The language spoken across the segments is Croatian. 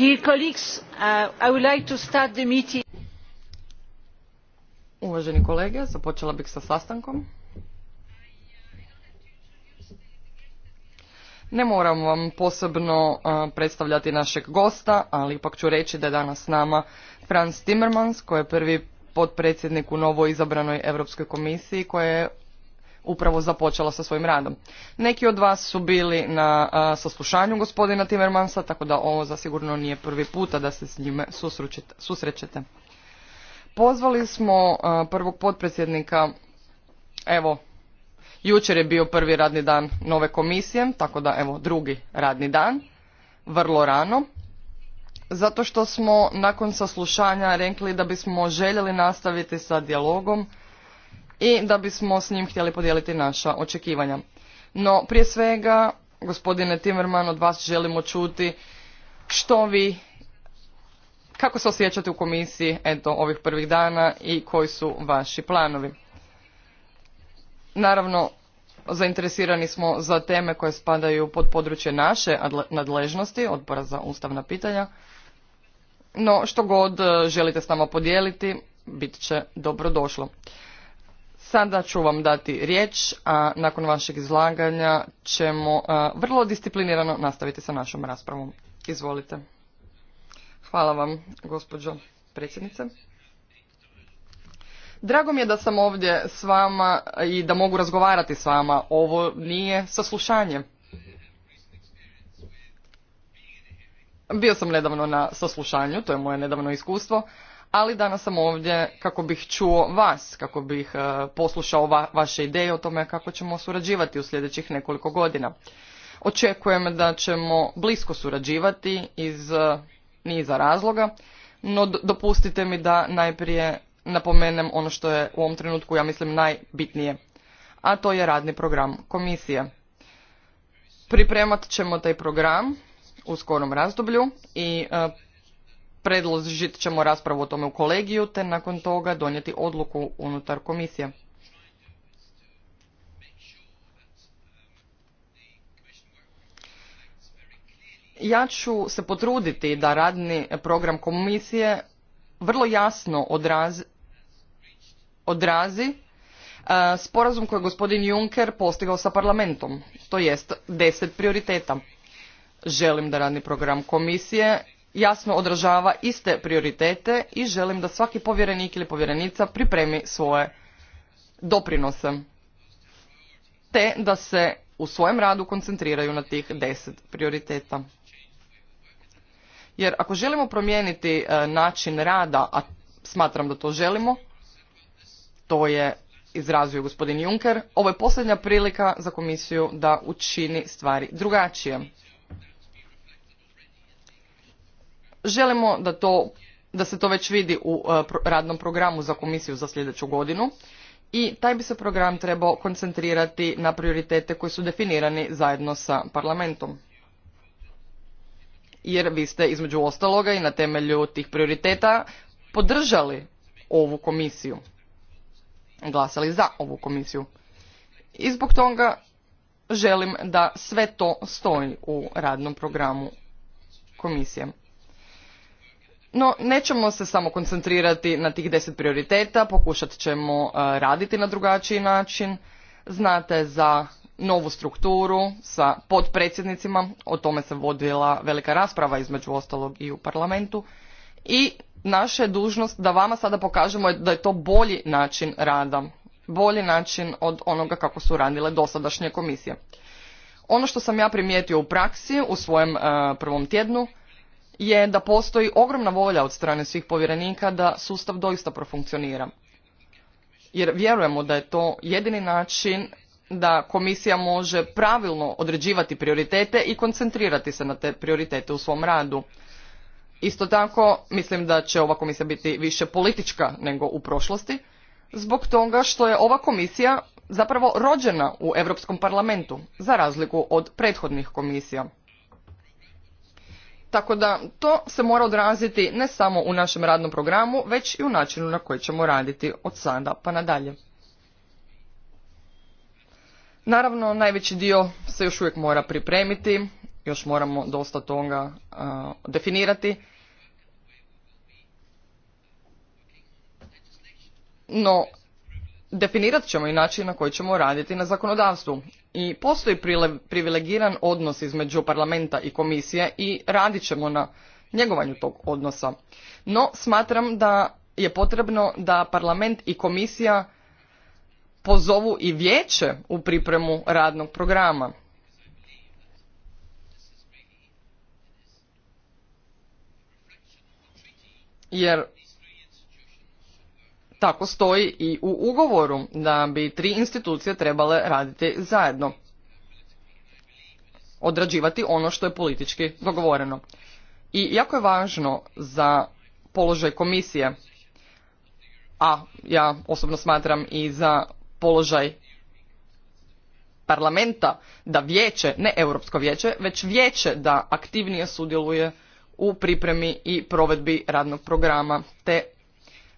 Dear colleagues, uh, I would like to Uvaženi kolege, započela bih sa sastankom. Ne moram vam posebno uh, predstavljati našeg gosta, ali ipak ću reći da je danas s nama Franz Timmermans, koji je prvi potpredsjednik u novoizabranoj izabranoj Europskoj komisiji, koja je upravo započela sa svojim radom. Neki od vas su bili na saslušanju gospodina Timmermansa, tako da ovo zasigurno nije prvi puta da se s njime susrećete. Pozvali smo prvog potpredsjednika, evo, jučer je bio prvi radni dan nove komisije, tako da evo drugi radni dan, vrlo rano, zato što smo nakon saslušanja rekli da bismo željeli nastaviti sa dijalogom i da bismo s njim htjeli podijeliti naša očekivanja. No, prije svega, gospodine Timmerman, od vas želimo čuti što vi, kako se osjećate u komisiji eto, ovih prvih dana i koji su vaši planovi. Naravno, zainteresirani smo za teme koje spadaju pod područje naše nadležnosti, odbora za ustavna pitanja, no što god e, želite s nama podijeliti, bit će dobrodošlo. Sada ću vam dati riječ, a nakon vašeg izlaganja ćemo vrlo disciplinirano nastaviti sa našom raspravom. Izvolite. Hvala vam, gospođo predsjednice. Drago mi je da sam ovdje s vama i da mogu razgovarati s vama. Ovo nije saslušanje. Bio sam nedavno na saslušanju, to je moje nedavno iskustvo, ali danas sam ovdje kako bih čuo vas, kako bih e, poslušao vaše ideje o tome kako ćemo surađivati u sljedećih nekoliko godina. Očekujem da ćemo blisko surađivati iz e, niza razloga, no dopustite mi da najprije napomenem ono što je u ovom trenutku, ja mislim, najbitnije, a to je radni program komisije. Pripremat ćemo taj program u skorom razdoblju i e, Predložit ćemo raspravu o tome u kolegiju, te nakon toga donijeti odluku unutar komisije. Ja ću se potruditi da radni program komisije vrlo jasno odrazi, odrazi e, sporazum koji je gospodin Juncker postigao sa parlamentom, to jest deset prioriteta. Želim da radni program komisije jasno odražava iste prioritete i želim da svaki povjerenik ili povjerenica pripremi svoje doprinose te da se u svojem radu koncentriraju na tih deset prioriteta. Jer ako želimo promijeniti e, način rada, a smatram da to želimo, to je izrazio gospodin Juncker, ovo je posljednja prilika za komisiju da učini stvari drugačije. Želimo da, to, da se to već vidi u e, radnom programu za komisiju za sljedeću godinu i taj bi se program trebao koncentrirati na prioritete koji su definirani zajedno sa parlamentom. Jer vi ste između ostaloga i na temelju tih prioriteta podržali ovu komisiju. Glasali za ovu komisiju. I zbog toga želim da sve to stoji u radnom programu komisije. No, nećemo se samo koncentrirati na tih deset prioriteta, pokušat ćemo e, raditi na drugačiji način. Znate za novu strukturu sa podpredsjednicima, o tome se vodila velika rasprava između ostalog i u parlamentu. I naša je dužnost da vama sada pokažemo da je to bolji način rada, bolji način od onoga kako su radile dosadašnje komisije. Ono što sam ja primijetio u praksi u svojem e, prvom tjednu je da postoji ogromna volja od strane svih povjerenika da sustav doista profunkcionira. Jer vjerujemo da je to jedini način da komisija može pravilno određivati prioritete i koncentrirati se na te prioritete u svom radu. Isto tako mislim da će ova komisija biti više politička nego u prošlosti zbog toga što je ova komisija zapravo rođena u Europskom parlamentu za razliku od prethodnih komisija. Tako da to se mora odraziti ne samo u našem radnom programu, već i u načinu na koji ćemo raditi od sada pa nadalje. Naravno, najveći dio se još uvijek mora pripremiti, još moramo dosta toga definirati. No, definirat ćemo i način na koji ćemo raditi na zakonodavstvu i postoji privilegiran odnos između parlamenta i komisije i radit ćemo na njegovanju tog odnosa. No, smatram da je potrebno da parlament i komisija pozovu i vijeće u pripremu radnog programa. Jer tako stoji i u ugovoru da bi tri institucije trebale raditi zajedno. Odrađivati ono što je politički dogovoreno. I jako je važno za položaj komisije, a ja osobno smatram i za položaj parlamenta da vijeće, ne Europsko vijeće, već vijeće da aktivnije sudjeluje u pripremi i provedbi radnog programa te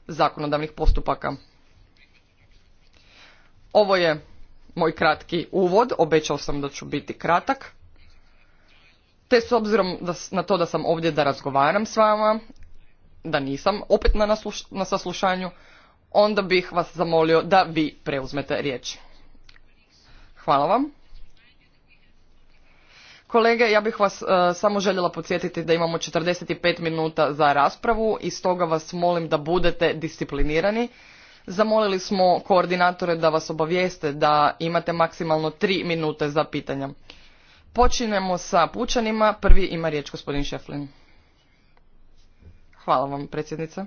zakonodavnih postupaka. Ovo je moj kratki uvod, obećao sam da ću biti kratak. Te s obzirom da, na to da sam ovdje da razgovaram s vama, da nisam opet na, na saslušanju, onda bih vas zamolio da vi preuzmete riječ. Hvala vam. Kolege, ja bih vas e, samo željela podsjetiti da imamo 45 minuta za raspravu i stoga vas molim da budete disciplinirani. Zamolili smo koordinatore da vas obavijeste da imate maksimalno 3 minute za pitanja. Počinjemo sa pučanima. Prvi ima riječ gospodin Šeflin. Hvala vam, predsjednica.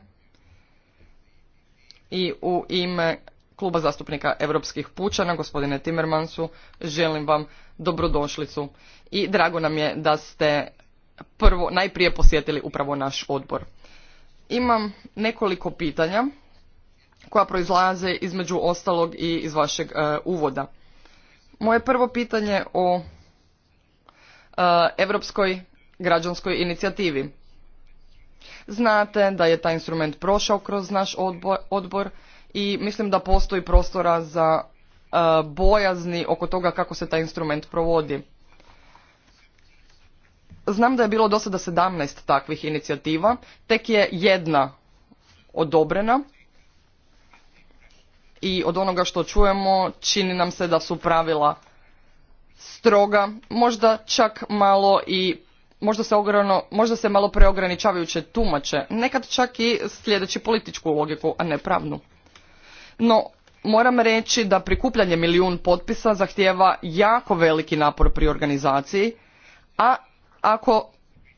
I u ime Kluba zastupnika Europskih pučana, gospodine Timmermansu, želim vam dobrodošlicu i drago nam je da ste prvo, najprije posjetili upravo naš odbor. Imam nekoliko pitanja koja proizlaze između ostalog i iz vašeg e, uvoda. Moje prvo pitanje o Europskoj građanskoj inicijativi. Znate da je taj instrument prošao kroz naš odbor i mislim da postoji prostora za e, bojazni oko toga kako se taj instrument provodi. Znam da je bilo do sada 17 takvih inicijativa, tek je jedna odobrena i od onoga što čujemo čini nam se da su pravila stroga, možda čak malo i možda se, ograno, možda se malo preograničavajuće tumače, nekad čak i sljedeći političku logiku, a ne pravnu. No, moram reći da prikupljanje milijun potpisa zahtijeva jako veliki napor pri organizaciji, a ako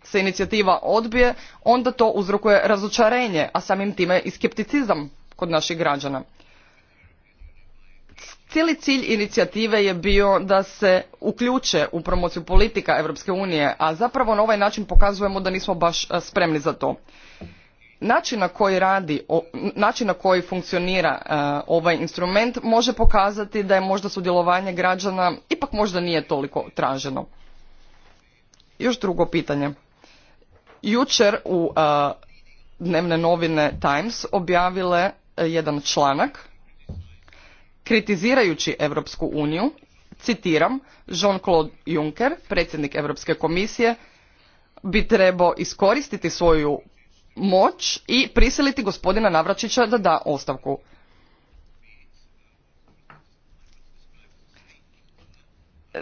se inicijativa odbije, onda to uzrokuje razočarenje, a samim time i skepticizam kod naših građana. Cijeli cilj inicijative je bio da se uključe u promociju politika Europske unije, a zapravo na ovaj način pokazujemo da nismo baš spremni za to način na koji radi, način na koji funkcionira e, ovaj instrument može pokazati da je možda sudjelovanje građana ipak možda nije toliko traženo. Još drugo pitanje. Jučer u e, dnevne novine Times objavile e, jedan članak kritizirajući Europsku uniju, citiram, Jean-Claude Juncker, predsjednik Europske komisije, bi trebao iskoristiti svoju moć i prisiliti gospodina Navračića da da ostavku.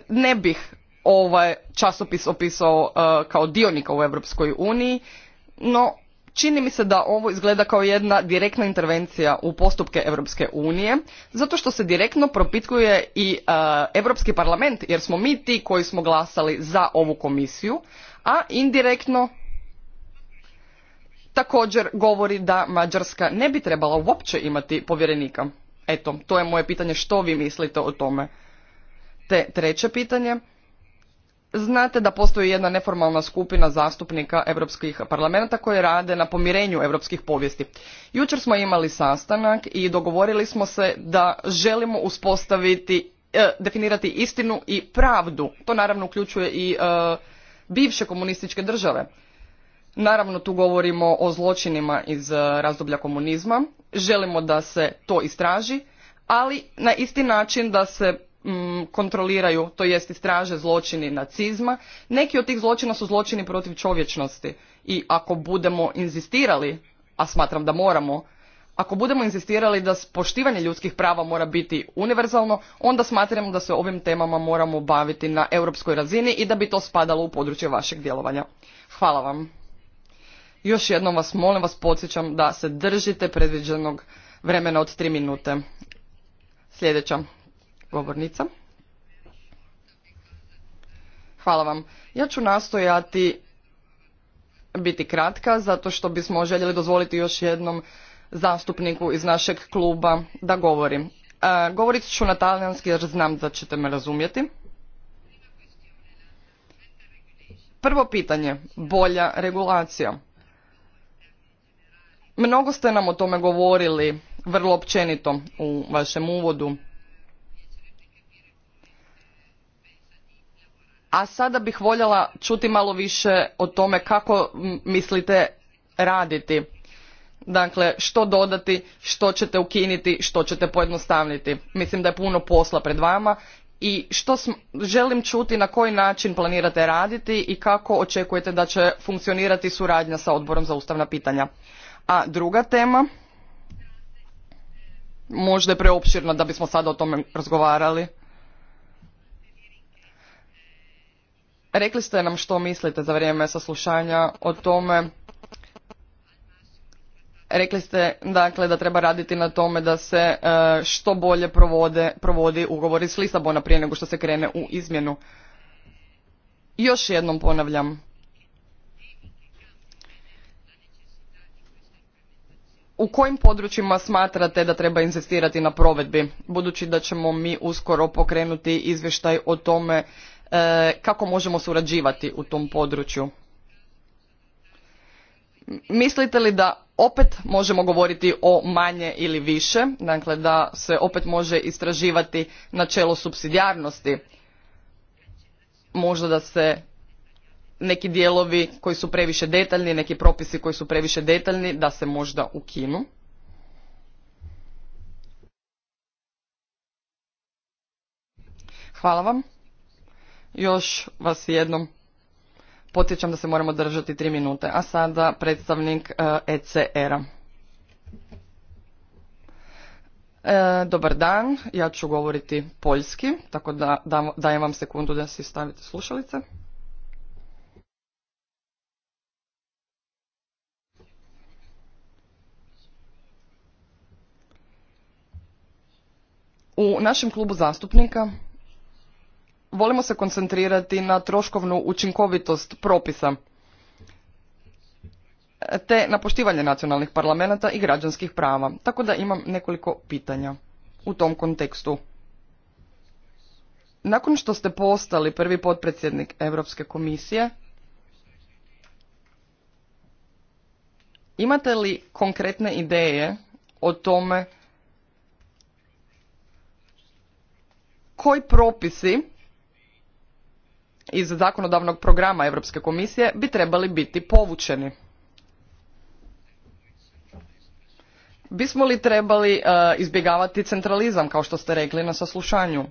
Ne bih ovaj časopis opisao e, kao dionika u Europskoj uniji, no čini mi se da ovo izgleda kao jedna direktna intervencija u postupke Europske unije, zato što se direktno propitkuje i Europski parlament, jer smo mi ti koji smo glasali za ovu komisiju, a indirektno također govori da Mađarska ne bi trebala uopće imati povjerenika. Eto, to je moje pitanje što vi mislite o tome. Te treće pitanje. Znate da postoji jedna neformalna skupina zastupnika europskih parlamenta koji rade na pomirenju europskih povijesti. Jučer smo imali sastanak i dogovorili smo se da želimo uspostaviti, e, definirati istinu i pravdu. To naravno uključuje i e, bivše komunističke države. Naravno tu govorimo o zločinima iz e, razdoblja komunizma, želimo da se to istraži, ali na isti način da se mm, kontroliraju, to jest istraže zločini nacizma. Neki od tih zločina su zločini protiv čovječnosti i ako budemo inzistirali, a smatram da moramo, ako budemo inzistirali da poštivanje ljudskih prava mora biti univerzalno, onda smatramo da se ovim temama moramo baviti na europskoj razini i da bi to spadalo u područje vašeg djelovanja. Hvala vam. Još jednom vas molim, vas podsjećam da se držite predviđenog vremena od tri minute. Sljedeća govornica. Hvala vam. Ja ću nastojati biti kratka zato što bismo željeli dozvoliti još jednom zastupniku iz našeg kluba da govori. E, govorit ću na talijanski jer znam da ćete me razumjeti. Prvo pitanje, bolja regulacija. Mnogo ste nam o tome govorili, vrlo općenito u vašem uvodu. A sada bih voljela čuti malo više o tome kako mislite raditi. Dakle, što dodati, što ćete ukiniti, što ćete pojednostavniti. Mislim da je puno posla pred vama i što želim čuti na koji način planirate raditi i kako očekujete da će funkcionirati suradnja sa odborom za ustavna pitanja. A druga tema, možda je preopširna da bismo sada o tome razgovarali. Rekli ste nam što mislite za vrijeme saslušanja o tome. Rekli ste dakle da treba raditi na tome da se e, što bolje provode, provodi ugovor s Lisabona prije nego što se krene u izmjenu. Još jednom ponavljam, u kojim područjima smatrate da treba inzistirati na provedbi budući da ćemo mi uskoro pokrenuti izvještaj o tome e, kako možemo surađivati u tom području mislite li da opet možemo govoriti o manje ili više dakle da se opet može istraživati načelo supsidijarnosti možda da se neki dijelovi koji su previše detaljni, neki propisi koji su previše detaljni da se možda ukinu. Hvala vam. Još vas jednom podsjećam da se moramo držati tri minute. A sada predstavnik ECR-a. E e, dobar dan, ja ću govoriti poljski, tako da dajem vam sekundu da si stavite slušalice. U našem klubu zastupnika volimo se koncentrirati na troškovnu učinkovitost propisa te na poštivanje nacionalnih parlamenta i građanskih prava. Tako da imam nekoliko pitanja u tom kontekstu. Nakon što ste postali prvi potpredsjednik Europske komisije, imate li konkretne ideje o tome koji propisi iz zakonodavnog programa Europske komisije bi trebali biti povučeni. Bismo li trebali e, izbjegavati centralizam, kao što ste rekli na saslušanju?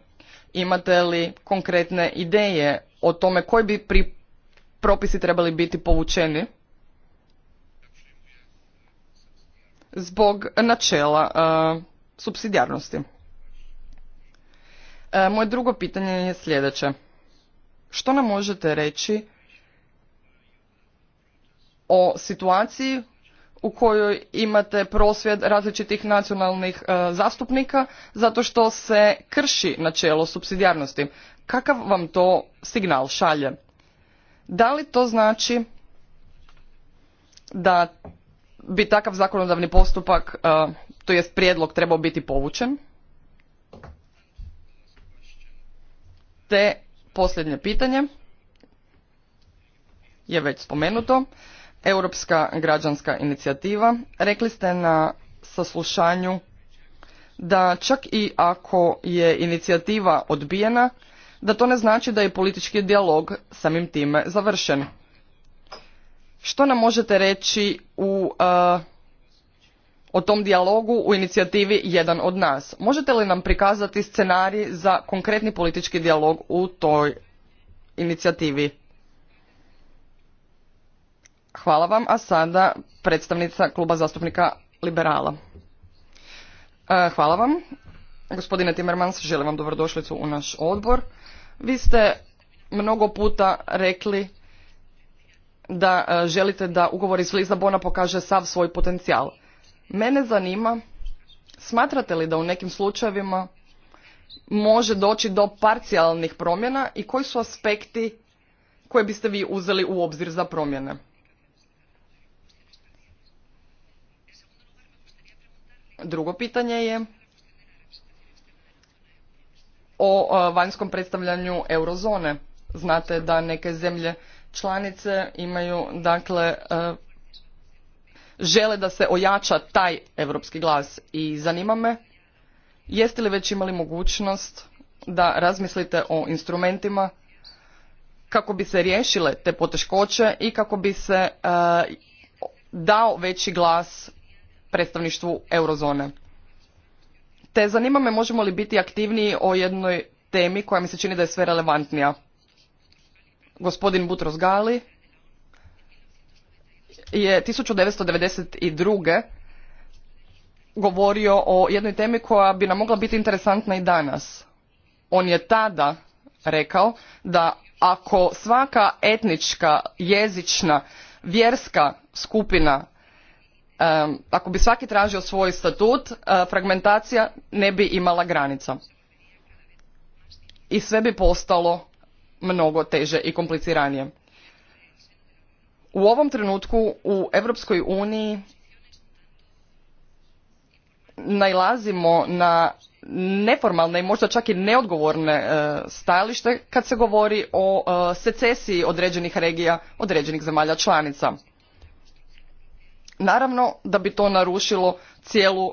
Imate li konkretne ideje o tome koji bi propisi trebali biti povučeni? Zbog načela e, subsidijarnosti. E, moje drugo pitanje je sljedeće. Što nam možete reći o situaciji u kojoj imate prosvjed različitih nacionalnih e, zastupnika zato što se krši načelo supsidijarnosti. Kakav vam to signal šalje? Da li to znači da bi takav zakonodavni postupak, e, to jest prijedlog, trebao biti povučen? Te posljednje pitanje je već spomenuto. Europska građanska inicijativa. Rekli ste na saslušanju da čak i ako je inicijativa odbijena, da to ne znači da je politički dijalog samim time završen. Što nam možete reći u e, o tom dijalogu u inicijativi Jedan od nas. Možete li nam prikazati scenarij za konkretni politički dijalog u toj inicijativi? Hvala vam, a sada predstavnica kluba zastupnika Liberala. E, hvala vam. Gospodine Timmermans, želim vam dobrodošlicu u naš odbor. Vi ste mnogo puta rekli da e, želite da ugovor iz Lizabona pokaže sav svoj potencijal. Mene zanima, smatrate li da u nekim slučajevima može doći do parcijalnih promjena i koji su aspekti koje biste vi uzeli u obzir za promjene? Drugo pitanje je o vanjskom predstavljanju eurozone. Znate da neke zemlje članice imaju dakle žele da se ojača taj europski glas i zanima me jeste li već imali mogućnost da razmislite o instrumentima kako bi se riješile te poteškoće i kako bi se e, dao veći glas predstavništvu eurozone. Te zanima me možemo li biti aktivniji o jednoj temi koja mi se čini da je sve relevantnija. Gospodin Butros Gali je 1992. govorio o jednoj temi koja bi nam mogla biti interesantna i danas. On je tada rekao da ako svaka etnička, jezična, vjerska skupina ako bi svaki tražio svoj statut, eh, fragmentacija ne bi imala granica. I sve bi postalo mnogo teže i kompliciranije u ovom trenutku u Europskoj uniji najlazimo na neformalne i možda čak i neodgovorne e, stajalište kad se govori o e, secesiji određenih regija, određenih zemalja članica. Naravno da bi to narušilo cijelu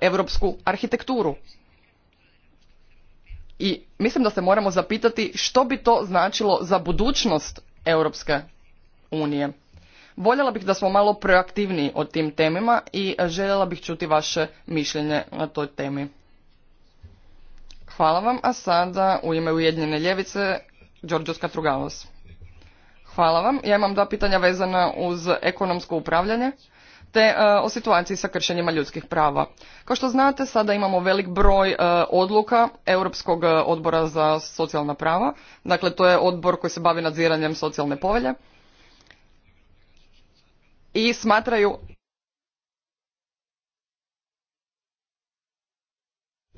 europsku arhitekturu. I mislim da se moramo zapitati što bi to značilo za budućnost europske unije. Voljela bih da smo malo proaktivniji o tim temima i željela bih čuti vaše mišljenje na toj temi. Hvala vam, a sada u ime Ujedinjene ljevice, Đorđos Katrugalos. Hvala vam, ja imam dva pitanja vezana uz ekonomsko upravljanje te e, o situaciji sa kršenjima ljudskih prava. Kao što znate, sada imamo velik broj e, odluka Europskog e, odbora za socijalna prava, dakle to je odbor koji se bavi nadziranjem socijalne povelje i smatraju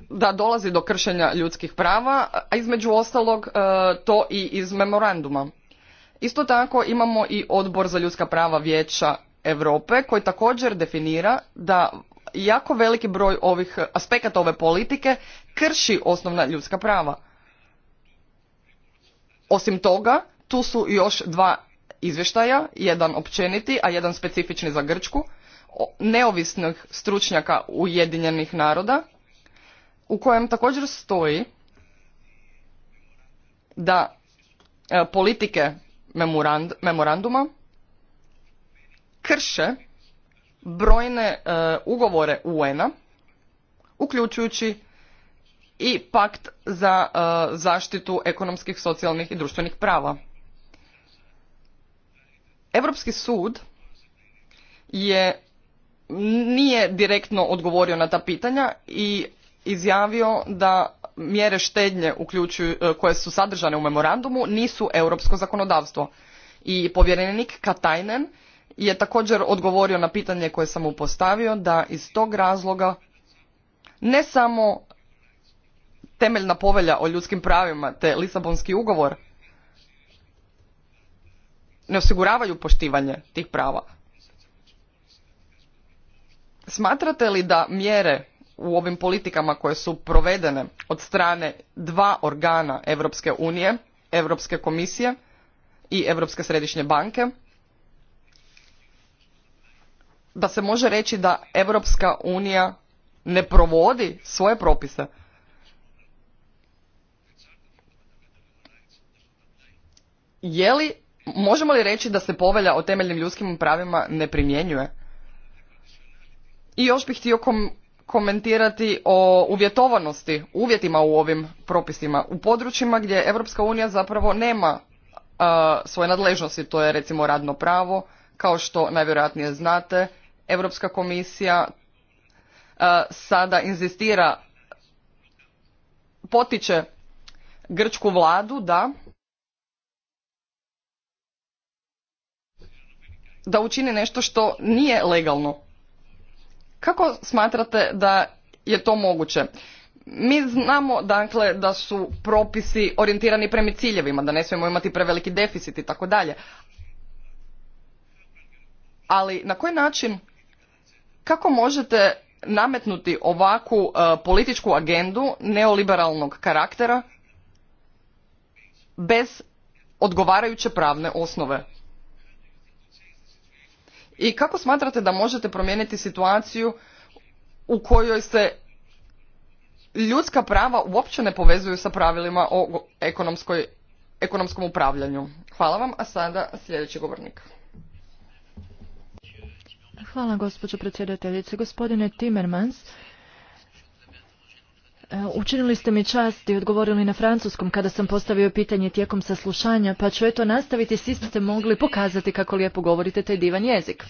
da dolazi do kršenja ljudskih prava, a između ostalog e, to i iz memoranduma. Isto tako imamo i odbor za ljudska prava vijeća Europe koji također definira da jako veliki broj ovih aspekata ove politike krši osnovna ljudska prava. Osim toga, tu su još dva izvještaja, jedan općeniti, a jedan specifični za Grčku, neovisnih stručnjaka Ujedinjenih naroda, u kojem također stoji da e, politike memoranduma krše brojne e, ugovore UN-a, uključujući i pakt za e, zaštitu ekonomskih, socijalnih i društvenih prava. Europski sud je nije direktno odgovorio na ta pitanja i izjavio da mjere štednje uključuju, e, koje su sadržane u memorandumu nisu europsko zakonodavstvo. I povjerenik Katajnen je također odgovorio na pitanje koje sam mu postavio da iz tog razloga ne samo temeljna povelja o ljudskim pravima te Lisabonski ugovor ne osiguravaju poštivanje tih prava. Smatrate li da mjere u ovim politikama koje su provedene od strane dva organa Europske unije, Europske komisije i Europske središnje banke, da se može reći da Europska unija ne provodi svoje propise. Je li možemo li reći da se povelja o temeljnim ljudskim pravima ne primjenjuje? I još bih htio komentirati o uvjetovanosti, uvjetima u ovim propisima u područjima gdje Europska unija zapravo nema svoje nadležnosti, to je recimo radno pravo, kao što najvjerojatnije znate, Europska komisija sada inzistira potiče grčku vladu da da učini nešto što nije legalno. Kako smatrate da je to moguće? Mi znamo dakle da su propisi orijentirani prema ciljevima, da ne smijemo imati preveliki deficit i tako dalje. Ali na koji način, kako možete nametnuti ovakvu e, političku agendu neoliberalnog karaktera bez odgovarajuće pravne osnove? i kako smatrate da možete promijeniti situaciju u kojoj se ljudska prava uopće ne povezuju sa pravilima o ekonomskoj, ekonomskom upravljanju. Hvala vam, a sada sljedeći govornik. Hvala gospođo predsjedateljice. Gospodine Timmermans, E, učinili ste mi čast i odgovorili na francuskom kada sam postavio pitanje tijekom saslušanja, pa ću eto nastaviti, svi ste mogli pokazati kako lijepo govorite taj divan jezik.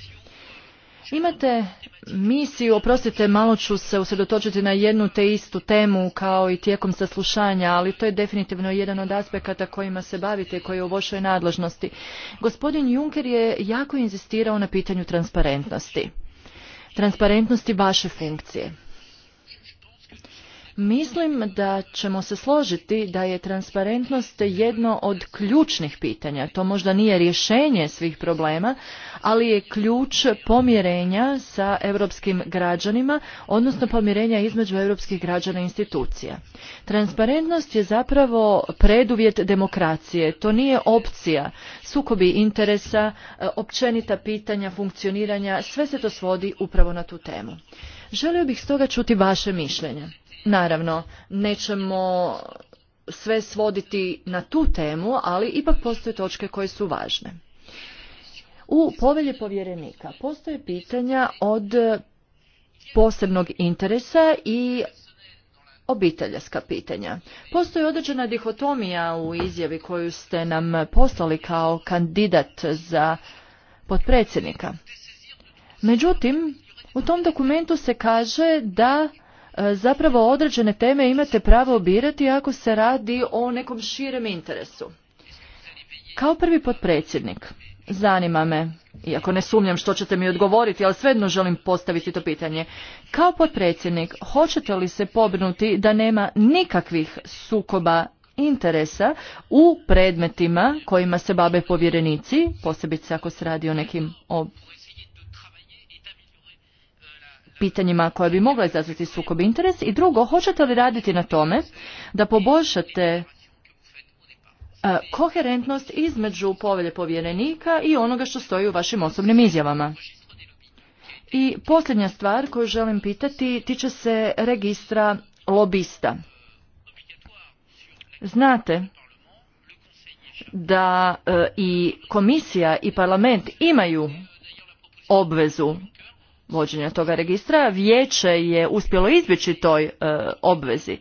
Imate misiju, oprostite, malo ću se usredotočiti na jednu te istu temu kao i tijekom saslušanja, ali to je definitivno jedan od aspekata kojima se bavite i koji je u vošoj nadležnosti. Gospodin Juncker je jako inzistirao na pitanju transparentnosti. Transparentnosti vaše funkcije. Mislim da ćemo se složiti da je transparentnost jedno od ključnih pitanja. To možda nije rješenje svih problema, ali je ključ pomjerenja sa europskim građanima, odnosno pomirenja između europskih građana i institucija. Transparentnost je zapravo preduvjet demokracije. To nije opcija. Sukobi interesa, općenita pitanja, funkcioniranja, sve se to svodi upravo na tu temu. Želio bih stoga čuti vaše mišljenje. Naravno, nećemo sve svoditi na tu temu, ali ipak postoje točke koje su važne. U povelji povjerenika postoje pitanja od posebnog interesa i obiteljska pitanja. Postoji određena dihotomija u izjavi koju ste nam poslali kao kandidat za potpredsjednika. Međutim, u tom dokumentu se kaže da E, zapravo određene teme imate pravo obirati ako se radi o nekom širem interesu. Kao prvi potpredsjednik, zanima me, iako ne sumnjam što ćete mi odgovoriti, ali svejedno želim postaviti to pitanje. Kao potpredsjednik, hoćete li se pobrinuti da nema nikakvih sukoba interesa u predmetima kojima se bave povjerenici, posebice ako se radi o nekim pitanjima koja bi mogla izazvati sukob interes i drugo, hoćete li raditi na tome da poboljšate e, koherentnost između povelje povjerenika i onoga što stoji u vašim osobnim izjavama. I posljednja stvar koju želim pitati tiče se registra lobista. Znate da e, i komisija i parlament imaju obvezu vođenja toga registra, vijeće je uspjelo izbjeći toj e, obvezi.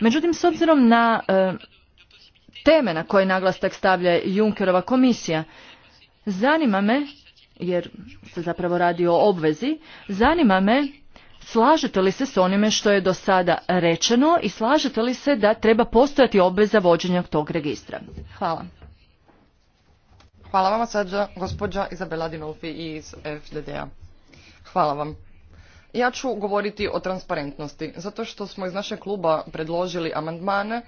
Međutim, s obzirom na e, teme na koje naglasak stavlja Junkerova komisija, zanima me, jer se zapravo radi o obvezi, zanima me slažete li se s onime što je do sada rečeno i slažete li se da treba postojati obveza vođenja tog registra? Hvala. Hvala vam sad, gospođa Izabela Dinofi iz FDD-a. Hvala vam. Ja ću govoriti o transparentnosti, zato što smo iz našeg kluba predložili amandmane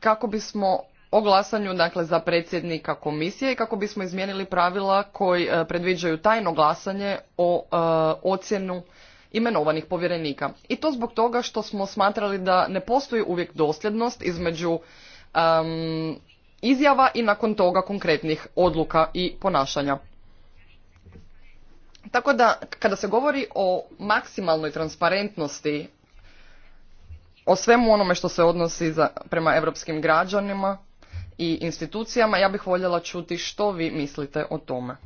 kako bismo o glasanju dakle, za predsjednika komisije i kako bismo izmijenili pravila koji e, predviđaju tajno glasanje o e, ocjenu imenovanih povjerenika. I to zbog toga što smo smatrali da ne postoji uvijek dosljednost između izjava i nakon toga konkretnih odluka i ponašanja. Tako da, kada se govori o maksimalnoj transparentnosti, o svemu onome što se odnosi za, prema europskim građanima i institucijama, ja bih voljela čuti što vi mislite o tome.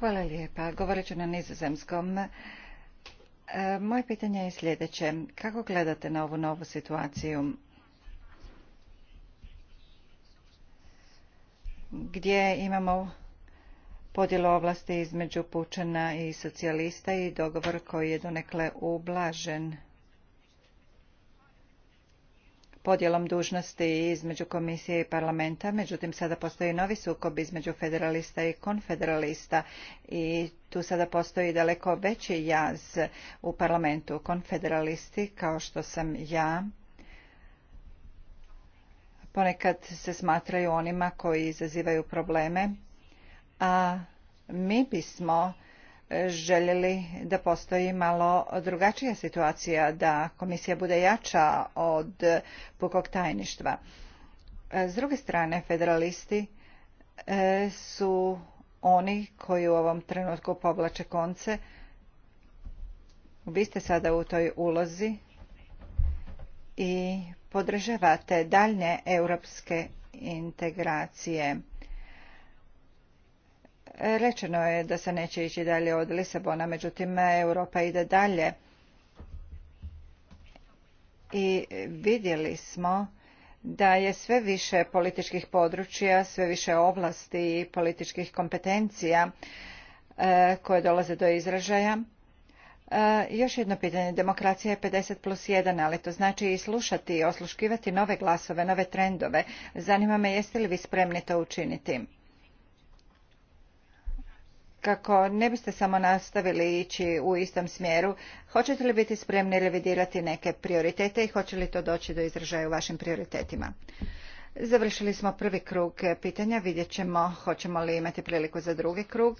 Hvala lijepa. Govorit ću na nizozemskom. E, moje pitanje je sljedeće. Kako gledate na ovu novu situaciju? Gdje imamo podjelu ovlasti između pučana i socijalista i dogovor koji je donekle ublažen podjelom dužnosti između komisije i parlamenta međutim sada postoji novi sukob između federalista i konfederalista i tu sada postoji daleko veći jaz u parlamentu konfederalisti kao što sam ja ponekad se smatraju onima koji izazivaju probleme a mi bismo željeli da postoji malo drugačija situacija, da komisija bude jača od pukog tajništva. S druge strane, federalisti e, su oni koji u ovom trenutku povlače konce. Vi ste sada u toj ulozi i podržavate daljnje europske integracije Rečeno je da se neće ići dalje od Lisabona, međutim Europa ide dalje. I vidjeli smo da je sve više političkih područja, sve više oblasti i političkih kompetencija e, koje dolaze do izražaja. E, još jedno pitanje. Demokracija je fifty plus ali to znači i slušati i osluškivati nove glasove, nove trendove. Zanima me jeste li vi spremni to učiniti? kako ne biste samo nastavili ići u istom smjeru, hoćete li biti spremni revidirati neke prioritete i hoće li to doći do izražaja u vašim prioritetima? Završili smo prvi krug pitanja, vidjet ćemo hoćemo li imati priliku za drugi krug,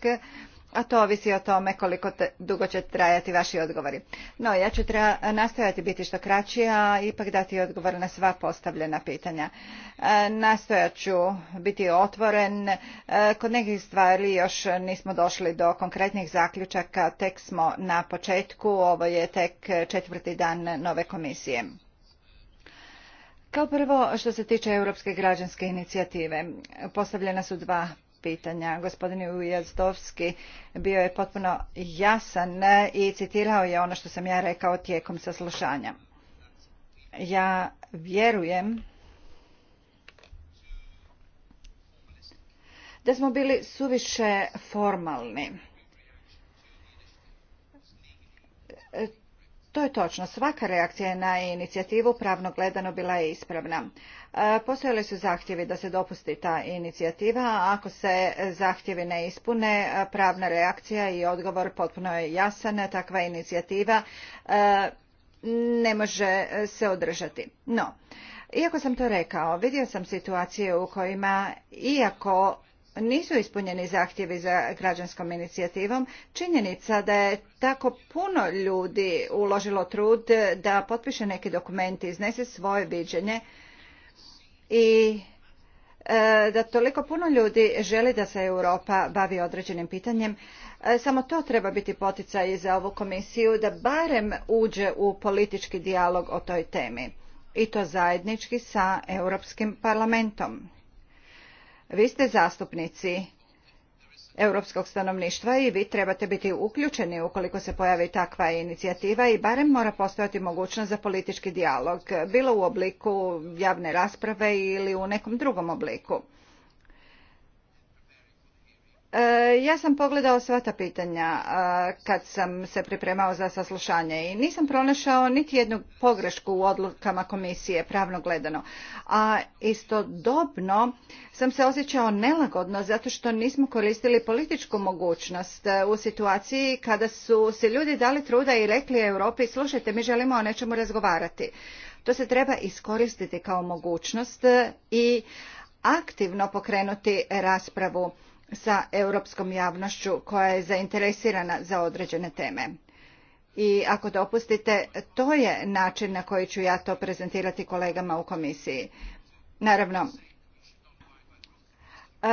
a to ovisi o tome koliko dugo će trajati vaši odgovori. No, ja ću tra, nastojati biti što kraći, a ipak dati odgovor na sva postavljena pitanja. E, nastojat ću biti otvoren. E, kod nekih stvari još nismo došli do konkretnih zaključaka, tek smo na početku, ovo je tek četvrti dan nove komisije. Kao prvo, što se tiče Europske građanske inicijative, postavljena su dva pitanja. Gospodin Ujazdovski bio je potpuno jasan i citirao je ono što sam ja rekao tijekom saslušanja. Ja vjerujem da smo bili suviše formalni to je točno. Svaka reakcija na inicijativu pravno gledano bila je ispravna. E, postojali su zahtjevi da se dopusti ta inicijativa, a ako se zahtjevi ne ispune, e, pravna reakcija i odgovor potpuno je jasan. Takva inicijativa e, ne može se održati. No, iako sam to rekao, vidio sam situacije u kojima, iako nisu ispunjeni zahtjevi za građanskom inicijativom, činjenica da je tako puno ljudi uložilo trud da potpiše neki dokument, iznese svoje viđenje i e, da toliko puno ljudi želi da se Europa bavi određenim pitanjem. E, samo to treba biti poticaj za ovu komisiju da barem uđe u politički dijalog o toj temi i to zajednički sa Europskim parlamentom vi ste zastupnici europskog stanovništva i vi trebate biti uključeni ukoliko se pojavi takva inicijativa i barem mora postojati mogućnost za politički dijalog bilo u obliku javne rasprave ili u nekom drugom obliku. E, ja sam pogledao sva ta pitanja e, kad sam se pripremao za saslušanje i nisam pronašao niti jednu pogrešku u odlukama komisije pravno gledano. A istodobno sam se osjećao nelagodno zato što nismo koristili političku mogućnost e, u situaciji kada su se ljudi dali truda i rekli Europi slušajte mi želimo o nečemu razgovarati. To se treba iskoristiti kao mogućnost i aktivno pokrenuti raspravu sa europskom javnošću koja je zainteresirana za određene teme. I ako dopustite, to je način na koji ću ja to prezentirati kolegama u komisiji. Naravno, e,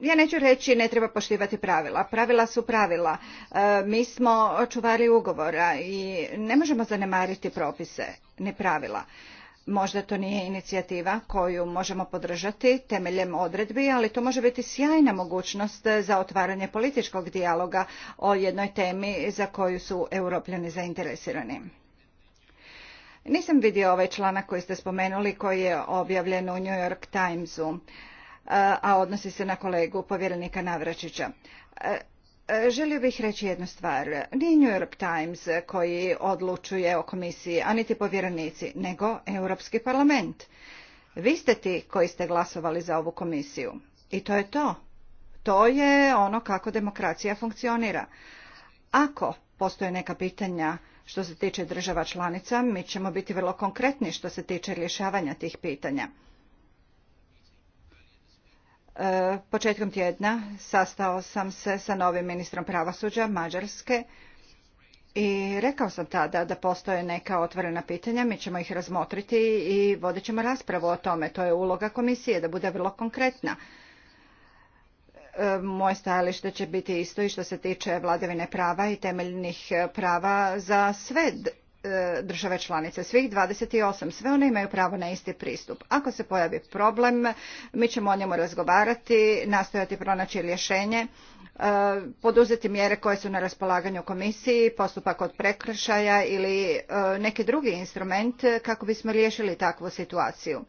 ja neću reći ne treba poštivati pravila. Pravila su pravila. E, mi smo čuvari ugovora i ne možemo zanemariti propise, ni pravila. Možda to nije inicijativa koju možemo podržati temeljem odredbi, ali to može biti sjajna mogućnost za otvaranje političkog dijaloga o jednoj temi za koju su europljani zainteresirani. Nisam vidio ovaj članak koji ste spomenuli koji je objavljen u New York Timesu, a odnosi se na kolegu povjerenika Navračića E, želio bih reći jednu stvar. Nije New York Times koji odlučuje o komisiji, a niti povjerenici, nego Europski parlament. Vi ste ti koji ste glasovali za ovu komisiju. I to je to. To je ono kako demokracija funkcionira. Ako postoje neka pitanja što se tiče država članica, mi ćemo biti vrlo konkretni što se tiče rješavanja tih pitanja. E, početkom tjedna sastao sam se sa novim ministrom pravosuđa Mađarske i rekao sam tada da postoje neka otvorena pitanja, mi ćemo ih razmotriti i vodit ćemo raspravu o tome. To je uloga komisije, da bude vrlo konkretna. E, moje stajalište će biti isto i što se tiče vladavine prava i temeljnih prava za sve E, države članice, svih 28. Sve one imaju pravo na isti pristup. Ako se pojavi problem, mi ćemo o njemu razgovarati, nastojati pronaći rješenje, e, poduzeti mjere koje su na raspolaganju komisiji, postupak od prekršaja ili e, neki drugi instrument kako bismo riješili takvu situaciju.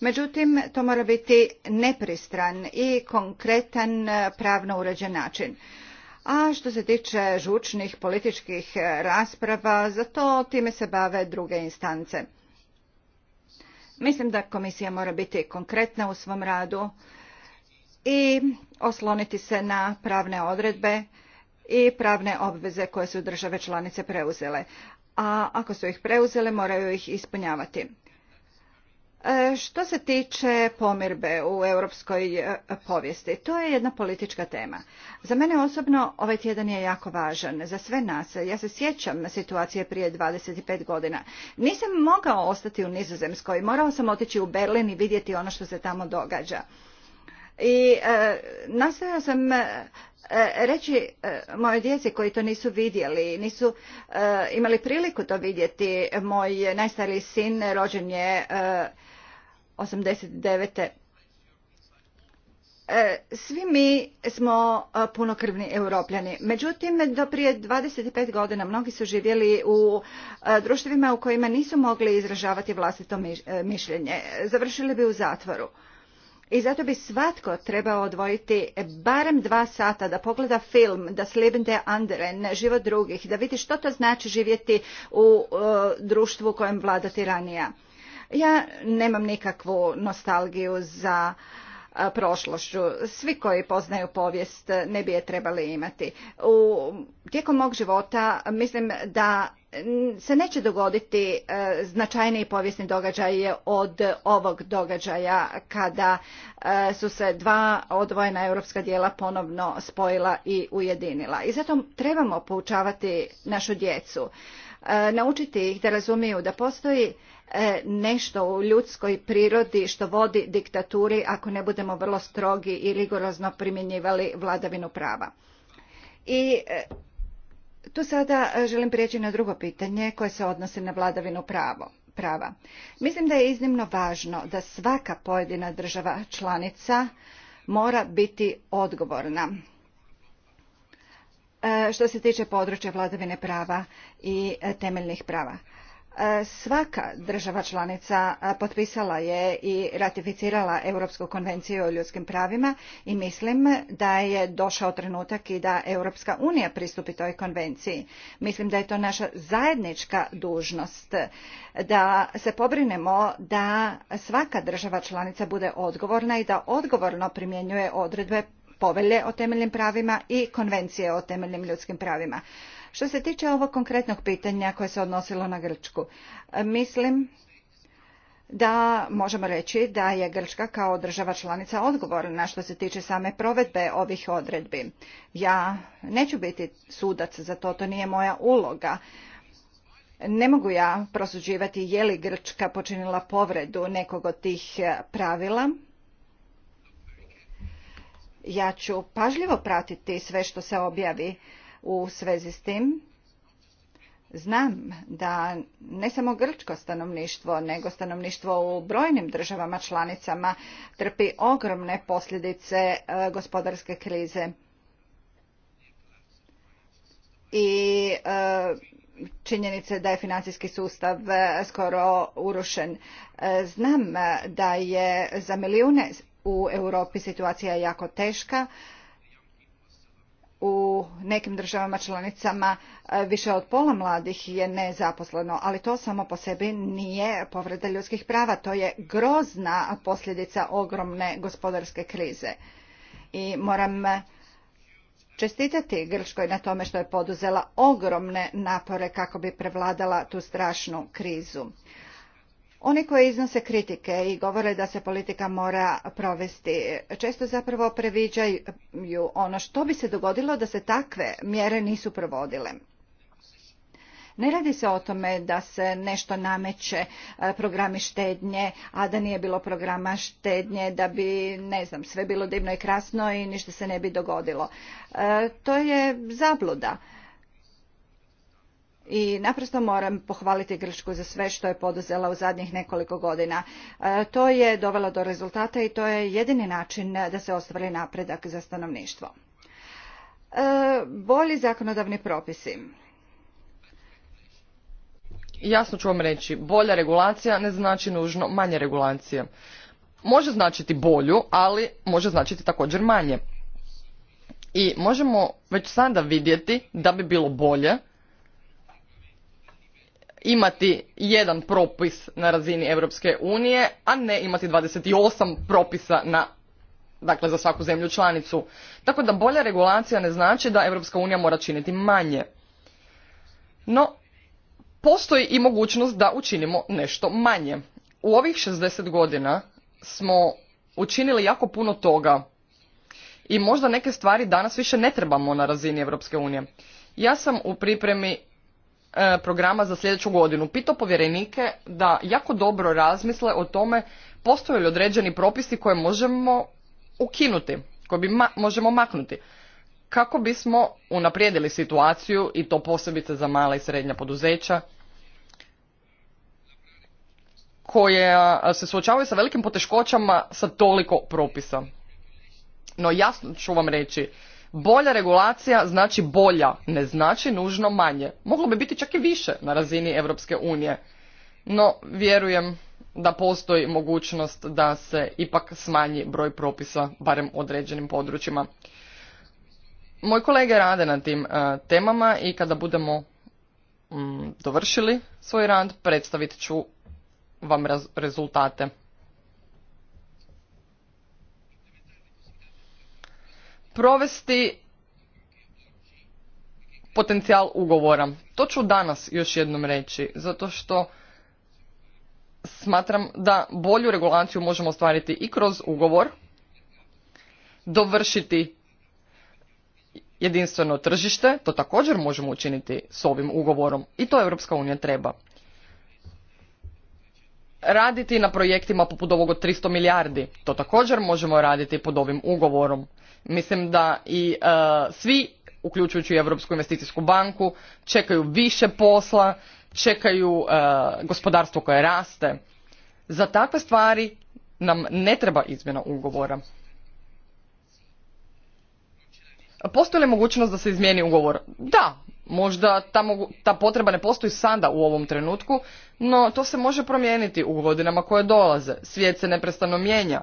Međutim, to mora biti nepristran i konkretan pravno uređen način. A što se tiče žučnih političkih e, rasprava, za to time se bave druge instance. Mislim da komisija mora biti konkretna u svom radu i osloniti se na pravne odredbe i pravne obveze koje su države članice preuzele. A ako su ih preuzele, moraju ih ispunjavati. E, što se tiče pomirbe u europskoj e, povijesti, to je jedna politička tema. Za mene osobno ovaj tjedan je jako važan, za sve nas. Ja se sjećam situacije prije 25 godina. Nisam mogao ostati u Nizozemskoj, morao sam otići u Berlin i vidjeti ono što se tamo događa. I e, nastojao sam e, reći e, mojoj djeci koji to nisu vidjeli, nisu imali priliku to vidjeti. Moj najstariji sin rođen je 89. Svi mi smo punokrvni europljani. Međutim, do prije 25 godina mnogi su živjeli u društvima u kojima nisu mogli izražavati vlastito mišljenje. Završili bi u zatvoru. I zato bi svatko trebao odvojiti barem dva sata da pogleda film, da slibne anderen, život drugih, da vidi što to znači živjeti u e, društvu u kojem vlada tiranija. Ja nemam nikakvu nostalgiju za e, prošlošću. Svi koji poznaju povijest ne bi je trebali imati. U tijekom mog života mislim da se neće dogoditi e, značajniji povijesni događaj od ovog događaja kada e, su se dva odvojena europska dijela ponovno spojila i ujedinila. I zato trebamo poučavati našu djecu, e, naučiti ih da razumiju da postoji nešto u ljudskoj prirodi što vodi diktaturi ako ne budemo vrlo strogi i rigorozno primjenjivali vladavinu prava. I tu sada e, želim prijeći na drugo pitanje koje se odnosi na vladavinu pravo prava. Mislim da je iznimno važno da svaka pojedina država članica mora biti odgovorna e, što se tiče područja vladavine prava i e, temeljnih prava. E, svaka država članica potpisala je i ratificirala Europsku konvenciju o ljudskim pravima i mislim da je došao trenutak i da Europska unija pristupi toj konvenciji. Mislim da je to naša zajednička dužnost da se pobrinemo da svaka država članica bude odgovorna i da odgovorno primjenjuje odredbe povelje o temeljnim pravima i konvencije o temeljnim ljudskim pravima. Što se tiče ovog konkretnog pitanja koje se odnosilo na Grčku, e, mislim da možemo reći da je Grčka kao država članica odgovorna što se tiče same provedbe ovih odredbi. Ja neću biti sudac za to, to nije moja uloga. Ne mogu ja prosuđivati je li Grčka počinila povredu nekog od tih e, pravila. Ja ću pažljivo pratiti sve što se objavi u svezi s tim. Znam da ne samo grčko stanovništvo, nego stanovništvo u brojnim državama članicama trpi ogromne posljedice e, gospodarske krize. I e, činjenice da je financijski sustav e, skoro urušen. Znam da je za milijune u Europi situacija jako teška, u nekim državama članicama e, više od pola mladih je nezaposleno, ali to samo po sebi nije povreda ljudskih prava. To je grozna posljedica ogromne gospodarske krize. I moram e, čestitati Grčkoj na tome što je poduzela ogromne napore kako bi prevladala tu strašnu krizu. Oni koji iznose kritike i govore da se politika mora provesti, često zapravo previđaju ono što bi se dogodilo da se takve mjere nisu provodile. Ne radi se o tome da se nešto nameće e, programi štednje, a da nije bilo programa štednje, da bi, ne znam, sve bilo divno i krasno i ništa se ne bi dogodilo. E, to je zabluda i naprosto moram pohvaliti Grčku za sve što je poduzela u zadnjih nekoliko godina. E, to je dovelo do rezultata i to je jedini način da se ostvari napredak za stanovništvo. E, bolji zakonodavni propisi. Jasno ću vam reći, bolja regulacija ne znači nužno manje regulacije. Može značiti bolju, ali može značiti također manje. I možemo već sada vidjeti da bi bilo bolje imati jedan propis na razini Europske unije, a ne imati 28 propisa na dakle za svaku zemlju članicu. Tako da bolja regulacija ne znači da Europska unija mora činiti manje. No, postoji i mogućnost da učinimo nešto manje. U ovih 60 godina smo učinili jako puno toga i možda neke stvari danas više ne trebamo na razini Europske unije. Ja sam u pripremi E, programa za sljedeću godinu. Pitao povjerenike da jako dobro razmisle o tome postoje li određeni propisi koje možemo ukinuti, koje bi možemo maknuti kako bismo unaprijedili situaciju i to posebice za mala i srednja poduzeća koje se suočavaju sa velikim poteškoćama sa toliko propisa. No jasno ću vam reći Bolja regulacija znači bolja, ne znači nužno manje. Moglo bi biti čak i više na razini Europske unije. No, vjerujem da postoji mogućnost da se ipak smanji broj propisa, barem u određenim područjima. Moji kolege rade na tim e, temama i kada budemo mm, dovršili svoj rad, predstavit ću vam rezultate. provesti potencijal ugovora. To ću danas još jednom reći, zato što smatram da bolju regulaciju možemo ostvariti i kroz ugovor, dovršiti jedinstveno tržište, to također možemo učiniti s ovim ugovorom i to Europska unija treba. Raditi na projektima poput ovog od 300 milijardi, to također možemo raditi pod ovim ugovorom. Mislim da i e, svi, uključujući Europsku investicijsku banku, čekaju više posla, čekaju e, gospodarstvo koje raste. Za takve stvari nam ne treba izmjena ugovora. Postoji li mogućnost da se izmijeni ugovor? Da, možda ta, ta potreba ne postoji sada u ovom trenutku, no to se može promijeniti u godinama koje dolaze. Svijet se neprestano mijenja.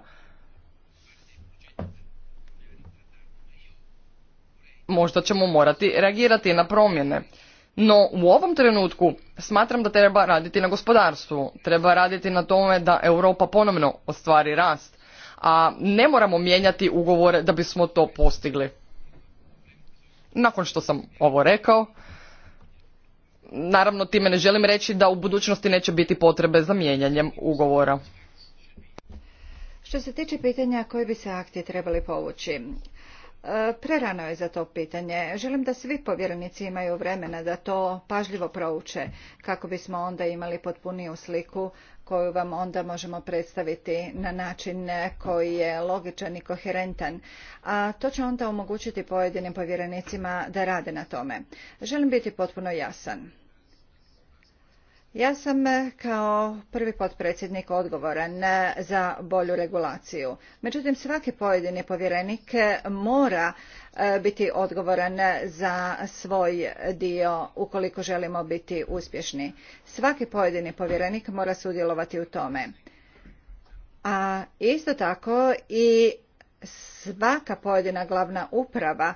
možda ćemo morati reagirati na promjene. No u ovom trenutku smatram da treba raditi na gospodarstvu, treba raditi na tome da Europa ponovno ostvari rast, a ne moramo mijenjati ugovore da bismo to postigli. Nakon što sam ovo rekao, naravno time ne želim reći da u budućnosti neće biti potrebe za mijenjanjem ugovora. Što se tiče pitanja koje bi se akti trebali povući, Prerano je za to pitanje. Želim da svi povjerenici imaju vremena da to pažljivo prouče kako bismo onda imali potpuniju sliku koju vam onda možemo predstaviti na način koji je logičan i koherentan. A to će onda omogućiti pojedinim povjerenicima da rade na tome. Želim biti potpuno jasan ja sam e, kao prvi potpredsjednik odgovoran e, za bolju regulaciju međutim svaki pojedini povjerenik e, mora biti odgovoran za svoj dio ukoliko želimo biti uspješni svaki pojedini povjerenik mora sudjelovati u tome a isto tako i svaka pojedina glavna uprava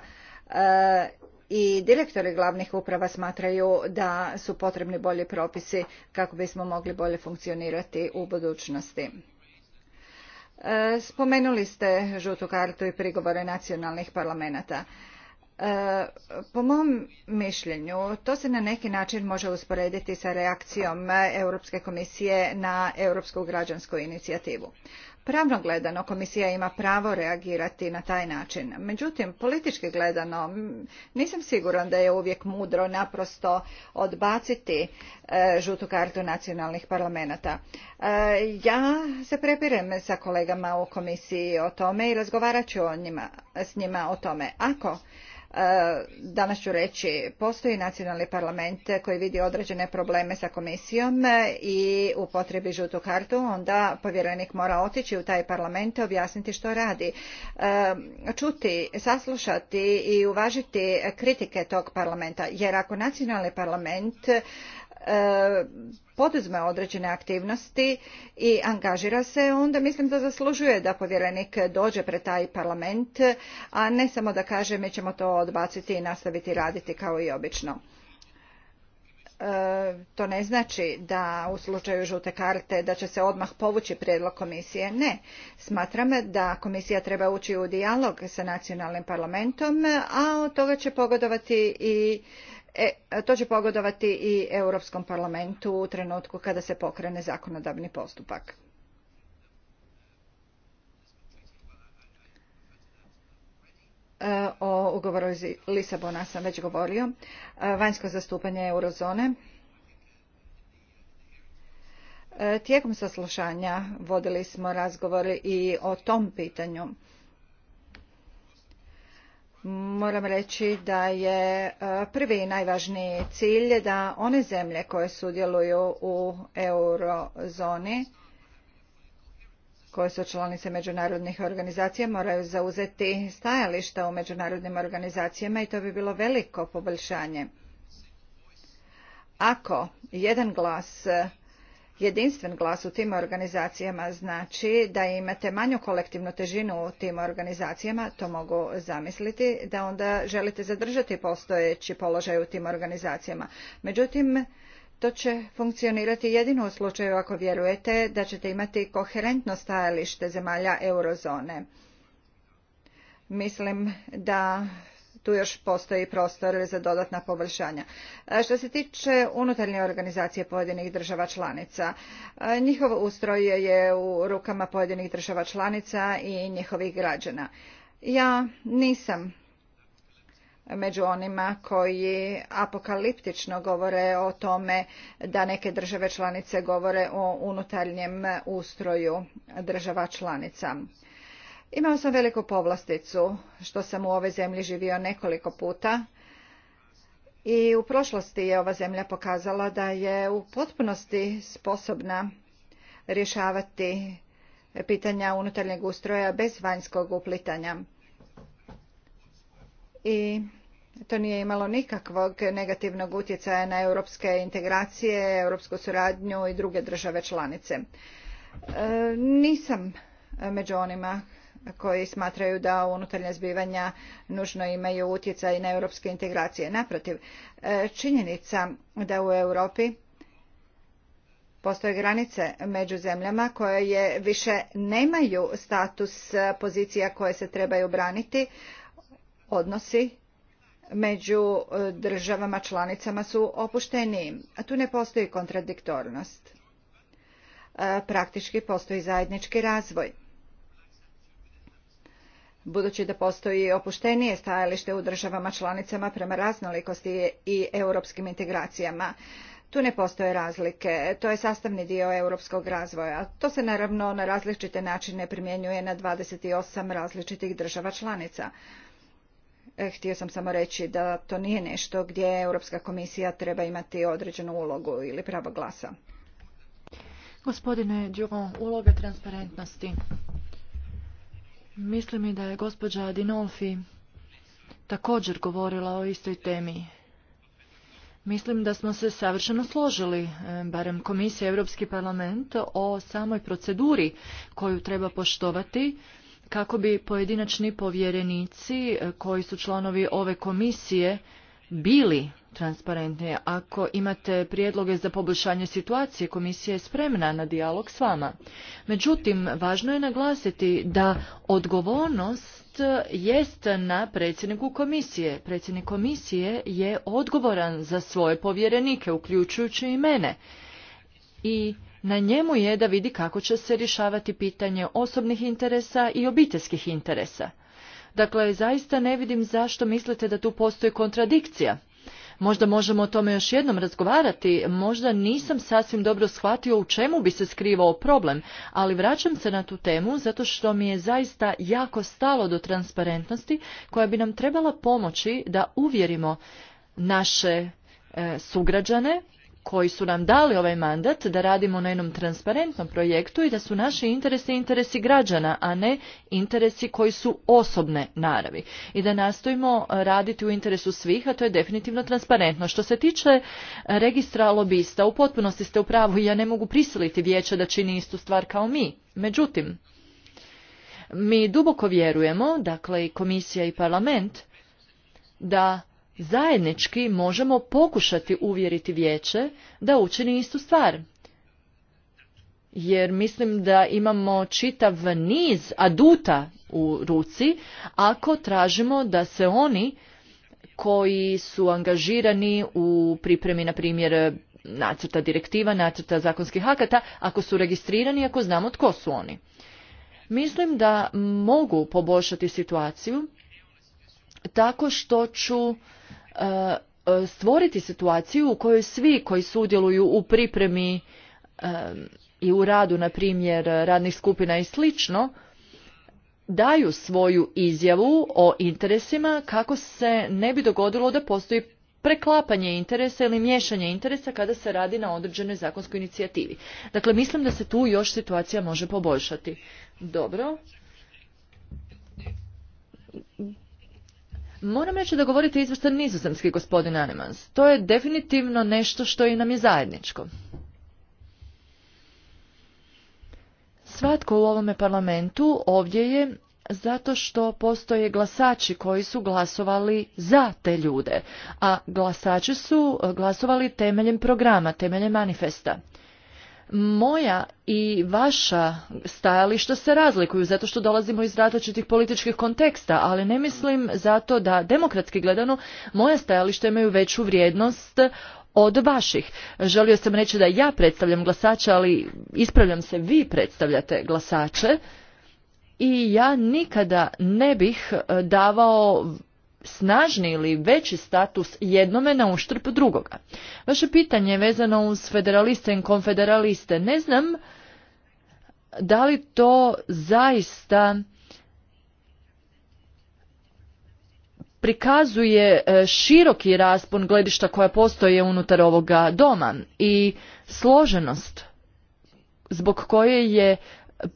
i direktori glavnih uprava smatraju da su potrebni bolji propisi kako bismo mogli bolje funkcionirati u budućnosti. E, spomenuli ste žutu kartu i prigovore nacionalnih parlamenta. E, po mom mišljenju, to se na neki način može usporediti sa reakcijom Europske komisije na Europsku građansku inicijativu. Pravno gledano komisija ima pravo reagirati na taj način. Međutim, politički gledano nisam siguran da je uvijek mudro naprosto odbaciti e, žutu kartu nacionalnih parlamenta. E, ja se prepirem sa kolegama u komisiji o tome i razgovarat ću s njima o tome. Ako E, danas ću reći postoji nacionalni parlament koji vidi određene probleme sa komisijom i u potrebi žutu kartu onda povjerenik mora otići u taj parlament i objasniti što radi e, čuti saslušati i uvažiti kritike tog parlamenta jer ako nacionalni parlament E, poduzme određene aktivnosti i angažira se, onda mislim da zaslužuje da povjerenik dođe pred taj parlament, a ne samo da kaže mi ćemo to odbaciti i nastaviti raditi kao i obično. E, to ne znači da u slučaju žute karte da će se odmah povući prijedlog komisije. Ne. Smatram da komisija treba ući u dijalog sa nacionalnim parlamentom, a od toga će pogodovati i E, to će pogodovati i Europskom parlamentu u trenutku kada se pokrene zakonodavni postupak. E, o ugovoru iz Lisabona sam već govorio. E, vanjsko zastupanje eurozone. Tijekom saslušanja vodili smo razgovor i o tom pitanju. Moram reći da je e, prvi i najvažniji cilj da one zemlje koje sudjeluju u eurozoni, koje su članice međunarodnih organizacija, moraju zauzeti stajališta u međunarodnim organizacijama i to bi bilo veliko poboljšanje. Ako jedan glas jedinstven glas u tim organizacijama znači da imate manju kolektivnu težinu u tim organizacijama, to mogu zamisliti, da onda želite zadržati postojeći položaj u tim organizacijama. Međutim, to će funkcionirati jedino u slučaju ako vjerujete da ćete imati koherentno stajalište zemalja eurozone. Mislim da tu još postoji prostor za dodatna poboljšanja. E, što se tiče unutarnje organizacije pojedinih država članica, e, njihov ustroj je u rukama pojedinih država članica i njihovih građana. Ja nisam među onima koji apokaliptično govore o tome da neke države članice govore o unutarnjem ustroju država članica. Imao sam veliku povlasticu što sam u ovoj zemlji živio nekoliko puta i u prošlosti je ova zemlja pokazala da je u potpunosti sposobna rješavati pitanja unutarnjeg ustroja bez vanjskog uplitanja. I to nije imalo nikakvog negativnog utjecaja na europske integracije, europsku suradnju i druge države članice. E, nisam među onima koji smatraju da unutarnja zbivanja nužno imaju utjecaj na europske integracije. Naprotiv, e, činjenica da u Europi postoje granice među zemljama koje više nemaju status pozicija koje se trebaju braniti, odnosi među e, državama članicama su opušteniji. Tu ne postoji kontradiktornost. E, praktički postoji zajednički razvoj budući da postoji opuštenije stajalište u državama članicama prema raznolikosti i europskim integracijama. Tu ne postoje razlike, to je sastavni dio europskog razvoja. To se naravno na različite načine primjenjuje na 28 različitih država članica. E, htio sam samo reći da to nije nešto gdje Europska komisija treba imati određenu ulogu ili pravo glasa. Gospodine uloga transparentnosti. Mislim i da je gospođa Adinolfi također govorila o istoj temi. Mislim da smo se savršeno složili, e, barem Komisija Europski parlament, o samoj proceduri koju treba poštovati kako bi pojedinačni povjerenici e, koji su članovi ove komisije bili transparentnije. Ako imate prijedloge za poboljšanje situacije, komisija je spremna na dijalog s vama. Međutim, važno je naglasiti da odgovornost jest na predsjedniku komisije. Predsjednik komisije je odgovoran za svoje povjerenike, uključujući i mene. I na njemu je da vidi kako će se rješavati pitanje osobnih interesa i obiteljskih interesa. Dakle, zaista ne vidim zašto mislite da tu postoji kontradikcija. Možda možemo o tome još jednom razgovarati, možda nisam sasvim dobro shvatio u čemu bi se skrivao problem, ali vraćam se na tu temu zato što mi je zaista jako stalo do transparentnosti koja bi nam trebala pomoći da uvjerimo naše e, sugrađane koji su nam dali ovaj mandat da radimo na jednom transparentnom projektu i da su naši interesi interesi građana, a ne interesi koji su osobne naravi. I da nastojimo e, raditi u interesu svih, a to je definitivno transparentno. Što se tiče e, registra lobista, u potpunosti ste u pravu i ja ne mogu prisiliti vijeće da čini istu stvar kao mi. Međutim, mi duboko vjerujemo, dakle i komisija i parlament, da zajednički možemo pokušati uvjeriti vijeće da učini istu stvar. Jer mislim da imamo čitav niz aduta u ruci ako tražimo da se oni koji su angažirani u pripremi, na primjer, nacrta direktiva, nacrta zakonskih akata, ako su registrirani, ako znamo tko su oni. Mislim da mogu poboljšati situaciju tako što ću E, e, stvoriti situaciju u kojoj svi koji sudjeluju u pripremi e, i u radu, na primjer, radnih skupina i slično, daju svoju izjavu o interesima kako se ne bi dogodilo da postoji preklapanje interesa ili miješanje interesa kada se radi na određenoj zakonskoj inicijativi. Dakle, mislim da se tu još situacija može poboljšati. Dobro, Moram reći da govorite izvrstan nizozemski, gospodin Anemans. To je definitivno nešto što i nam je zajedničko. Svatko u ovome parlamentu ovdje je zato što postoje glasači koji su glasovali za te ljude, a glasači su glasovali temeljem programa, temeljem manifesta moja i vaša stajališta se razlikuju zato što dolazimo iz različitih političkih konteksta, ali ne mislim zato da demokratski gledano moja stajališta imaju veću vrijednost od vaših. Želio sam reći da ja predstavljam glasače, ali ispravljam se, vi predstavljate glasače i ja nikada ne bih eh, davao snažni ili veći status jednome na uštrb drugoga. Vaše pitanje je vezano uz federaliste i konfederaliste. Ne znam da li to zaista prikazuje e, široki raspon gledišta koja postoje unutar ovoga doma i složenost zbog koje je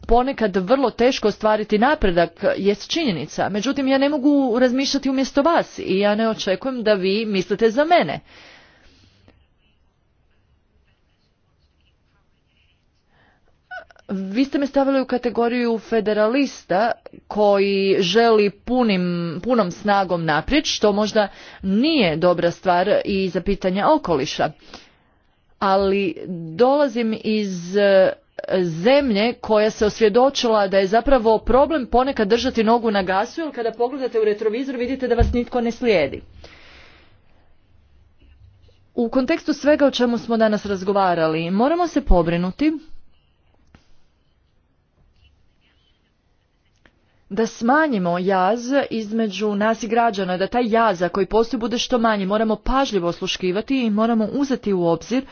ponekad vrlo teško ostvariti napredak jest činjenica. Međutim, ja ne mogu razmišljati umjesto vas i ja ne očekujem da vi mislite za mene. Vi ste me stavili u kategoriju federalista koji želi punim, punom snagom naprijed, što možda nije dobra stvar i za pitanje okoliša. Ali dolazim iz zemlje koja se osvjedočila da je zapravo problem ponekad držati nogu na gasu jer kada pogledate u retrovizor vidite da vas nitko ne slijedi. U kontekstu svega o čemu smo danas razgovarali moramo se pobrinuti da smanjimo jaz između nas i građana, da taj jaza koji postoji bude što manji, moramo pažljivo osluškivati i moramo uzeti u obzir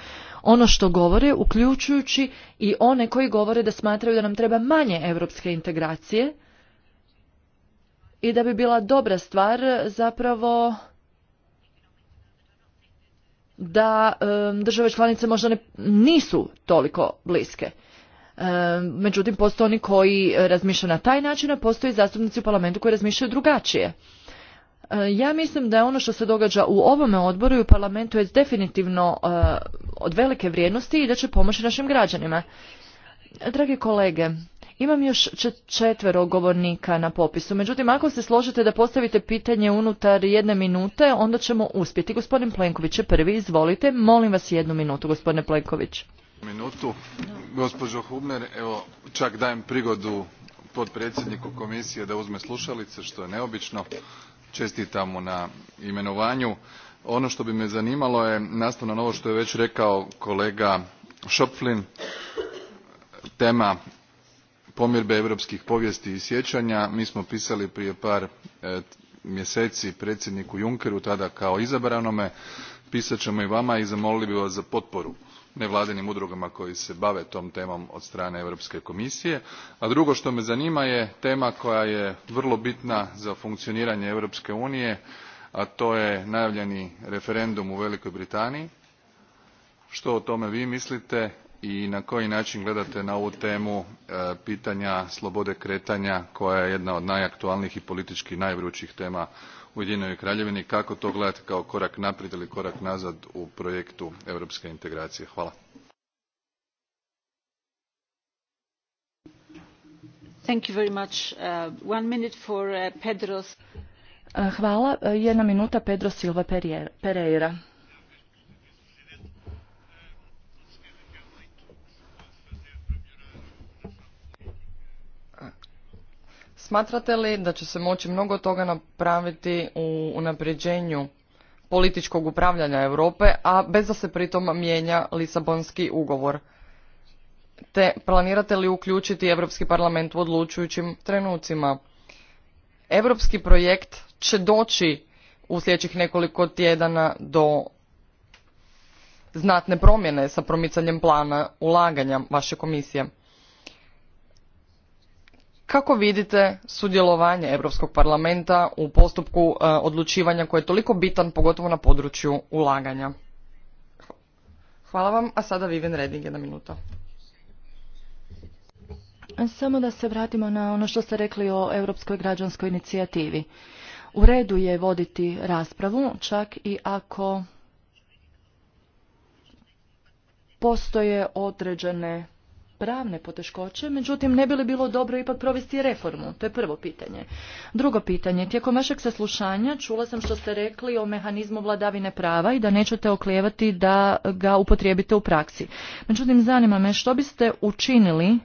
ono što govore, uključujući i one koji govore da smatraju da nam treba manje europske integracije i da bi bila dobra stvar zapravo da države članice možda ne, nisu toliko bliske. Međutim, postoje oni koji razmišljaju na taj način, a postoje zastupnici u parlamentu koji razmišljaju drugačije. E, ja mislim da je ono što se događa u ovome odboru i u parlamentu je definitivno e, od velike vrijednosti i da će pomoći našim građanima. Dragi kolege, imam još četvero govornika na popisu, međutim ako se složite da postavite pitanje unutar jedne minute, onda ćemo uspjeti. Gospodin Plenković je prvi, izvolite, molim vas jednu minutu, gospodine Plenković. Minutu, gospođo Hubner, evo čak dajem prigodu potpredsjedniku komisije da uzme slušalice, što je neobično čestitam mu na imenovanju. ono što bi me zanimalo je nastavno na ovo što je već rekao kolega schpflin tema pomirbe europskih povijesti i sjećanja. mi smo pisali prije par e, mjeseci predsjedniku junckeru tada kao izabranome pisat ćemo i vama i zamolili bi vas za potporu nevladinim udrugama koji se bave tom temom od strane europske komisije a drugo što me zanima je tema koja je vrlo bitna za funkcioniranje europske unije a to je najavljeni referendum u velikoj britaniji što o tome vi mislite i na koji način gledate na ovu temu e, pitanja slobode kretanja koja je jedna od najaktualnijih i politički najvrućih tema ujedinjenoj kraljevini kako to gledate kao korak naprijed ili korak nazad u projektu europske integracije? hvala. Hvala. Jedna minuta Pedro Silva Pereira. Smatrate li da će se moći mnogo toga napraviti u unapređenju političkog upravljanja Europe, a bez da se pritom mijenja Lisabonski ugovor? Te planirate li uključiti Europski parlament u odlučujućim trenucima? Europski projekt će doći u sljedećih nekoliko tjedana do znatne promjene sa promicanjem plana ulaganja vaše komisije. Kako vidite sudjelovanje Europskog parlamenta u postupku e, odlučivanja koji je toliko bitan, pogotovo na području ulaganja? Hvala vam, a sada Vivian Reding, jedna minuta. Samo da se vratimo na ono što ste rekli o Europskoj građanskoj inicijativi. U redu je voditi raspravu, čak i ako postoje određene pravne poteškoće, međutim ne bi li bilo dobro ipak provesti reformu? To je prvo pitanje. Drugo pitanje, tijekom vašeg saslušanja čula sam što ste rekli o mehanizmu vladavine prava i da nećete oklijevati da ga upotrijebite u praksi. Međutim, zanima me što biste učinili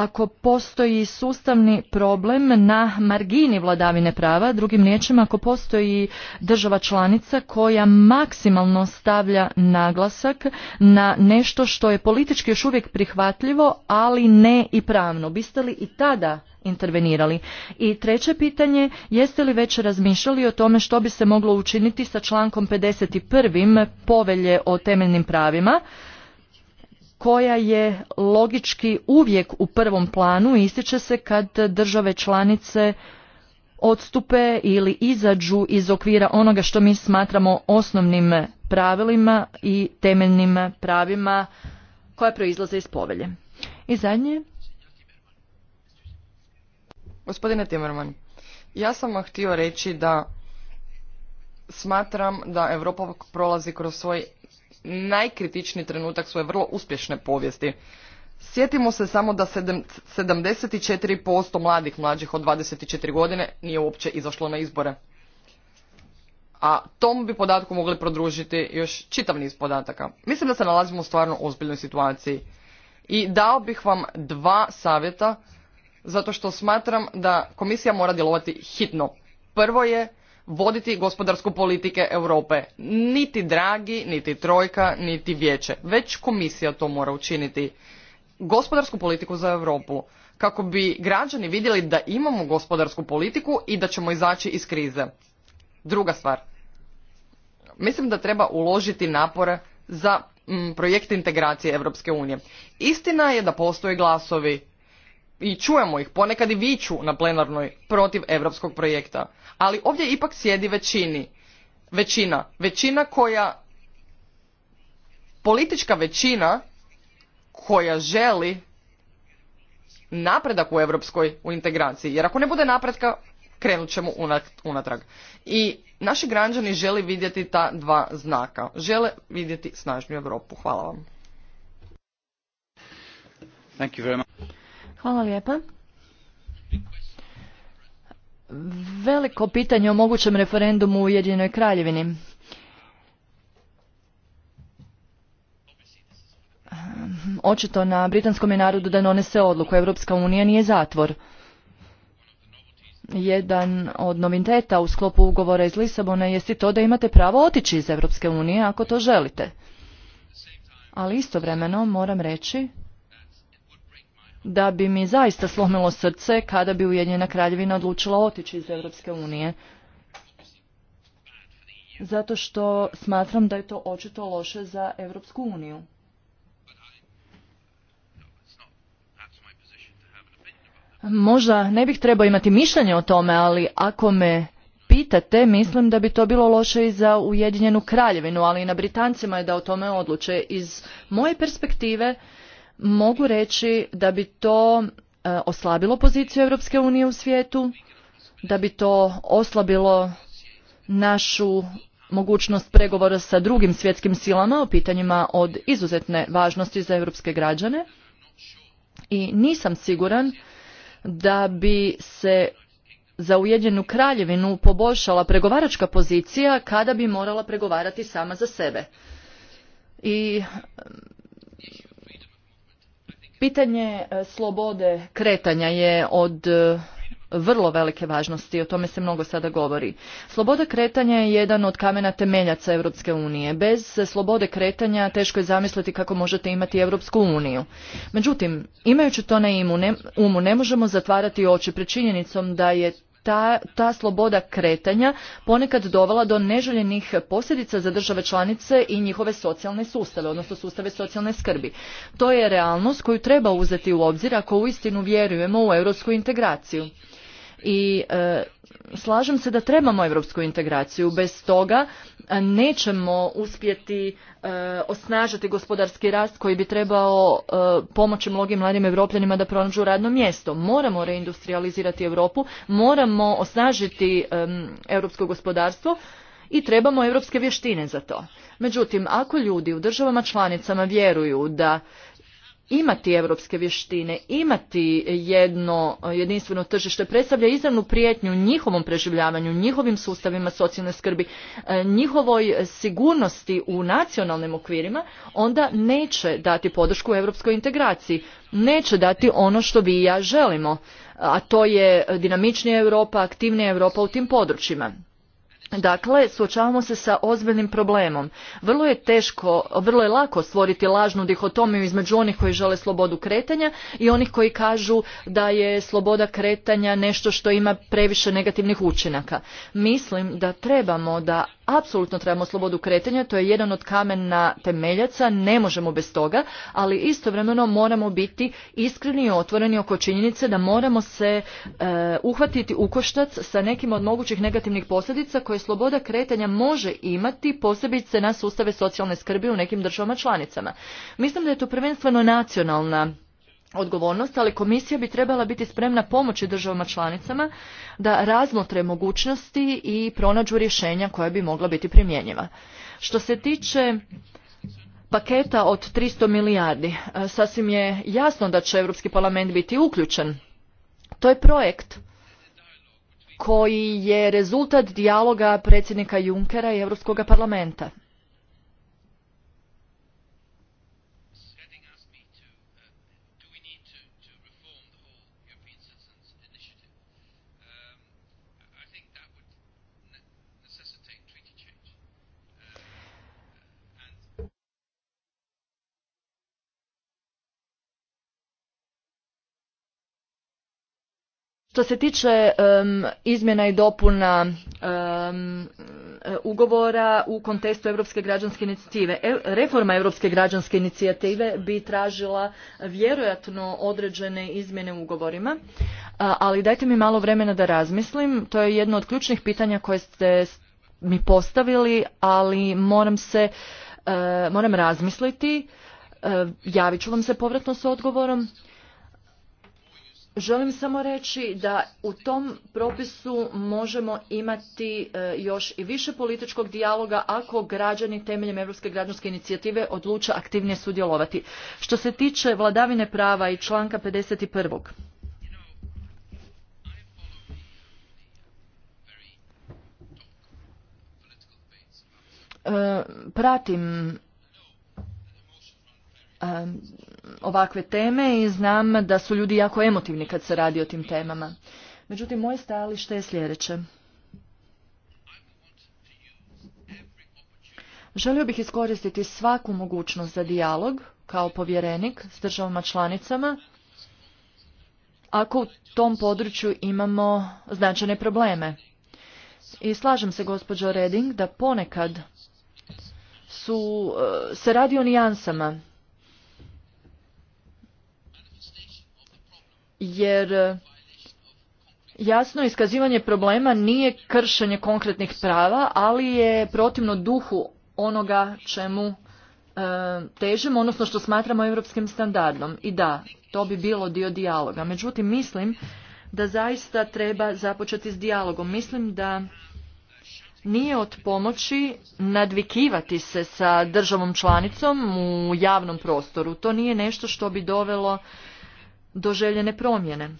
ako postoji sustavni problem na margini vladavine prava, drugim riječima ako postoji država članica koja maksimalno stavlja naglasak na nešto što je politički još uvijek prihvatljivo, ali ne i pravno. Biste li i tada intervenirali. I treće pitanje, jeste li već razmišljali o tome što bi se moglo učiniti sa člankom 51. povelje o temeljnim pravima? koja je logički uvijek u prvom planu ističe se kad države članice odstupe ili izađu iz okvira onoga što mi smatramo osnovnim pravilima i temeljnim pravima koja proizlaze iz povelje. I zadnje. Gospodine Timerman, ja sam htio reći da smatram da Europa prolazi kroz svoj najkritičniji trenutak svoje vrlo uspješne povijesti. Sjetimo se samo da 74% mladih mlađih od 24 godine nije uopće izašlo na izbore. A tom bi podatku mogli prodružiti još čitav niz podataka. Mislim da se nalazimo u stvarno ozbiljnoj situaciji. I dao bih vam dva savjeta, zato što smatram da komisija mora djelovati hitno. Prvo je voditi gospodarsku politike Europe. Niti Dragi, niti Trojka, niti Vijeće. Već komisija to mora učiniti. Gospodarsku politiku za Europu. Kako bi građani vidjeli da imamo gospodarsku politiku i da ćemo izaći iz krize. Druga stvar. Mislim da treba uložiti napore za mm, projekt integracije Europske unije. Istina je da postoje glasovi i čujemo ih, ponekad i viču na plenarnoj protiv europskog projekta. Ali ovdje ipak sjedi većini. Većina. Većina koja, politička većina koja želi napredak u europskoj u integraciji. Jer ako ne bude napretka, krenut ćemo unatrag. I naši građani žele vidjeti ta dva znaka. Žele vidjeti snažnju Europu. Hvala vam. Hvala lijepa. Veliko pitanje o mogućem referendumu u Ujedinjenoj kraljevini. Očito na britanskom je narodu da donese odluku. Evropska unija nije zatvor. Jedan od noviteta u sklopu ugovora iz Lisabona jest i to da imate pravo otići iz Evropske unije ako to želite. Ali istovremeno moram reći da bi mi zaista slomilo srce kada bi Ujedinjena kraljevina odlučila otići iz Europske unije. Zato što smatram da je to očito loše za Europsku uniju. Možda ne bih trebao imati mišljenje o tome, ali ako me pitate, mislim da bi to bilo loše i za Ujedinjenu kraljevinu, ali i na Britancima je da o tome odluče. Iz moje perspektive, mogu reći da bi to e, oslabilo poziciju Europske unije u svijetu, da bi to oslabilo našu mogućnost pregovora sa drugim svjetskim silama o pitanjima od izuzetne važnosti za europske građane i nisam siguran da bi se za Ujedinjenu kraljevinu poboljšala pregovaračka pozicija kada bi morala pregovarati sama za sebe. I Pitanje e, slobode kretanja je od e, vrlo velike važnosti, o tome se mnogo sada govori. Sloboda kretanja je jedan od kamena temeljaca Europske unije. Bez slobode kretanja teško je zamisliti kako možete imati Europsku uniju. Međutim, imajući to na umu, ne možemo zatvarati oči pred činjenicom da je ta, ta sloboda kretanja ponekad dovela do neželjenih posljedica za države članice i njihove socijalne sustave, odnosno sustave socijalne skrbi. To je realnost koju treba uzeti u obzir ako uistinu vjerujemo u europsku integraciju. I e, slažem se da trebamo europsku integraciju. Bez toga e, nećemo uspjeti e, osnažiti gospodarski rast koji bi trebao e, pomoći mnogim mladim evropljanima da pronađu radno mjesto. Moramo reindustrializirati Europu, moramo osnažiti europsko gospodarstvo i trebamo europske vještine za to. Međutim, ako ljudi u državama članicama vjeruju da imati europske vještine, imati jedno jedinstveno tržište predstavlja izravnu prijetnju njihovom preživljavanju, njihovim sustavima socijalne skrbi, e, njihovoj sigurnosti u nacionalnim okvirima, onda neće dati podršku europskoj integraciji, neće dati ono što vi i ja želimo, a to je dinamičnija Europa, aktivnija Europa u tim područjima. Dakle, suočavamo se sa ozbiljnim problemom. Vrlo je teško, vrlo je lako stvoriti lažnu dihotomiju između onih koji žele slobodu kretanja i onih koji kažu da je sloboda kretanja nešto što ima previše negativnih učinaka. Mislim da trebamo da apsolutno trebamo slobodu kretanja, to je jedan od kamena temeljaca, ne možemo bez toga, ali istovremeno moramo biti iskreni i otvoreni oko činjenice da moramo se e, uhvatiti u koštac sa nekim od mogućih negativnih posljedica koje sloboda kretanja može imati, posebice na sustave socijalne skrbi u nekim državama članicama. Mislim da je to prvenstveno nacionalna odgovornost, ali komisija bi trebala biti spremna pomoći državama članicama da razmotre mogućnosti i pronađu rješenja koja bi mogla biti primjenjiva. Što se tiče paketa od 300 milijardi, e, sasvim je jasno da će Europski parlament biti uključen. To je projekt koji je rezultat dijaloga predsjednika Junckera i Europskog parlamenta. Što se tiče izmjena i dopuna ugovora u kontekstu Europske građanske inicijative, e, reforma Europske građanske inicijative bi tražila vjerojatno određene izmjene u ugovorima, ali dajte mi malo vremena da razmislim. To je jedno od ključnih pitanja koje ste mi postavili, ali moram se, e, moram razmisliti. E, javit ću vam se povratno s odgovorom. Želim samo reći da u tom propisu možemo imati e, još i više političkog dijaloga ako građani temeljem Europske građanske inicijative odluče aktivnije sudjelovati. Što se tiče vladavine prava i članka 51. E, pratim Um, ovakve teme i znam da su ljudi jako emotivni kad se radi o tim temama. Međutim, moje stajalište je sljedeće. Želio bih iskoristiti svaku mogućnost za dijalog kao povjerenik s državama članicama ako u tom području imamo značajne probleme. I slažem se, gospođo Reding, da ponekad su, uh, se radi o nijansama jer e, jasno iskazivanje problema nije kršenje konkretnih prava, ali je protivno duhu onoga čemu e, težimo, odnosno što smatramo europskim standardom. I da, to bi bilo dio dijaloga. Međutim, mislim da zaista treba započeti s dijalogom. Mislim da nije od pomoći nadvikivati se sa državom članicom u javnom prostoru. To nije nešto što bi dovelo do željene promjene.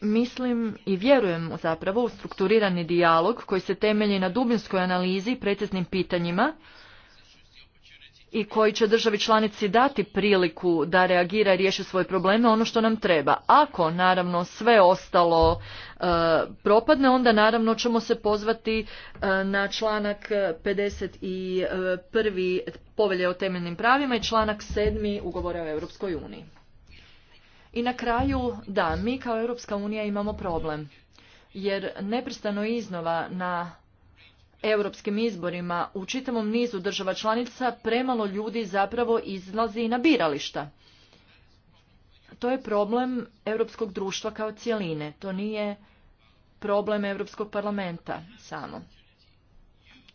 Mislim i vjerujem zapravo u strukturirani dijalog koji se temelji na dubinskoj analizi i preciznim pitanjima i koji će državi članici dati priliku da reagira i riješi svoje probleme ono što nam treba. Ako naravno sve ostalo e, propadne, onda naravno ćemo se pozvati e, na članak 51. povelje o temeljnim pravima i članak 7. ugovora o Europskoj uniji. I na kraju, da, mi kao Europska unija imamo problem. Jer neprestano iznova na europskim izborima u čitavom nizu država članica premalo ljudi zapravo izlazi na birališta. To je problem europskog društva kao cijeline. To nije problem Europskog parlamenta samo.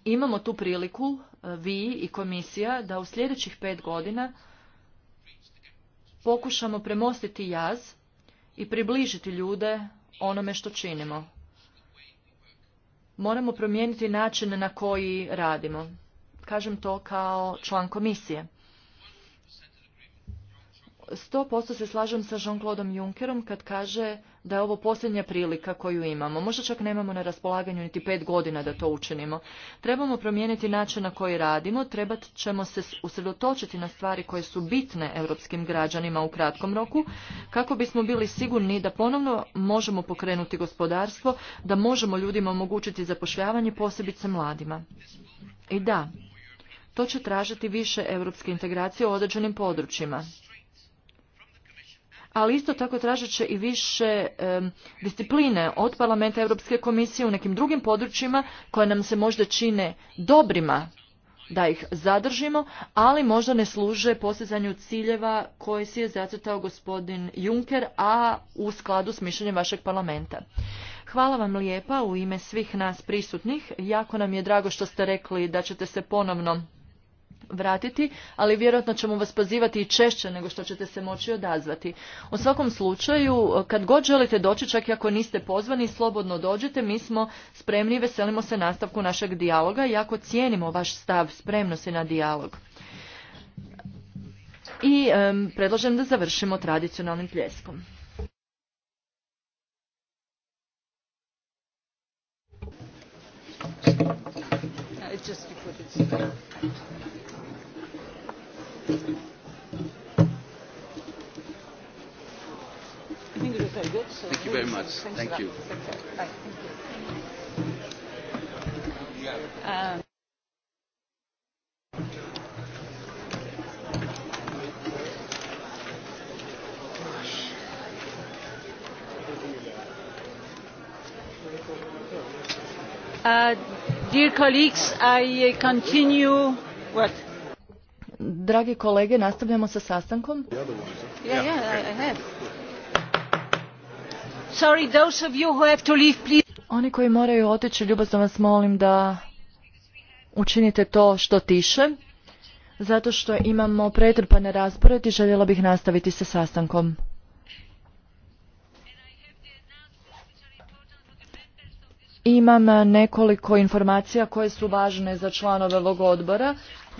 Imamo tu priliku, eh, vi i komisija, da u sljedećih pet godina pokušamo premostiti jaz i približiti ljude onome što činimo. Moramo promijeniti način na koji radimo. Kažem to kao član komisije. Sto posto se slažem sa Jean-Claude Junckerom kad kaže da je ovo posljednja prilika koju imamo. Možda čak nemamo na raspolaganju niti pet godina da to učinimo. Trebamo promijeniti način na koji radimo, trebat ćemo se usredotočiti na stvari koje su bitne europskim građanima u kratkom roku, kako bismo bili sigurni da ponovno možemo pokrenuti gospodarstvo, da možemo ljudima omogućiti zapošljavanje, posebice mladima. I da, to će tražiti više europske integracije u određenim područjima ali isto tako tražit će i više discipline od parlamenta Europske komisije u nekim drugim područjima koje nam se možda čine dobrima da ih zadržimo, ali možda ne služe postizanju ciljeva koje si je zacrtao gospodin Juncker, a u skladu s mišljenjem vašeg parlamenta. Hvala vam lijepa u ime svih nas prisutnih. Jako nam je drago što ste rekli da ćete se ponovno vratiti, ali vjerojatno ćemo vas pozivati i češće nego što ćete se moći odazvati. U svakom slučaju, kad god želite doći, čak i ako niste pozvani, slobodno dođite, mi smo spremni i veselimo se nastavku našeg dijaloga i jako cijenimo vaš stav spremnosti na dijalog. I um, predlažem da završimo tradicionalnim pljeskom. Thank you very much. Thank you. Uh, dear colleagues, I continue what? Dragi kolege, nastavljamo sa sastankom. Oni koji moraju otići, ljubazno vas molim da učinite to što tiše, zato što imamo pretrpane raspored i željela bih nastaviti sa sastankom. Imam nekoliko informacija koje su važne za članove ovog odbora.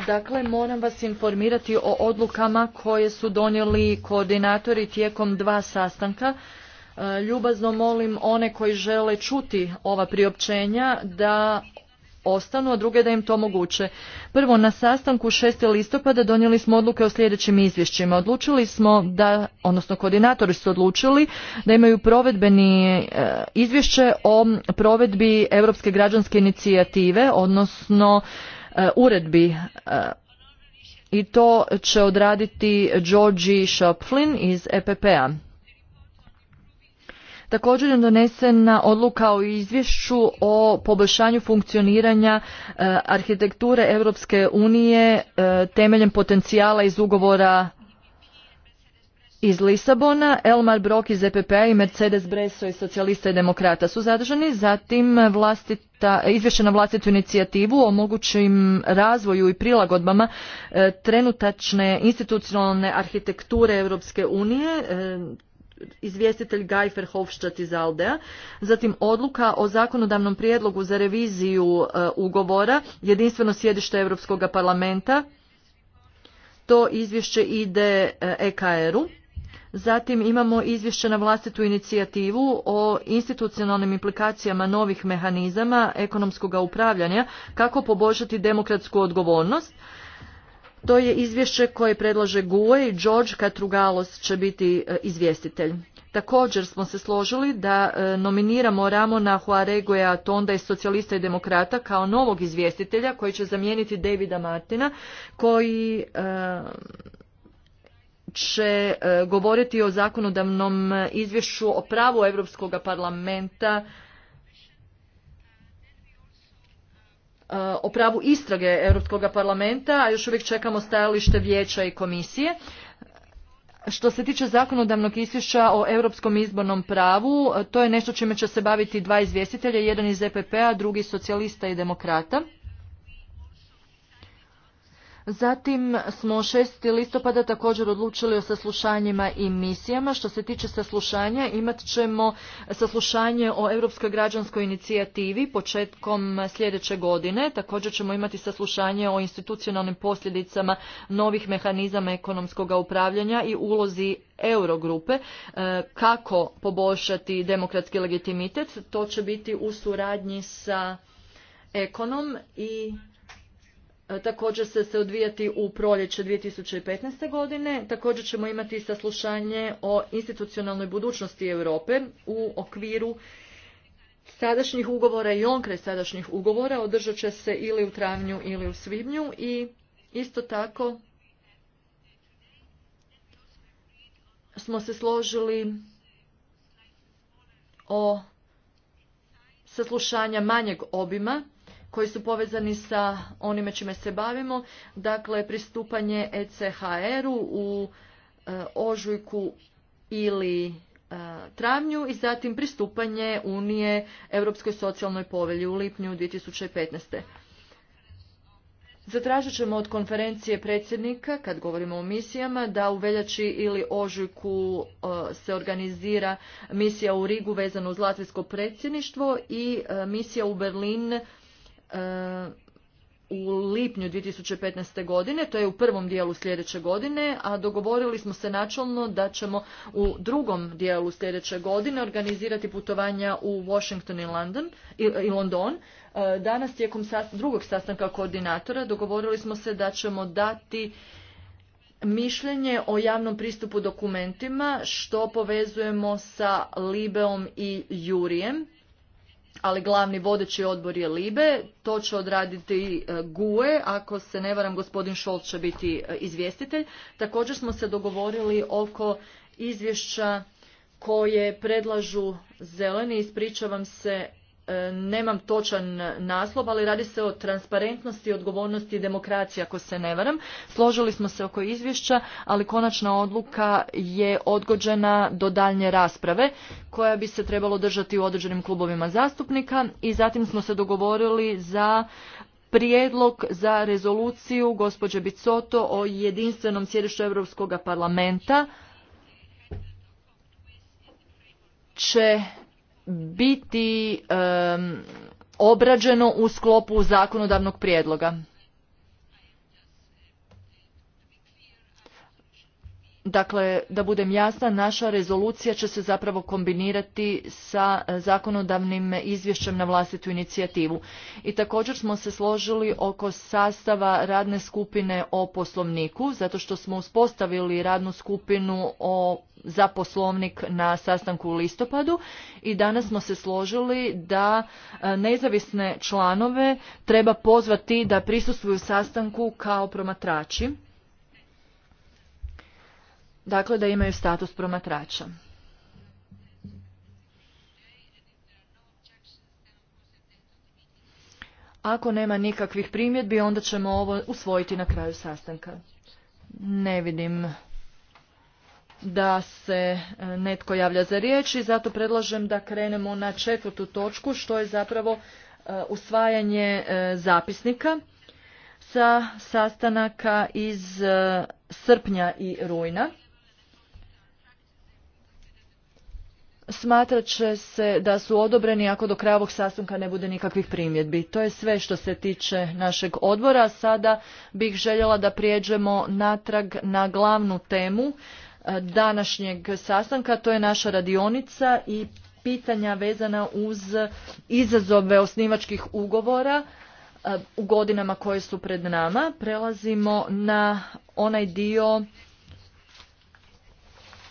Dakle, moram vas informirati o odlukama koje su donijeli koordinatori tijekom dva sastanka. E, ljubazno molim one koji žele čuti ova priopćenja da ostanu, a druge da im to moguće. Prvo, na sastanku 6. listopada donijeli smo odluke o sljedećim izvješćima. Odlučili smo da, odnosno koordinatori su odlučili da imaju provedbeni e, izvješće o provedbi Europske građanske inicijative, odnosno E, uredbi e, i to će odraditi Georgi Shopflin iz EPP-a. Također je donesena odluka o izvješću o poboljšanju funkcioniranja e, arhitekture Europske unije temeljem potencijala iz ugovora iz Lisabona, Elmar Brok iz EPP-a i Mercedes Breso iz Socijalista i Demokrata su zadržani, zatim vlastita, izvješće na vlastitu inicijativu o mogućim razvoju i prilagodbama e, trenutačne institucionalne arhitekture Europske unije, e, izvjestitelj Gajfer Hofščat iz Aldea, zatim odluka o zakonodavnom prijedlogu za reviziju e, ugovora, jedinstveno sjedište Europskog parlamenta, to izvješće ide EKR-u. Zatim imamo izvješće na vlastitu inicijativu o institucionalnim implikacijama novih mehanizama ekonomskog upravljanja kako poboljšati demokratsku odgovornost. To je izvješće koje predlaže GUE i George Katrugalos će biti e, izvjestitelj. Također smo se složili da e, nominiramo Ramona Huaregoja Tonda iz Socijalista i Demokrata kao novog izvjestitelja koji će zamijeniti Davida Martina koji e, će e, govoriti o zakonodavnom izvješću o pravu Europskog parlamenta e, o pravu istrage Europskog parlamenta, a još uvijek čekamo stajalište vijeća i komisije. Što se tiče zakonodavnog izvješća o europskom izbornom pravu, e, to je nešto čime će se baviti dva izvjestitelja, jedan iz EPP-a, drugi socijalista i demokrata. Zatim smo 6. listopada također odlučili o saslušanjima i misijama. Što se tiče saslušanja, imat ćemo saslušanje o Europskoj građanskoj inicijativi početkom sljedeće godine. Također ćemo imati saslušanje o institucionalnim posljedicama novih mehanizama ekonomskog upravljanja i ulozi Eurogrupe, e, kako poboljšati demokratski legitimitet. To će biti u suradnji sa Ekonom i E, također se se odvijati u proljeće 2015. godine. Također ćemo imati saslušanje o institucionalnoj budućnosti Europe u okviru sadašnjih ugovora i onkraj sadašnjih ugovora. Održat će se ili u travnju ili u svibnju i isto tako smo se složili o saslušanja manjeg obima koji su povezani sa onime čime se bavimo. Dakle, pristupanje ECHR-u u e, ožujku ili e, travnju i zatim pristupanje Unije Europskoj socijalnoj povelji u lipnju 2015. Zatražit ćemo od konferencije predsjednika, kad govorimo o misijama, da u veljači ili ožujku e, se organizira misija u Rigu vezano uz latvijsko predsjedništvo i misija u Berlin E, u lipnju 2015. godine, to je u prvom dijelu sljedeće godine, a dogovorili smo se načelno da ćemo u drugom dijelu sljedeće godine organizirati putovanja u Washington i, London, i, London. E, danas tijekom drugog sastanka koordinatora dogovorili smo se da ćemo dati mišljenje o javnom pristupu dokumentima što povezujemo sa Libeom i Jurijem ali glavni vodeći odbor je Libe, to će odraditi e, GUE, ako se ne varam gospodin Šolt će biti e, izvjestitelj. Također smo se dogovorili oko izvješća koje predlažu zeleni, ispričavam se E, nemam točan naslov, ali radi se o transparentnosti, odgovornosti i demokraciji, ako se ne varam. Složili smo se oko izvješća, ali konačna odluka je odgođena do daljnje rasprave, koja bi se trebalo držati u određenim klubovima zastupnika i zatim smo se dogovorili za prijedlog za rezoluciju gospođe Bicoto o jedinstvenom sjedištu Europskog parlamenta će biti obrađeno u sklopu zakonodavnog prijedloga Dakle, da budem jasna, naša rezolucija će se zapravo kombinirati sa e, zakonodavnim izvješćem na vlastitu inicijativu. I također smo se složili oko sastava radne skupine o poslovniku, zato što smo uspostavili radnu skupinu o, za poslovnik na sastanku u listopadu i danas smo se složili da e, nezavisne članove treba pozvati da prisustvuju sastanku kao promatrači dakle da imaju status promatrača. Ako nema nikakvih primjedbi, onda ćemo ovo usvojiti na kraju sastanka. Ne vidim da se e, netko javlja za riječ i zato predlažem da krenemo na četvrtu točku, što je zapravo e, usvajanje e, zapisnika sa sastanaka iz srpnja i rujna. smatrat će se da su odobreni ako do kraja ovog sastanka ne bude nikakvih primjedbi. To je sve što se tiče našeg odbora. Sada bih željela da prijeđemo natrag na glavnu temu e, današnjeg sastanka. To je naša radionica i pitanja vezana uz izazove osnivačkih ugovora e, u godinama koje su pred nama. Prelazimo na onaj dio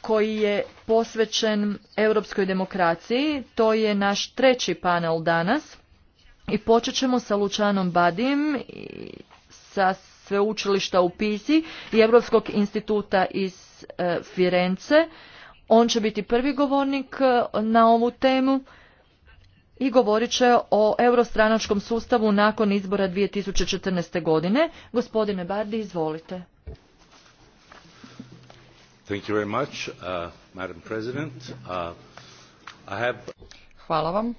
koji je posvećen europskoj demokraciji. To je naš treći panel danas i počet ćemo sa Lučanom Badim sa sveučilišta u Pisi i Europskog instituta iz e, Firence. On će biti prvi govornik e, na ovu temu i govorit će o eurostranačkom sustavu nakon izbora 2014. godine. Gospodine Bardi, izvolite. Uh, uh, Hvala vam.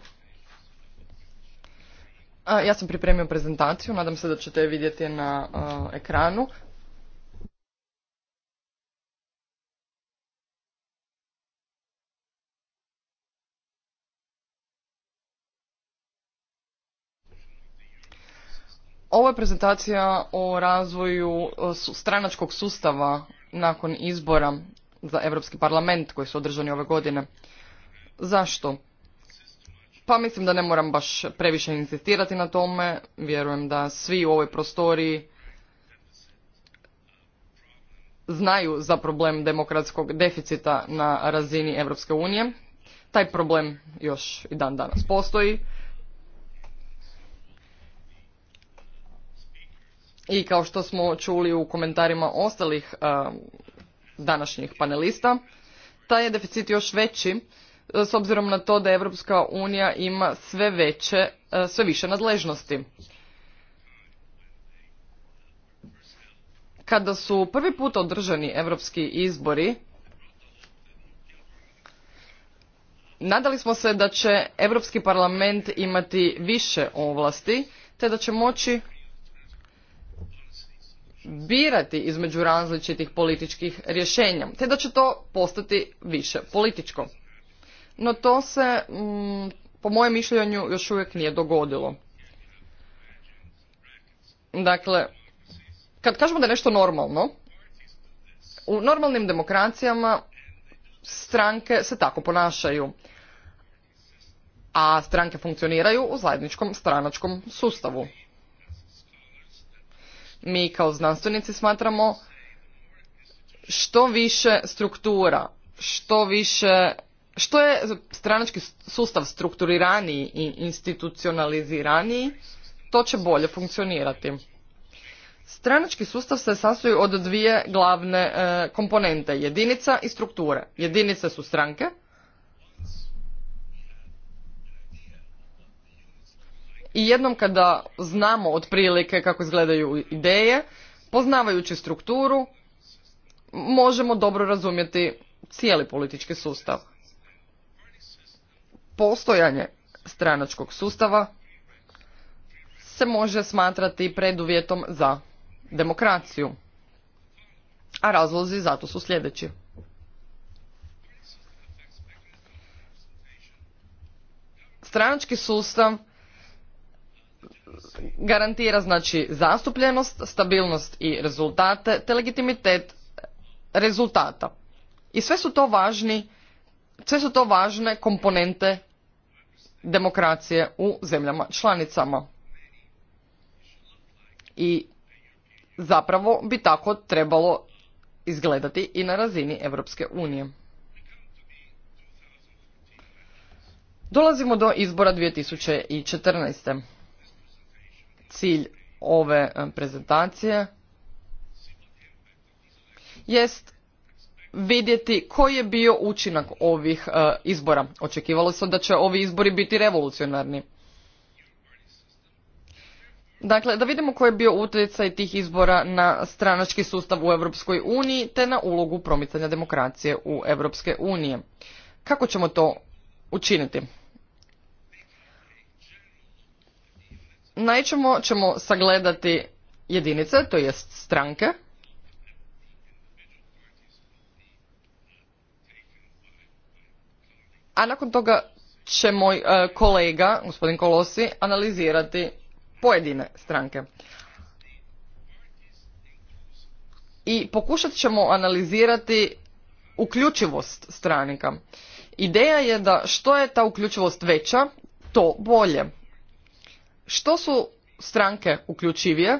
Ja sam pripremio prezentaciju, nadam se da ćete je vidjeti na uh, ekranu. Ovo je prezentacija o razvoju stranačkog sustava nakon izbora za Europski parlament koji su održani ove godine. Zašto? Pa mislim da ne moram baš previše insistirati na tome. Vjerujem da svi u ovoj prostoriji znaju za problem demokratskog deficita na razini Europske unije. Taj problem još i dan danas postoji i kao što smo čuli u komentarima ostalih eh, današnjih panelista, taj je deficit još veći eh, s obzirom na to da Evropska unija ima sve veće, eh, sve više nadležnosti. Kada su prvi put održani europski izbori, nadali smo se da će Europski parlament imati više ovlasti, te da će moći birati između različitih političkih rješenja, te da će to postati više političko. No to se, mm, po mojem mišljenju, još uvijek nije dogodilo. Dakle, kad kažemo da je nešto normalno, u normalnim demokracijama stranke se tako ponašaju, a stranke funkcioniraju u zajedničkom stranačkom sustavu. Mi kao znanstvenici smatramo što više struktura, što više, što je stranački sustav strukturiraniji i institucionaliziraniji, to će bolje funkcionirati. Stranački sustav se sastoji od dvije glavne e, komponente, jedinica i strukture. Jedinice su stranke, i jednom kada znamo otprilike kako izgledaju ideje, poznavajući strukturu, možemo dobro razumjeti cijeli politički sustav. Postojanje stranačkog sustava se može smatrati preduvjetom za demokraciju, a razlozi zato su sljedeći. Stranački sustav garantira znači zastupljenost, stabilnost i rezultate te legitimitet e, rezultata. I sve su to važni, sve su to važne komponente demokracije u zemljama članicama. I zapravo bi tako trebalo izgledati i na razini Europske unije. Dolazimo do izbora 2014 cilj ove e, prezentacije jest vidjeti koji je bio učinak ovih e, izbora. Očekivalo se da će ovi izbori biti revolucionarni. Dakle, da vidimo koji je bio utjecaj tih izbora na stranački sustav u Europskoj uniji te na ulogu promicanja demokracije u Europske unije. Kako ćemo to učiniti? najčemo ćemo sagledati jedinice, to jest stranke, a nakon toga će moj e, kolega, gospodin Kolosi, analizirati pojedine stranke. I pokušat ćemo analizirati uključivost stranika. Ideja je da što je ta uključivost veća, to bolje. Što su stranke uključivije?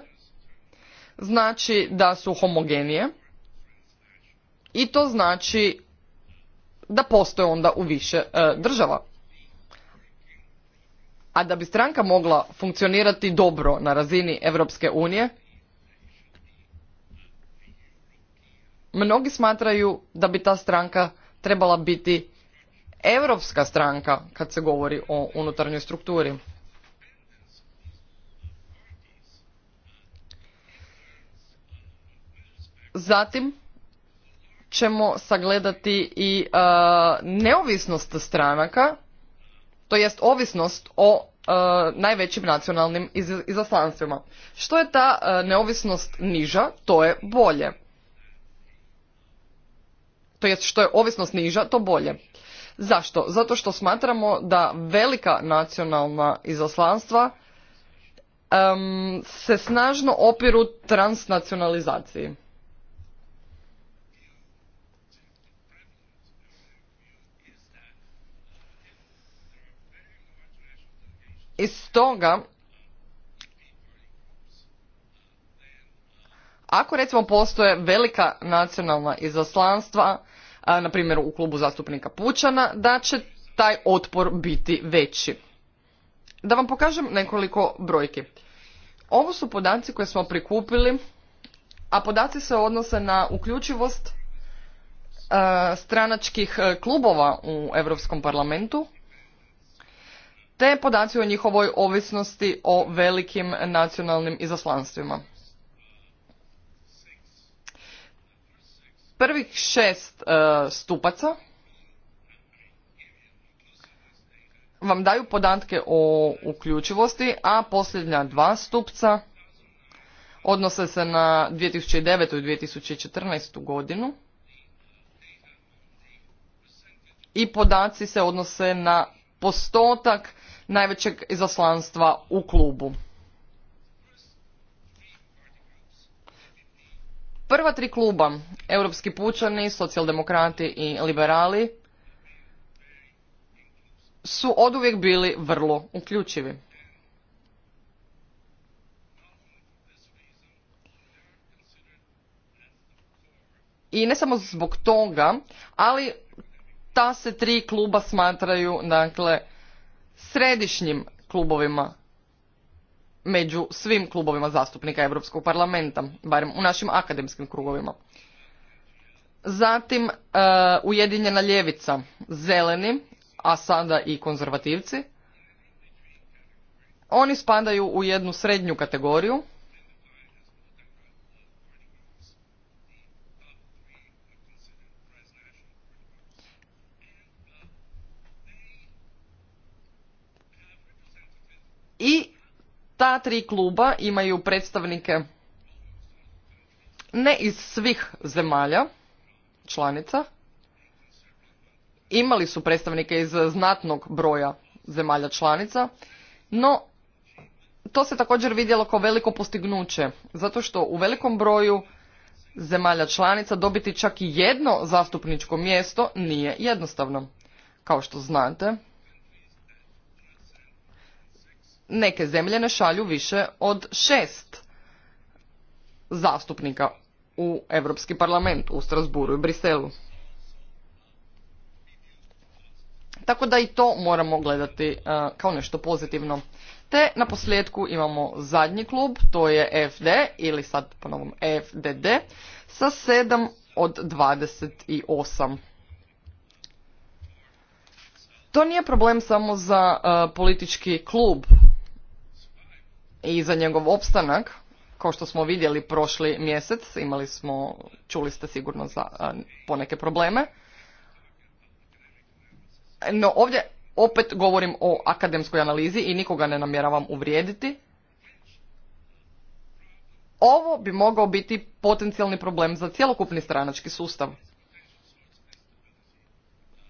Znači da su homogenije i to znači da postoje onda u više e, država. A da bi stranka mogla funkcionirati dobro na razini Europske unije, mnogi smatraju da bi ta stranka trebala biti europska stranka kad se govori o unutarnjoj strukturi. Zatim ćemo sagledati i e, neovisnost stranaka, to jest ovisnost o e, najvećim nacionalnim izaslanstvima. Što je ta e, neovisnost niža, to je bolje. To jest što je ovisnost niža, to bolje. Zašto? Zato što smatramo da velika nacionalna izaslanstva se snažno opiru transnacionalizaciji. I stoga, ako recimo postoje velika nacionalna izaslanstva, na primjer u klubu zastupnika Pučana, da će taj otpor biti veći. Da vam pokažem nekoliko brojki. Ovo su podaci koje smo prikupili, a podaci se odnose na uključivost stranačkih e, klubova u Europskom parlamentu te podaci o njihovoj ovisnosti o velikim nacionalnim izaslanstvima. Prvih šest e, stupaca vam daju podatke o uključivosti, a posljednja dva stupca odnose se na 2009. i 2014. godinu i podaci se odnose na postotak najvećeg izaslanstva u klubu. Prva tri kluba, Europski pučani, socijaldemokrati i liberali, su oduvijek bili vrlo uključivi. I ne samo zbog toga, ali ta se tri kluba smatraju dakle središnjim klubovima među svim klubovima zastupnika Europskog parlamenta, barem u našim akademskim krugovima. Zatim e, Ujedinjena ljevica, zeleni, a sada i konzervativci. Oni spadaju u jednu srednju kategoriju, i ta tri kluba imaju predstavnike ne iz svih zemalja članica, imali su predstavnike iz znatnog broja zemalja članica, no to se također vidjelo kao veliko postignuće, zato što u velikom broju zemalja članica dobiti čak i jedno zastupničko mjesto nije jednostavno. Kao što znate, neke zemlje ne šalju više od šest zastupnika u Europski parlament u Strasburu i Briselu. Tako da i to moramo gledati e, kao nešto pozitivno. Te na posljedku imamo zadnji klub, to je FD ili sad ponovom FDD sa 7 od 28. To nije problem samo za e, politički klub, i za njegov opstanak, kao što smo vidjeli prošli mjesec, imali smo, čuli ste sigurno za poneke probleme. No ovdje opet govorim o akademskoj analizi i nikoga ne namjeravam uvrijediti. Ovo bi mogao biti potencijalni problem za cjelokupni stranački sustav.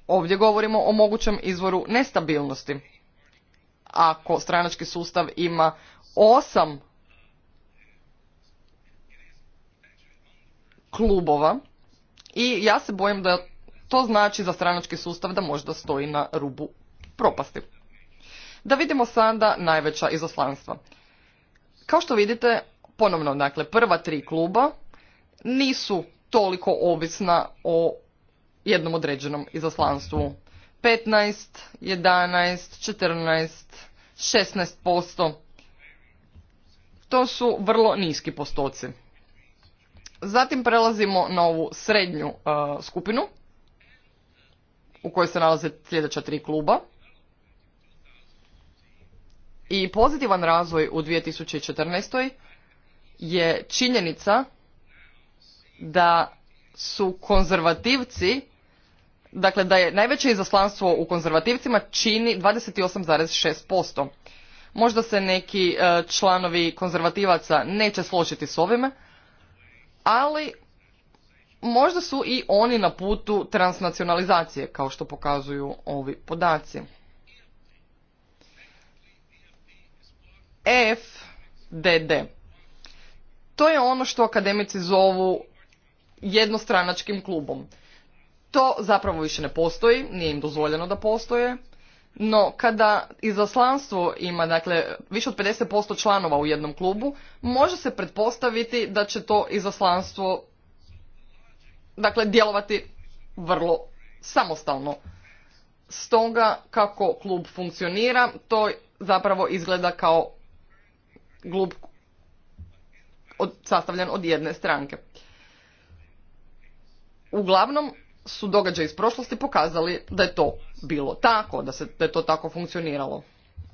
Ovdje govorimo o mogućem izvoru nestabilnosti. Ako stranački sustav ima osam klubova i ja se bojim da to znači za stranački sustav da možda stoji na rubu propasti. Da vidimo sada najveća izoslanstva. Kao što vidite, ponovno, dakle, prva tri kluba nisu toliko ovisna o jednom određenom izoslanstvu. 15, 11, 14, 16%. To su vrlo niski postoci. Zatim prelazimo na ovu srednju e, skupinu u kojoj se nalaze sljedeća tri kluba. I pozitivan razvoj u 2014. je činjenica da su konzervativci, dakle da je najveće izaslanstvo u konzervativcima čini 28,6%. Možda se neki e, članovi konzervativaca neće složiti s ovime, ali možda su i oni na putu transnacionalizacije, kao što pokazuju ovi podaci. FDD. To je ono što akademici zovu jednostranačkim klubom. To zapravo više ne postoji, nije im dozvoljeno da postoje no, kada izaslanstvo ima dakle, više od 50% članova u jednom klubu, može se pretpostaviti da će to izaslanstvo dakle, djelovati vrlo samostalno. Stoga kako klub funkcionira, to zapravo izgleda kao klub od, sastavljen od jedne stranke. Uglavnom su događaji iz prošlosti pokazali da je to bilo tako, da, se, je to tako funkcioniralo.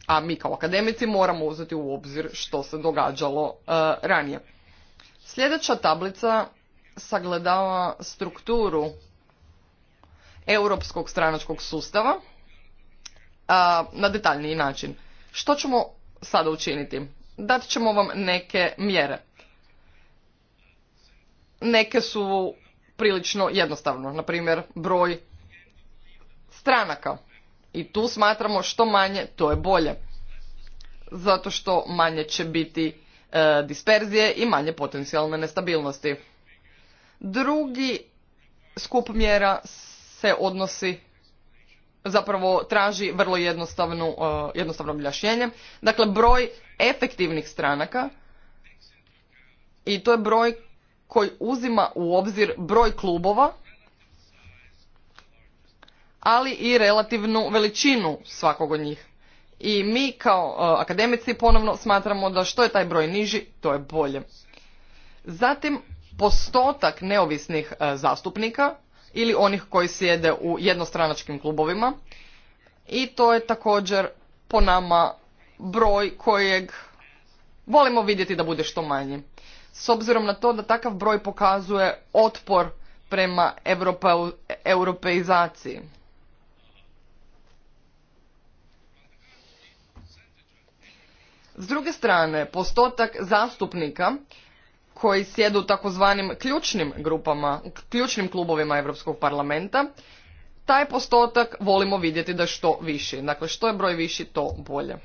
A mi kao akademici moramo uzeti u obzir što se događalo e, ranije. Sljedeća tablica sagledava strukturu europskog stranačkog sustava e, na detaljniji način. Što ćemo sada učiniti? Dat ćemo vam neke mjere. Neke su prilično jednostavno, na primjer broj stranaka. I tu smatramo što manje, to je bolje. Zato što manje će biti e, disperzije i manje potencijalne nestabilnosti. Drugi skup mjera se odnosi zapravo traži vrlo jednostavnu, e, jednostavno objašnjenje. Dakle, broj efektivnih stranaka i to je broj koji uzima u obzir broj klubova ali i relativnu veličinu svakog od njih. I mi kao e, akademici ponovno smatramo da što je taj broj niži, to je bolje. Zatim, postotak neovisnih e, zastupnika ili onih koji sjede u jednostranačkim klubovima i to je također po nama broj kojeg volimo vidjeti da bude što manji. S obzirom na to da takav broj pokazuje otpor prema europeizaciji. S druge strane, postotak zastupnika koji sjedu u takozvanim ključnim grupama, ključnim klubovima Europskog parlamenta, taj postotak volimo vidjeti da što viši. Dakle, što je broj viši, to bolje.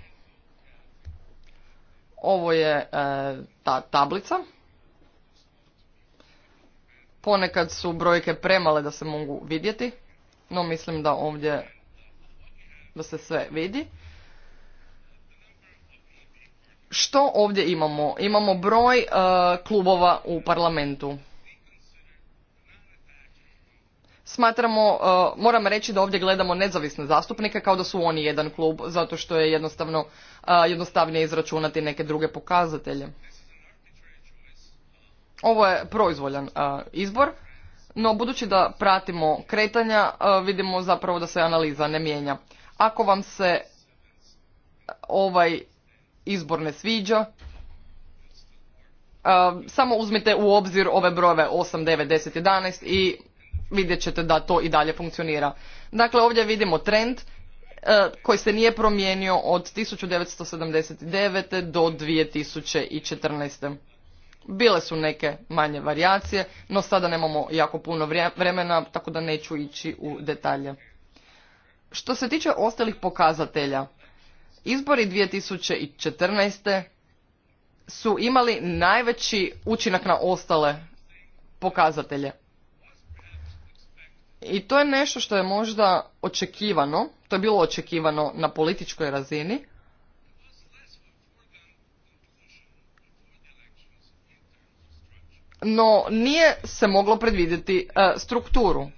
Ovo je e, ta tablica. Ponekad su brojke premale da se mogu vidjeti, no mislim da ovdje da se sve vidi što ovdje imamo? Imamo broj e, klubova u parlamentu. Smatramo, uh, moram reći da ovdje gledamo nezavisne zastupnike kao da su oni jedan klub, zato što je jednostavno e, jednostavnije izračunati neke druge pokazatelje. Ovo je proizvoljan izbor, no budući da pratimo kretanja, vidimo zapravo da se analiza ne mijenja. Ako vam se ovaj izbor ne sviđa, um, samo uzmite u obzir ove brojeve 8, 9, 10, 11 i vidjet ćete da to i dalje funkcionira. Dakle, ovdje vidimo trend uh, koji se nije promijenio od 1979. do 2014. Bile su neke manje varijacije, no sada nemamo jako puno vremena, tako da neću ići u detalje. Što se tiče ostalih pokazatelja, Izbori 2014. su imali najveći učinak na ostale pokazatelje. I to je nešto što je možda očekivano, to je bilo očekivano na političkoj razini, no nije se moglo predvidjeti e, strukturu.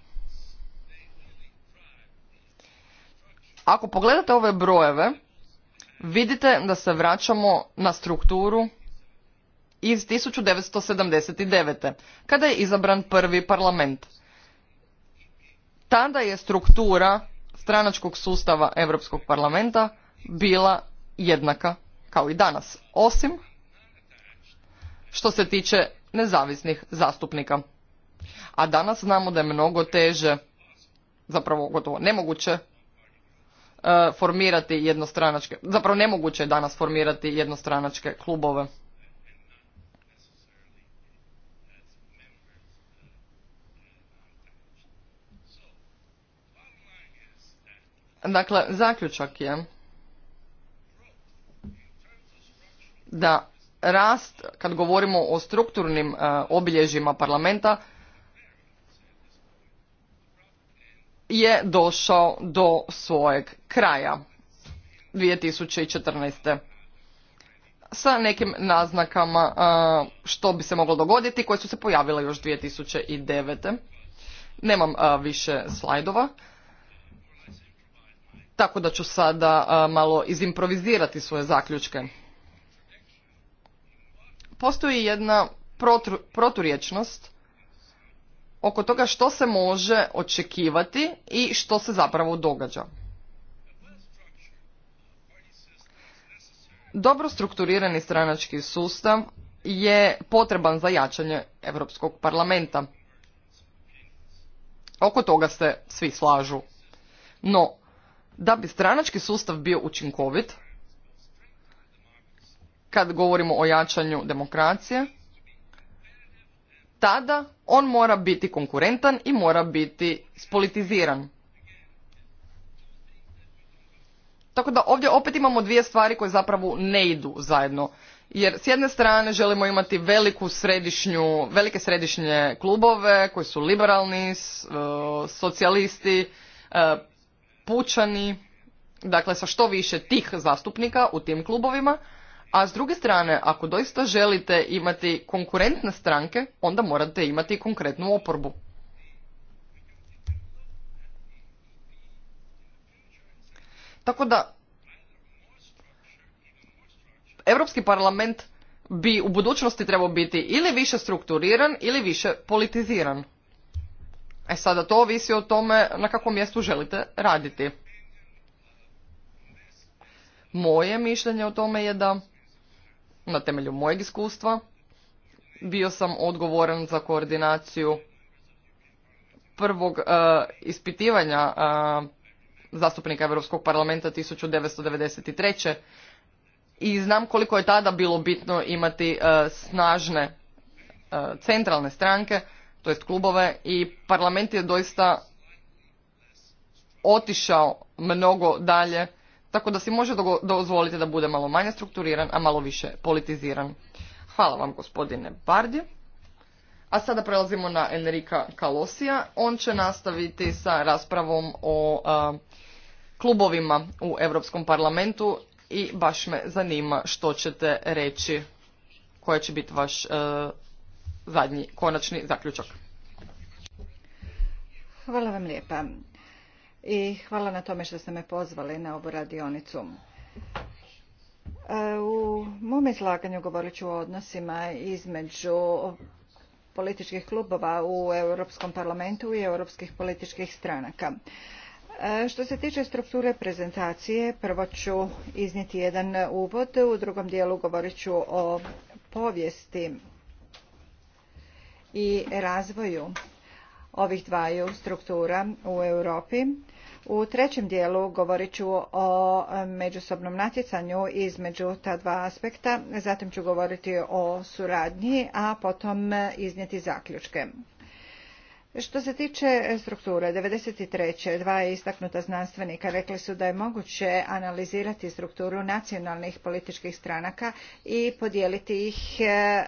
Ako pogledate ove brojeve, vidite da se vraćamo na strukturu iz 1979. kada je izabran prvi parlament. Tada je struktura stranačkog sustava Europskog parlamenta bila jednaka kao i danas, osim što se tiče nezavisnih zastupnika. A danas znamo da je mnogo teže, zapravo gotovo nemoguće, E, formirati jednostranačke, zapravo nemoguće je danas formirati jednostranačke klubove. Dakle, zaključak je da rast, kad govorimo o strukturnim e, obilježjima parlamenta, je došao do svojeg kraja 2014. sa nekim naznakama što bi se moglo dogoditi koje su se pojavile još 2009. Nemam više slajdova, tako da ću sada malo izimprovizirati svoje zaključke. Postoji jedna proturječnost oko toga što se može očekivati i što se zapravo događa. Dobro strukturirani stranački sustav je potreban za jačanje Europskog parlamenta. Oko toga se svi slažu. No, da bi stranački sustav bio učinkovit, kad govorimo o jačanju demokracije, tada on mora biti konkurentan i mora biti spolitiziran. Tako da ovdje opet imamo dvije stvari koje zapravo ne idu zajedno. Jer s jedne strane želimo imati veliku središnju, velike središnje klubove koji su liberalni, e, socijalisti, e, pučani, dakle sa što više tih zastupnika u tim klubovima, a s druge strane, ako doista želite imati konkurentne stranke, onda morate imati konkretnu oporbu. Tako da, Europski parlament bi u budućnosti trebao biti ili više strukturiran ili više politiziran. E sada to ovisi o tome na kakvom mjestu želite raditi. Moje mišljenje o tome je da na temelju mojeg iskustva. Bio sam odgovoran za koordinaciju prvog e, ispitivanja e, zastupnika Europskog parlamenta 1993. I znam koliko je tada bilo bitno imati e, snažne e, centralne stranke, to jest klubove i parlament je doista otišao mnogo dalje tako da si može dozvoliti da bude malo manje strukturiran, a malo više politiziran. Hvala vam gospodine Bardi. A sada prelazimo na Enrika Kalosija. On će nastaviti sa raspravom o klubovima u Europskom parlamentu i baš me zanima što ćete reći, koja će biti vaš zadnji konačni zaključak. Hvala vam lijepa i hvala na tome što ste me pozvali na ovu radionicu. E, u mom izlaganju govorit ću o odnosima između političkih klubova u Europskom parlamentu i europskih političkih stranaka. E, što se tiče strukture prezentacije, prvo ću iznijeti jedan uvod, u drugom dijelu govorit ću o povijesti i razvoju ovih dvaju struktura u Europi. U trećem dijelu govorit ću o međusobnom natjecanju između ta dva aspekta, zatim ću govoriti o suradnji, a potom iznijeti zaključke. Što se tiče strukture, 93. dva istaknuta znanstvenika rekli su da je moguće analizirati strukturu nacionalnih političkih stranaka i podijeliti ih e,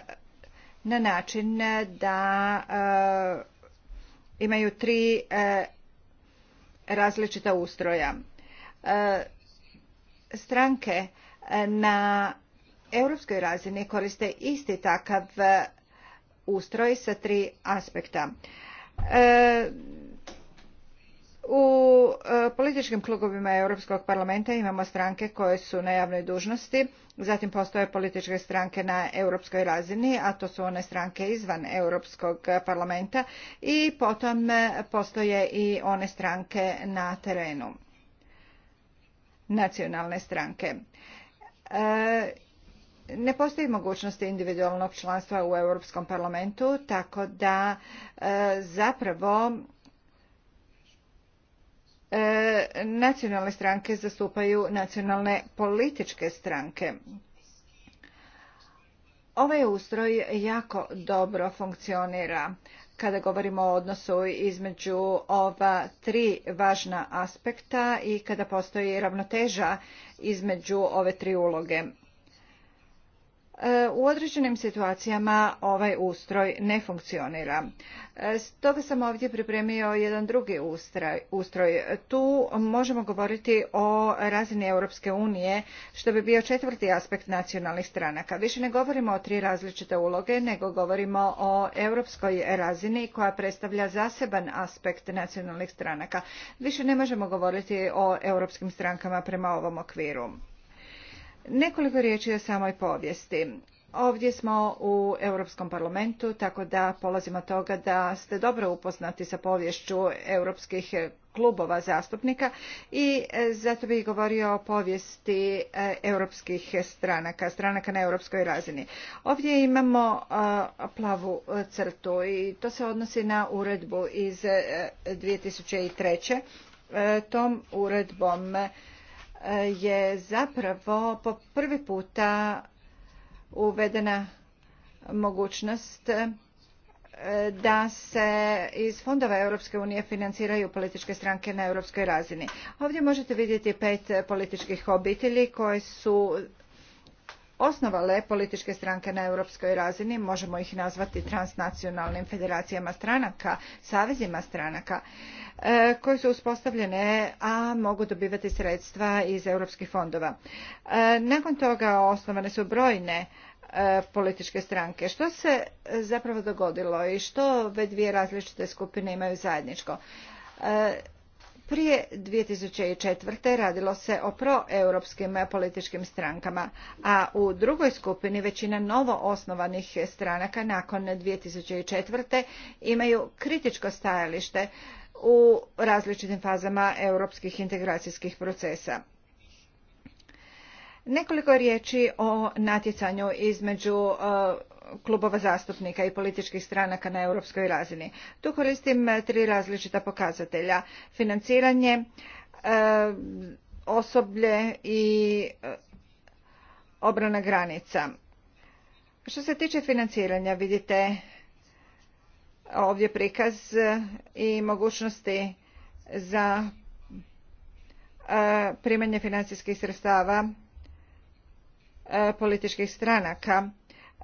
na način da e, imaju tri e, različita ustroja. E, stranke e, na europskoj razini koriste isti takav ustroj sa tri aspekta. U e, političkim klubovima Europskog parlamenta imamo stranke koje su na javnoj dužnosti, zatim postoje političke stranke na europskoj razini, a to su one stranke izvan Europskog parlamenta i potom e, postoje i one stranke na terenu, nacionalne stranke. E, ne postoji mogućnost individualnog članstva u Europskom parlamentu, tako da zapravo E, nacionalne stranke zastupaju nacionalne političke stranke. Ovaj ustroj jako dobro funkcionira kada govorimo o odnosu između ova tri važna aspekta i kada postoji ravnoteža između ove tri uloge. E, u određenim situacijama ovaj ustroj ne funkcionira. E, stoga sam ovdje pripremio jedan drugi ustroj. Tu možemo govoriti o razini Europske unije, što bi bio četvrti aspekt nacionalnih stranaka. Više ne govorimo o tri različite uloge, nego govorimo o europskoj razini koja predstavlja zaseban aspekt nacionalnih stranaka. Više ne možemo govoriti o europskim strankama prema ovom okviru. Nekoliko riječi o samoj povijesti. Ovdje smo u Europskom parlamentu, tako da polazimo od toga da ste dobro upoznati sa povješću europskih klubova zastupnika i e, zato bih govorio o povijesti e, europskih stranaka, stranaka na europskoj razini. Ovdje imamo e, plavu crtu i to se odnosi na uredbu iz 2003. Tom uredbom je zapravo po prvi puta uvedena mogućnost e, da se iz fondova Europske unije financiraju političke stranke na europskoj razini. Ovdje možete vidjeti pet političkih obitelji koje su osnovale političke stranke na europskoj razini, možemo ih nazvati transnacionalnim federacijama stranaka, savezima stranaka, e, koje su uspostavljene, a mogu dobivati sredstva iz europskih fondova. E, nakon toga osnovane su brojne e, političke stranke. Što se zapravo dogodilo i što ove dvije različite skupine imaju zajedničko? Prije 2004. radilo se o proeuropskim političkim strankama, a u drugoj skupini većina novo osnovanih stranaka nakon 2004. imaju kritičko stajalište u različitim fazama europskih integracijskih procesa. Nekoliko riječi o natjecanju između e, klubova zastupnika i političkih stranaka na europskoj razini. Tu koristim e, tri različita pokazatelja. Financiranje, e, osoblje i e, obrana granica. Što se tiče financiranja, vidite ovdje prikaz i mogućnosti za primanje financijskih sredstava političkih stranaka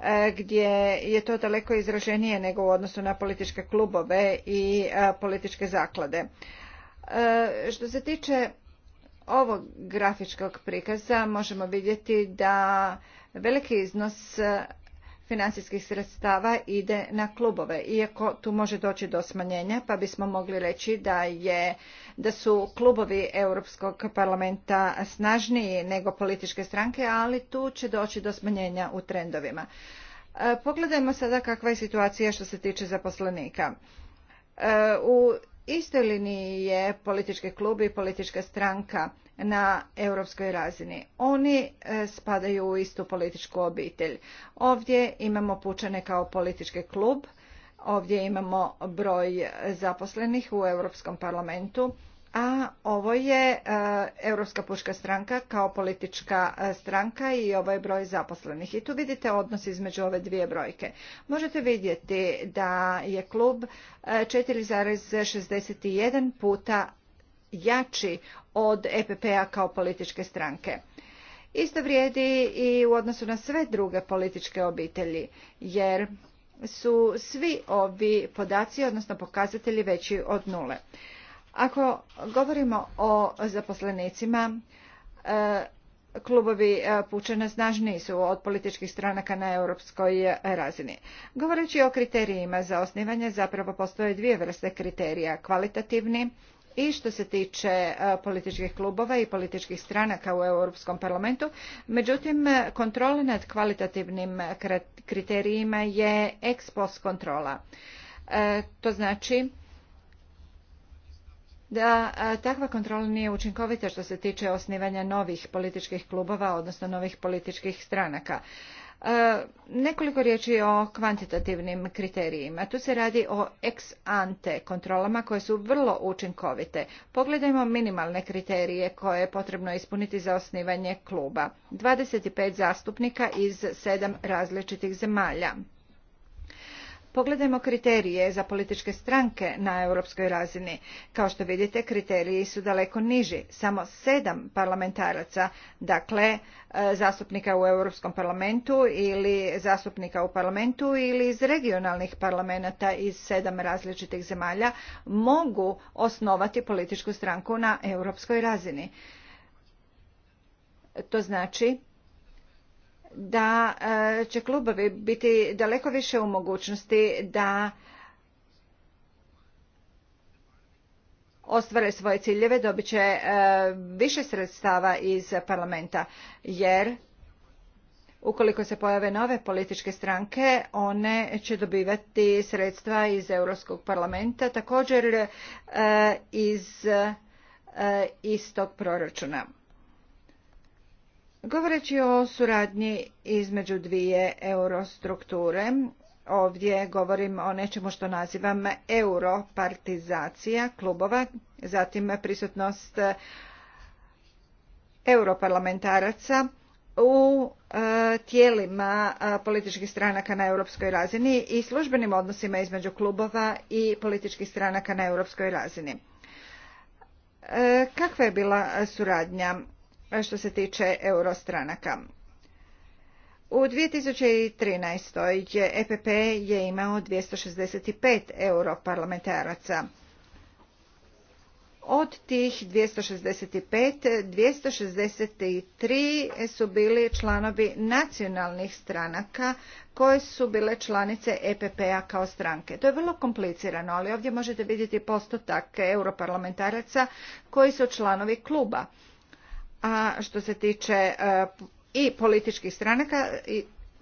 E, gdje je to daleko izraženije nego u odnosu na političke klubove i e, političke zaklade. E, što se tiče ovog grafičkog prikaza možemo vidjeti da veliki iznos financijskih sredstava ide na klubove iako tu može doći do smanjenja pa bismo mogli reći da je da su klubovi Europskog parlamenta snažniji nego političke stranke ali tu će doći do smanjenja u trendovima e, Pogledajmo sada kakva je situacija što se tiče zaposlenika. E, u istoj liniji je politički klub i politička stranka na europskoj razini. Oni e, spadaju u istu političku obitelj. Ovdje imamo pučane kao politički klub, ovdje imamo broj zaposlenih u Europskom parlamentu, a ovo je e, Europska puška stranka kao politička e, stranka i ovo ovaj je broj zaposlenih. I tu vidite odnos između ove dvije brojke. Možete vidjeti da je klub 4,61 puta jači od EPP-a kao političke stranke. Isto vrijedi i u odnosu na sve druge političke obitelji, jer su svi ovi podaci, odnosno pokazatelji, veći od nule. Ako govorimo o zaposlenicima, e, klubovi e, pučena snažniji su od političkih stranaka na europskoj razini. Govoreći o kriterijima za osnivanje, zapravo postoje dvije vrste kriterija, kvalitativni i što se tiče e, političkih klubova i političkih stranaka u Europskom parlamentu. Međutim, e, kontrola nad kvalitativnim kriterijima je ex post kontrola. E, to znači da takva kontrola nije učinkovita što se tiče osnivanja novih političkih klubova, odnosno novih političkih stranaka. E, nekoliko riječi o kvantitativnim kriterijima. Tu se radi o ex ante kontrolama koje su vrlo učinkovite. Pogledajmo minimalne kriterije koje je potrebno ispuniti za osnivanje kluba. 25 zastupnika iz 7 različitih zemalja. Pogledajmo kriterije za političke stranke na europskoj razini. Kao što vidite, kriteriji su daleko niži. Samo sedam parlamentaraca, dakle e, zastupnika u Europskom parlamentu ili zastupnika u parlamentu ili iz regionalnih parlamenata iz sedam različitih zemalja mogu osnovati političku stranku na europskoj razini. To znači da e, će klubovi biti daleko više u mogućnosti da ostvare svoje ciljeve, dobit će e, više sredstava iz parlamenta, jer ukoliko se pojave nove političke stranke, one će dobivati sredstva iz Europskog parlamenta, također e, iz istog proračuna. Govoreći o suradnji između dvije eurostrukture, ovdje govorim o nečemu što nazivam europartizacija klubova, zatim prisutnost e, europarlamentaraca u e, tijelima e, političkih stranaka na europskoj razini i službenim odnosima između klubova i političkih stranaka na europskoj razini. Kakva je bila suradnja što se tiče eurostranaka. U 2013. je EPP je imao 265 europarlamentaraca. Od tih 265, 263 su bili članovi nacionalnih stranaka koje su bile članice EPP-a kao stranke. To je vrlo komplicirano, ali ovdje možete vidjeti postotak europarlamentaraca koji su članovi kluba a što se tiče e, i političkih stranaka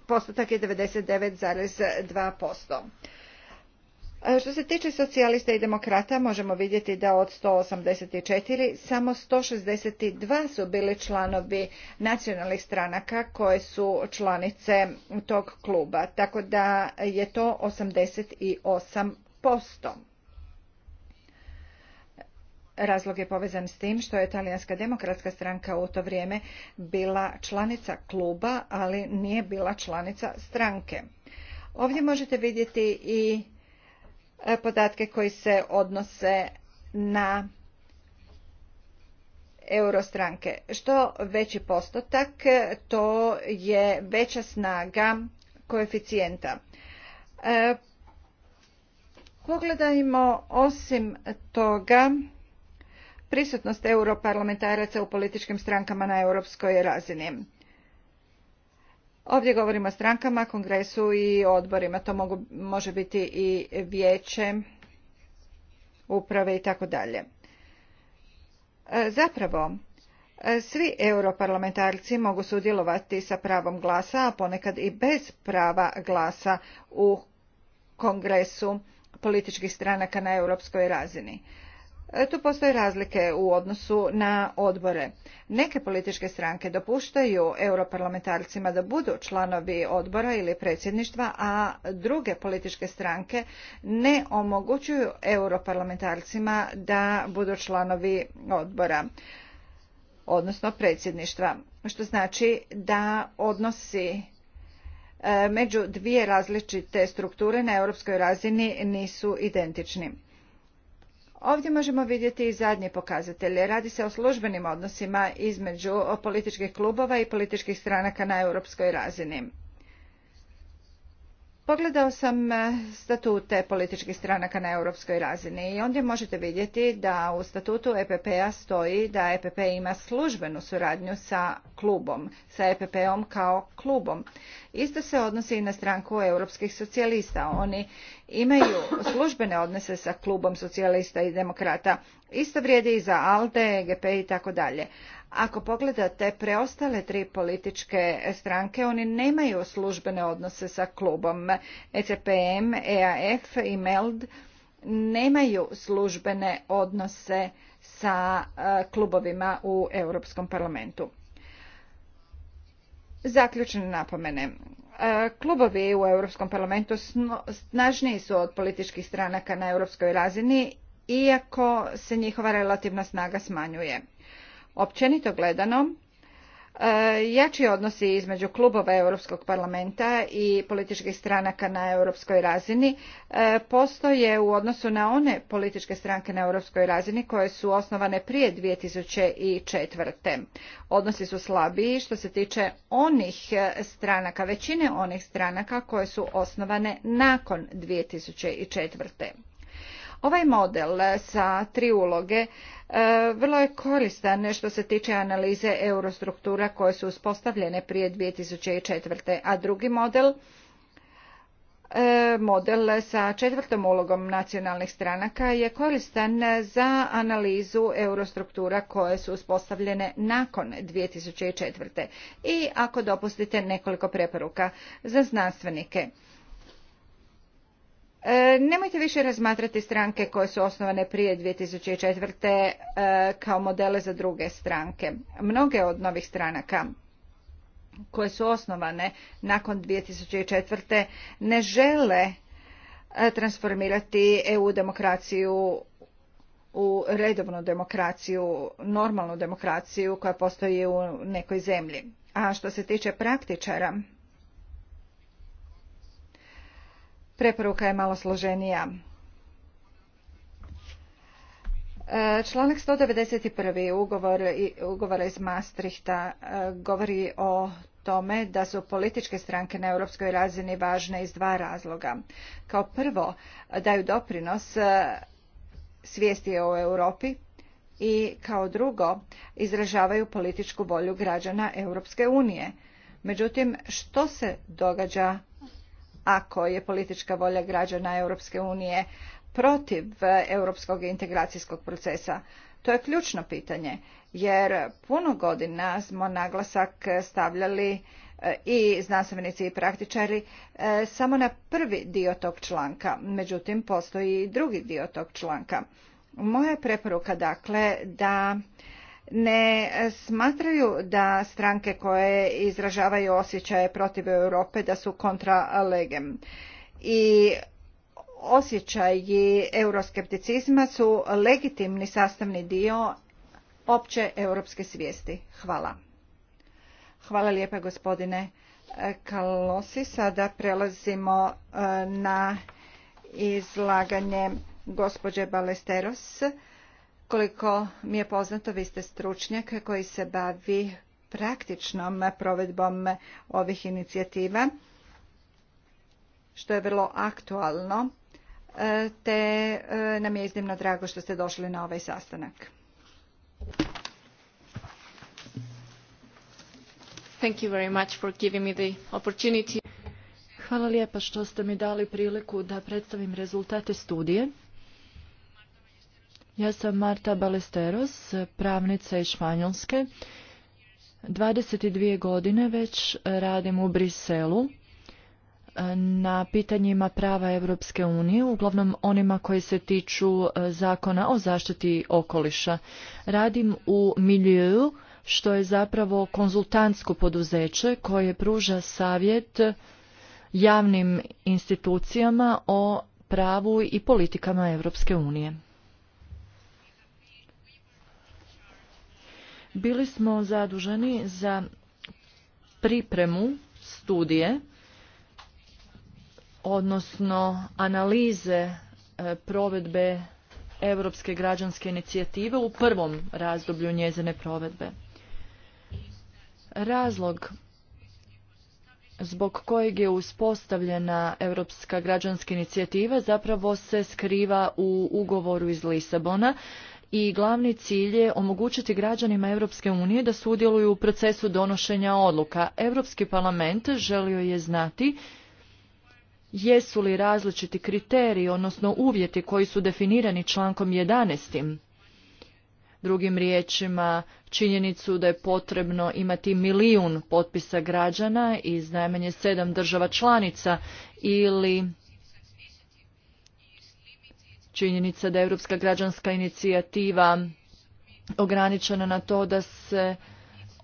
postotak je 99,2%. E, što se tiče socijalista i demokrata možemo vidjeti da od 184 samo 162 su bili članovi nacionalnih stranaka koje su članice tog kluba, tako da je to 88%. Razlog je povezan s tim što je talijanska demokratska stranka u to vrijeme bila članica kluba, ali nije bila članica stranke. Ovdje možete vidjeti i e, podatke koji se odnose na eurostranke. Što veći postotak, to je veća snaga koeficijenta. E, pogledajmo osim toga prisutnost europarlamentaraca u političkim strankama na europskoj razini. Ovdje govorimo o strankama, kongresu i odborima. To može biti i vijeće, uprave i tako dalje. E, zapravo, e, svi europarlamentarci mogu sudjelovati sa pravom glasa, a ponekad i bez prava glasa u kongresu političkih stranaka na europskoj razini. E, tu postoje razlike u odnosu na odbore. Neke političke stranke dopuštaju europarlamentarcima da budu članovi odbora ili predsjedništva, a druge političke stranke ne omogućuju europarlamentarcima da budu članovi odbora odnosno predsjedništva, što znači da odnosi e, među dvije različite strukture na europskoj razini nisu identični. Ovdje možemo vidjeti i zadnje pokazatelje. Radi se o službenim odnosima između političkih klubova i političkih stranaka na europskoj razini. Pogledao sam e, statute političkih stranaka na europskoj razini i ondje možete vidjeti da u statutu EPP-a stoji da EPP ima službenu suradnju sa klubom, sa EPP-om kao klubom. Isto se odnosi i na stranku europskih socijalista. Oni imaju službene odnose sa klubom socijalista i demokrata. Isto vrijedi i za ALDE, EGP i tako dalje. Ako pogledate preostale tri političke stranke, oni nemaju službene odnose sa klubom. ECPM, EAF i MELD nemaju službene odnose sa e, klubovima u Europskom parlamentu. Zaključne napomene. E, klubovi u Europskom parlamentu snažniji su od političkih stranaka na europskoj razini, iako se njihova relativna snaga smanjuje. Općenito gledano, e, jači odnosi između klubova Europskog parlamenta i političkih stranaka na europskoj razini e, postoje u odnosu na one političke stranke na europskoj razini koje su osnovane prije 2004. Odnosi su slabiji što se tiče onih stranaka, većine onih stranaka koje su osnovane nakon 2004. Ovaj model e, sa tri uloge e, vrlo je koristan što se tiče analize eurostruktura koje su uspostavljene prije 2004. A drugi model e, model sa četvrtom ulogom nacionalnih stranaka je koristan za analizu eurostruktura koje su uspostavljene nakon 2004. I ako dopustite nekoliko preporuka za znanstvenike. E, nemojte više razmatrati stranke koje su osnovane prije 2004. E, kao modele za druge stranke. Mnoge od novih stranaka koje su osnovane nakon 2004. ne žele e, transformirati EU demokraciju u redovnu demokraciju, normalnu demokraciju koja postoji u nekoj zemlji. A što se tiče praktičara, Preporuka je malo složenija. E, članak 191. Ugovor, ugovora iz Maastrichta e, govori o tome da su političke stranke na europskoj razini važne iz dva razloga. Kao prvo, daju doprinos e, svijesti o Europi i kao drugo, izražavaju političku volju građana Europske unije. Međutim, što se događa ako je politička volja građana Europske unije protiv eh, europskog integracijskog procesa? To je ključno pitanje, jer puno godina smo naglasak stavljali eh, i znanstvenici i praktičari eh, samo na prvi dio tog članka. Međutim, postoji i drugi dio tog članka. Moja preporuka dakle da ne smatraju da stranke koje izražavaju osjećaje protiv Europe da su kontra legem. I osjećaji euroskepticizma su legitimni sastavni dio opće europske svijesti. Hvala. Hvala lijepa gospodine Kalosi. Sada prelazimo eh, na izlaganje gospođe Balesteros. Koliko mi je poznato, vi ste stručnjak koji se bavi praktičnom provedbom ovih inicijativa, što je vrlo aktualno, e, te e, nam je iznimno drago što ste došli na ovaj sastanak. Thank you very much for giving me the opportunity. Hvala lijepa što ste mi dali priliku da predstavim rezultate studije ja sam Marta Balesteros, pravnica iz Španjolske. 22 godine već radim u Briselu e, na pitanjima prava Europske unije, uglavnom onima koji se tiču e, zakona o zaštiti okoliša. Radim u Milieu, što je zapravo konzultantsko poduzeće koje pruža savjet javnim institucijama o pravu i politikama Europske unije. bili smo zaduženi za pripremu studije, odnosno analize e, provedbe Europske građanske inicijative u prvom razdoblju njezine provedbe. Razlog zbog kojeg je uspostavljena Europska građanska inicijativa zapravo se skriva u ugovoru iz Lisabona i glavni cilj je omogućiti građanima Europske unije da sudjeluju u procesu donošenja odluka. Europski parlament želio je znati jesu li različiti kriteriji, odnosno uvjeti koji su definirani člankom 11. Drugim riječima, činjenicu da je potrebno imati milijun potpisa građana iz najmanje sedam država članica ili činjenica da je Europska građanska inicijativa ograničena na to da se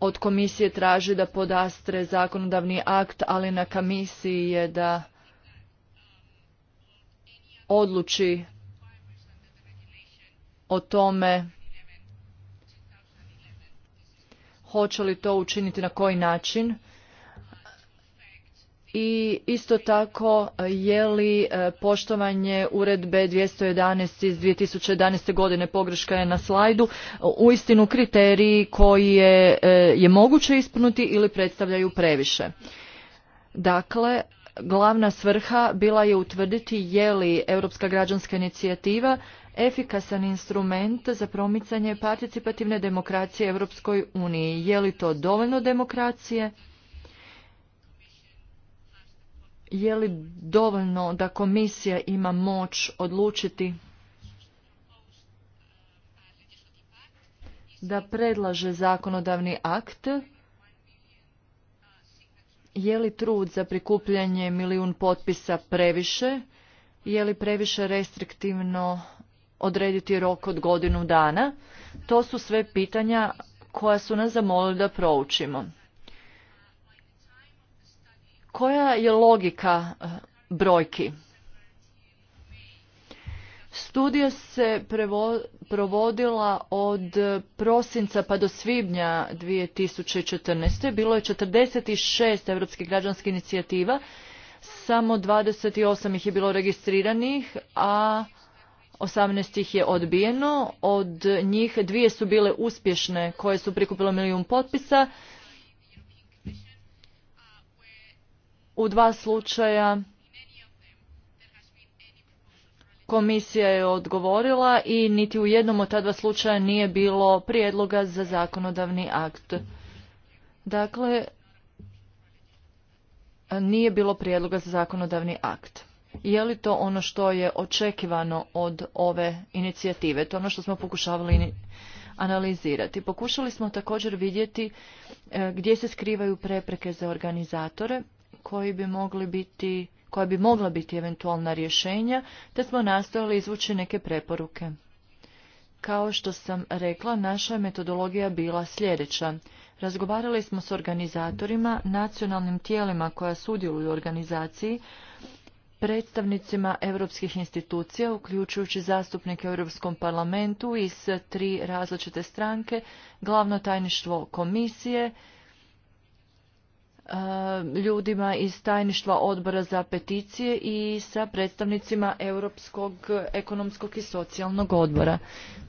od komisije traži da podastre zakonodavni akt, ali na komisiji je da odluči o tome hoće li to učiniti na koji način i isto tako e, je li e, poštovanje uredbe 211 iz 2011. godine pogreška je na slajdu e, uistinu kriteriji koji je, je moguće ispuniti ili predstavljaju previše. Dakle, glavna svrha bila je utvrditi je li Europska građanska inicijativa efikasan instrument za promicanje participativne demokracije Europskoj uniji. Je li to dovoljno demokracije? je li dovoljno da komisija ima moć odlučiti da predlaže zakonodavni akt je li trud za prikupljanje milijun potpisa previše je li previše restriktivno odrediti rok od godinu dana to su sve pitanja koja su nas zamolili da proučimo koja je logika eh, brojki? Studija se provodila od prosinca pa do svibnja 2014. Bilo je 46 europskih građanskih inicijativa, samo 28 ih je bilo registriranih, a 18 ih je odbijeno. Od njih dvije su bile uspješne koje su prikupile milijun potpisa, U dva slučaja komisija je odgovorila i niti u jednom od ta dva slučaja nije bilo prijedloga za zakonodavni akt. Dakle, nije bilo prijedloga za zakonodavni akt. Je li to ono što je očekivano od ove inicijative? To je ono što smo pokušavali analizirati. Pokušali smo također vidjeti e, gdje se skrivaju prepreke za organizatore koji bi mogli biti koja bi mogla biti eventualna rješenja, te smo nastojali izvući neke preporuke. Kao što sam rekla, naša metodologija bila sljedeća. Razgovarali smo s organizatorima, nacionalnim tijelima koja sudjeluju u organizaciji, predstavnicima europskih institucija, uključujući zastupnike u Europskom parlamentu iz tri različite stranke, glavno tajništvo komisije, E, ljudima iz tajništva odbora za peticije i sa predstavnicima Europskog ekonomskog i socijalnog odbora.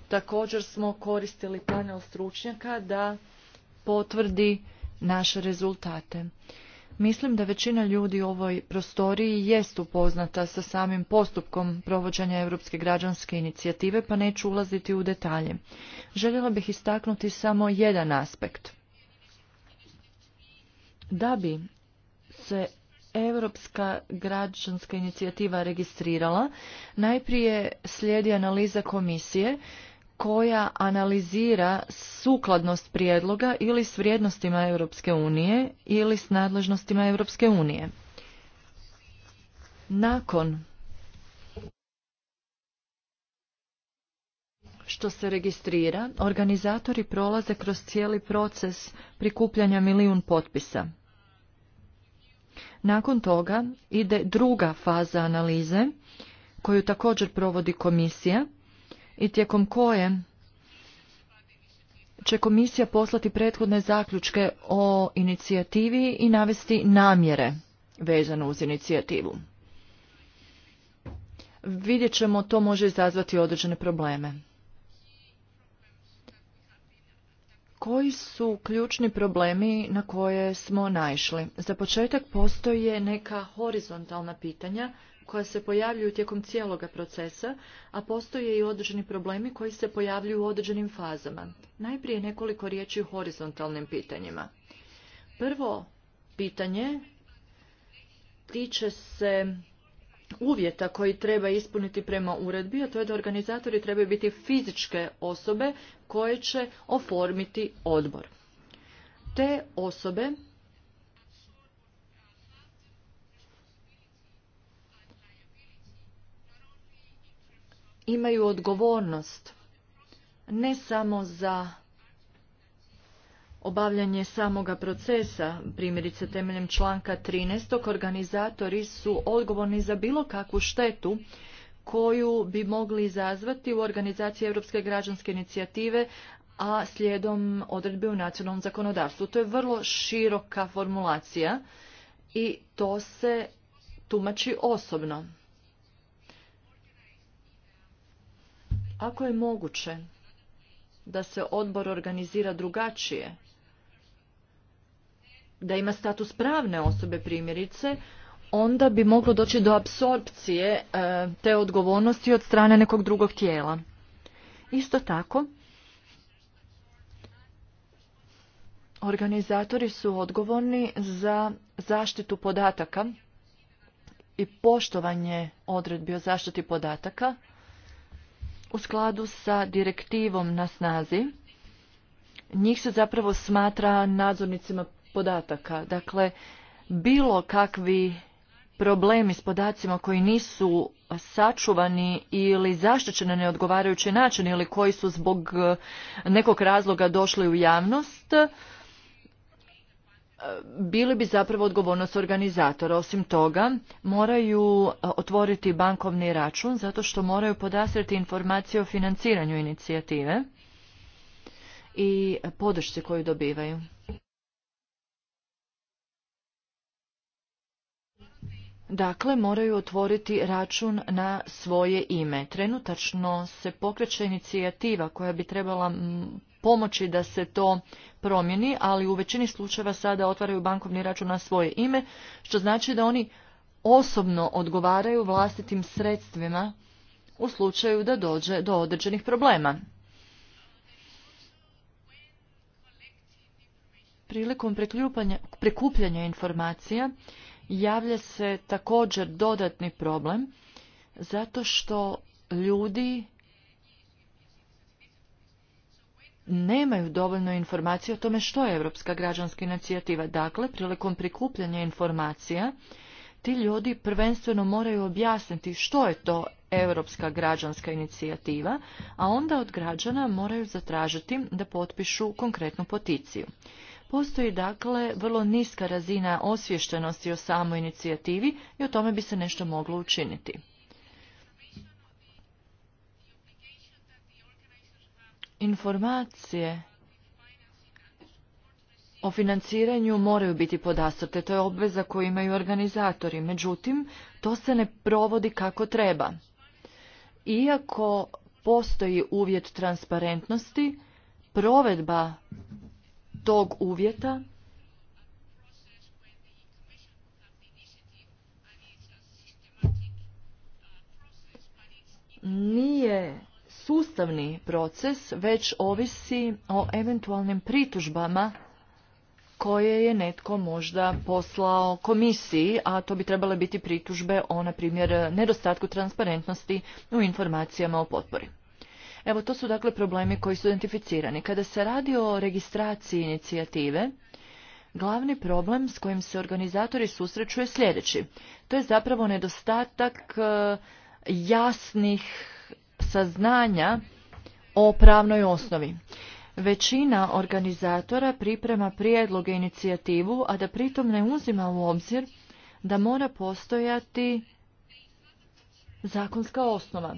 Također smo koristili panel stručnjaka da potvrdi naše rezultate. Mislim da većina ljudi u ovoj prostoriji jest upoznata sa samim postupkom provođenja Europske građanske inicijative, pa neću ulaziti u detalje. Željela bih istaknuti samo jedan aspekt – da bi se Europska građanska inicijativa registrirala, najprije slijedi analiza komisije koja analizira sukladnost prijedloga ili s vrijednostima Europske unije ili s nadležnostima Europske unije. Nakon što se registrira, organizatori prolaze kroz cijeli proces prikupljanja milijun potpisa. Nakon toga ide druga faza analize, koju također provodi komisija i tijekom koje će komisija poslati prethodne zaključke o inicijativi i navesti namjere vezano uz inicijativu. Vidjet ćemo, to može izazvati određene probleme. Koji su ključni problemi na koje smo naišli? Za početak postoje neka horizontalna pitanja koja se pojavljuju tijekom cijeloga procesa, a postoje i određeni problemi koji se pojavljuju u određenim fazama. Najprije nekoliko riječi o horizontalnim pitanjima. Prvo pitanje tiče se uvjeta koji treba ispuniti prema uredbi, a to je da organizatori trebaju biti fizičke osobe koje će oformiti odbor. Te osobe imaju odgovornost ne samo za obavljanje samoga procesa, primjerice temeljem članka 13. organizatori su odgovorni za bilo kakvu štetu koju bi mogli izazvati u organizaciji Europske građanske inicijative, a slijedom odredbe u nacionalnom zakonodavstvu. To je vrlo široka formulacija i to se tumači osobno. Ako je moguće da se odbor organizira drugačije, da ima status pravne osobe primjerice, onda bi moglo doći do apsorpcije e, te odgovornosti od strane nekog drugog tijela. Isto tako, organizatori su odgovorni za zaštitu podataka i poštovanje odredbi o zaštiti podataka u skladu sa direktivom na snazi. Njih se zapravo smatra nadzornicima podataka. Dakle, bilo kakvi problemi s podacima koji nisu sačuvani ili zaštićeni na neodgovarajući način ili koji su zbog eh, nekog razloga došli u javnost, eh, bili bi zapravo odgovornost organizatora. Osim toga, moraju eh, otvoriti bankovni račun zato što moraju podasreti informacije o financiranju inicijative i podršci koju dobivaju. Dakle, moraju otvoriti račun na svoje ime. Trenutačno se pokreće inicijativa koja bi trebala pomoći da se to promjeni, ali u većini slučajeva sada otvaraju bankovni račun na svoje ime, što znači da oni osobno odgovaraju vlastitim sredstvima u slučaju da dođe do određenih problema. Prilikom prikupljanja informacija javlja se također dodatni problem zato što ljudi nemaju dovoljno informacije o tome što je Europska građanska inicijativa. Dakle, prilikom prikupljanja informacija, ti ljudi prvenstveno moraju objasniti što je to Europska građanska inicijativa, a onda od građana moraju zatražiti da potpišu konkretnu poticiju. Postoji dakle vrlo niska razina osvještenosti o samoj inicijativi i o tome bi se nešto moglo učiniti. Informacije o financiranju moraju biti podastrte, to je obveza koju imaju organizatori, međutim, to se ne provodi kako treba. Iako postoji uvjet transparentnosti, provedba tog uvjeta nije sustavni proces, već ovisi o eventualnim pritužbama koje je netko možda poslao komisiji, a to bi trebale biti pritužbe o, na primjer, nedostatku transparentnosti u informacijama o potpori. Evo, to su dakle problemi koji su identificirani. Kada se radi o registraciji inicijative, Glavni problem s kojim se organizatori susreću je sljedeći. To je zapravo nedostatak e, jasnih saznanja o pravnoj osnovi. Većina organizatora priprema prijedloge inicijativu, a da pritom ne uzima u obzir da mora postojati zakonska osnova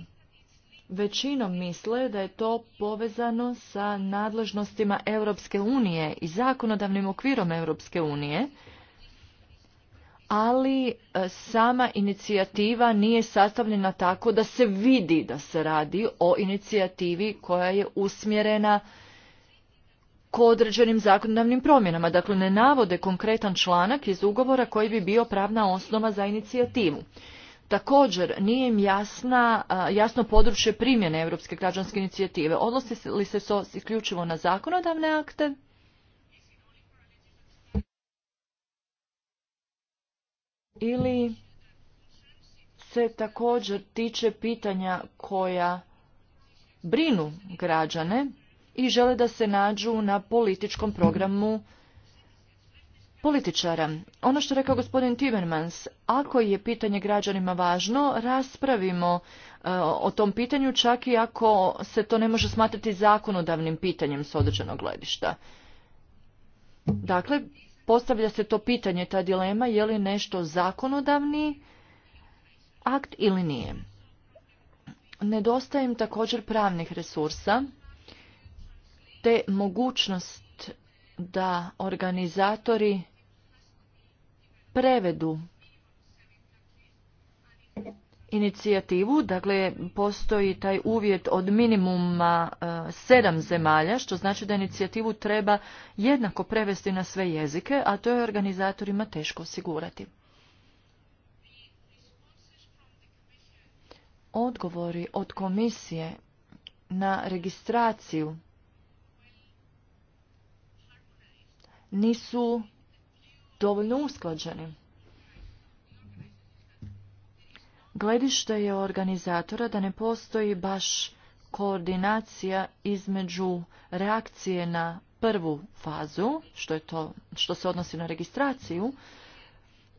većinom misle da je to povezano sa nadležnostima Europske unije i zakonodavnim okvirom Europske unije, ali e, sama inicijativa nije sastavljena tako da se vidi da se radi o inicijativi koja je usmjerena ko određenim zakonodavnim promjenama. Dakle, ne navode konkretan članak iz ugovora koji bi bio pravna osnova za inicijativu. Također nije im jasna, jasno područje primjene Europske građanske inicijative. Odnosi li se isključivo na zakonodavne akte? Ili se također tiče pitanja koja brinu građane i žele da se nađu na političkom programu političara. Ono što rekao gospodin Timmermans, ako je pitanje građanima važno, raspravimo e, o tom pitanju čak i ako se to ne može smatrati zakonodavnim pitanjem s određenog gledišta. Dakle, postavlja se to pitanje, ta dilema, je li nešto zakonodavni akt ili nije. Nedostajem također pravnih resursa te mogućnost da organizatori prevedu inicijativu, dakle postoji taj uvjet od minimuma e, sedam zemalja, što znači da inicijativu treba jednako prevesti na sve jezike, a to je organizatorima teško osigurati. Odgovori od komisije na registraciju nisu dovoljno usklađeni. Gledište je organizatora da ne postoji baš koordinacija između reakcije na prvu fazu, što, je to, što se odnosi na registraciju,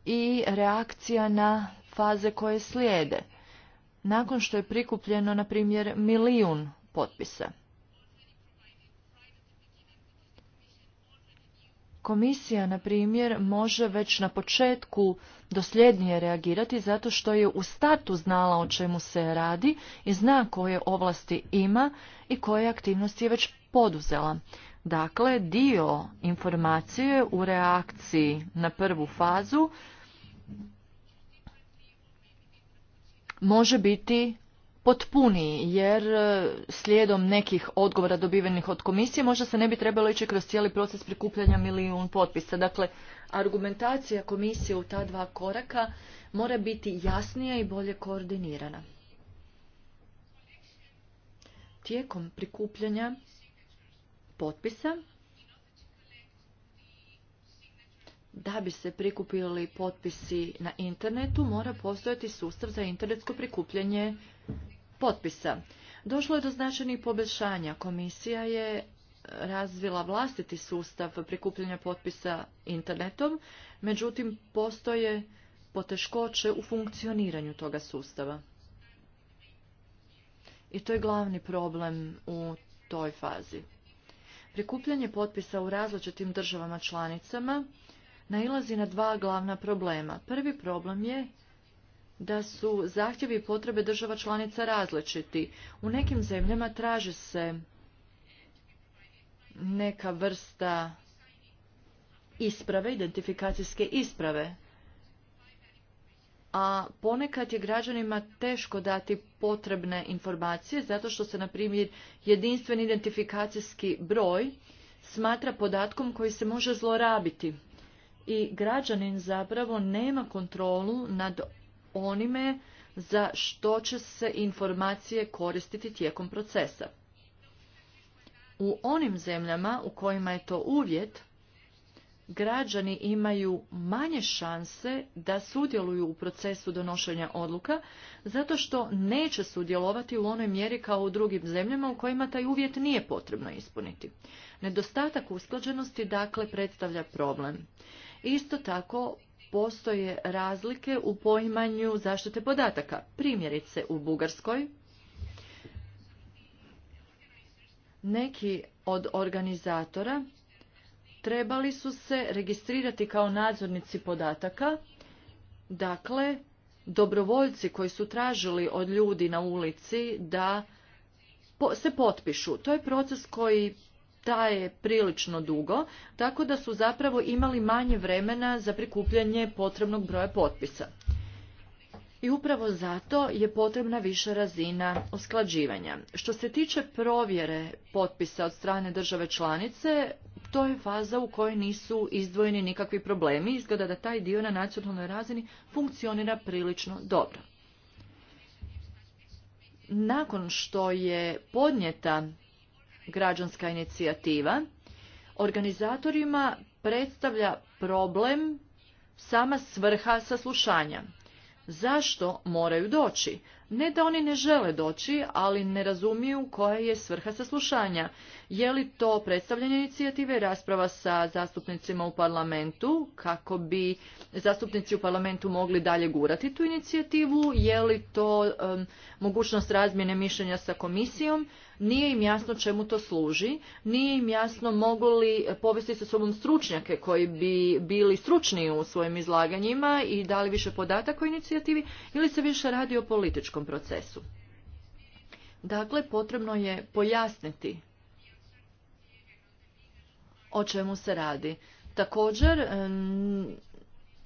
i reakcija na faze koje slijede. Nakon što je prikupljeno, na primjer, milijun potpisa. Komisija, na primjer, može već na početku dosljednije reagirati zato što je u startu znala o čemu se radi i zna koje ovlasti ima i koje aktivnosti je već poduzela. Dakle, dio informacije u reakciji na prvu fazu može biti potpuniji jer e, slijedom nekih odgovora dobivenih od komisije možda se ne bi trebalo ići kroz cijeli proces prikupljanja milijun potpisa. Dakle, argumentacija komisije u ta dva koraka mora biti jasnija i bolje koordinirana. Tijekom prikupljanja potpisa da bi se prikupili potpisi na internetu mora postojati sustav za internetsko prikupljanje potpisa. Došlo je do značajnih poboljšanja. Komisija je e, razvila vlastiti sustav prikupljanja potpisa internetom, međutim postoje poteškoće u funkcioniranju toga sustava. I to je glavni problem u toj fazi. Prikupljanje potpisa u različitim državama članicama nailazi na dva glavna problema. Prvi problem je da su zahtjevi i potrebe država članica različiti. U nekim zemljama traži se neka vrsta isprave, identifikacijske isprave, a ponekad je građanima teško dati potrebne informacije zato što se, na primjer, jedinstveni identifikacijski broj smatra podatkom koji se može zlorabiti i građanin zapravo nema kontrolu nad onime za što će se informacije koristiti tijekom procesa. U onim zemljama u kojima je to uvjet, građani imaju manje šanse da sudjeluju u procesu donošenja odluka zato što neće sudjelovati u onoj mjeri kao u drugim zemljama u kojima taj uvjet nije potrebno ispuniti. Nedostatak usklađenosti dakle predstavlja problem. Isto tako postoje razlike u poimanju zaštite podataka. Primjerice u Bugarskoj neki od organizatora trebali su se registrirati kao nadzornici podataka, dakle dobrovoljci koji su tražili od ljudi na ulici da se potpišu. To je proces koji traje prilično dugo, tako da su zapravo imali manje vremena za prikupljanje potrebnog broja potpisa. I upravo zato je potrebna viša razina usklađivanja. Što se tiče provjere potpisa od strane države članice, to je faza u kojoj nisu izdvojeni nikakvi problemi. Izgleda da taj dio na nacionalnoj razini funkcionira prilično dobro. Nakon što je podnijeta građanska inicijativa organizatorima predstavlja problem sama svrha saslušanja. Zašto moraju doći? Ne da oni ne žele doći, ali ne razumiju koja je svrha saslušanja. Je li to predstavljanje inicijative, rasprava sa zastupnicima u parlamentu kako bi zastupnici u parlamentu mogli dalje gurati tu inicijativu? Je li to mogućnost razmjene mišljenja sa komisijom? Nije im jasno čemu to služi, nije im jasno mogu li povesti sa sobom stručnjake koji bi bili stručniji u svojim izlaganjima i dali više podataka o inicijativi ili se više radi o političkom procesu. Dakle, potrebno je pojasniti o čemu se radi. Također,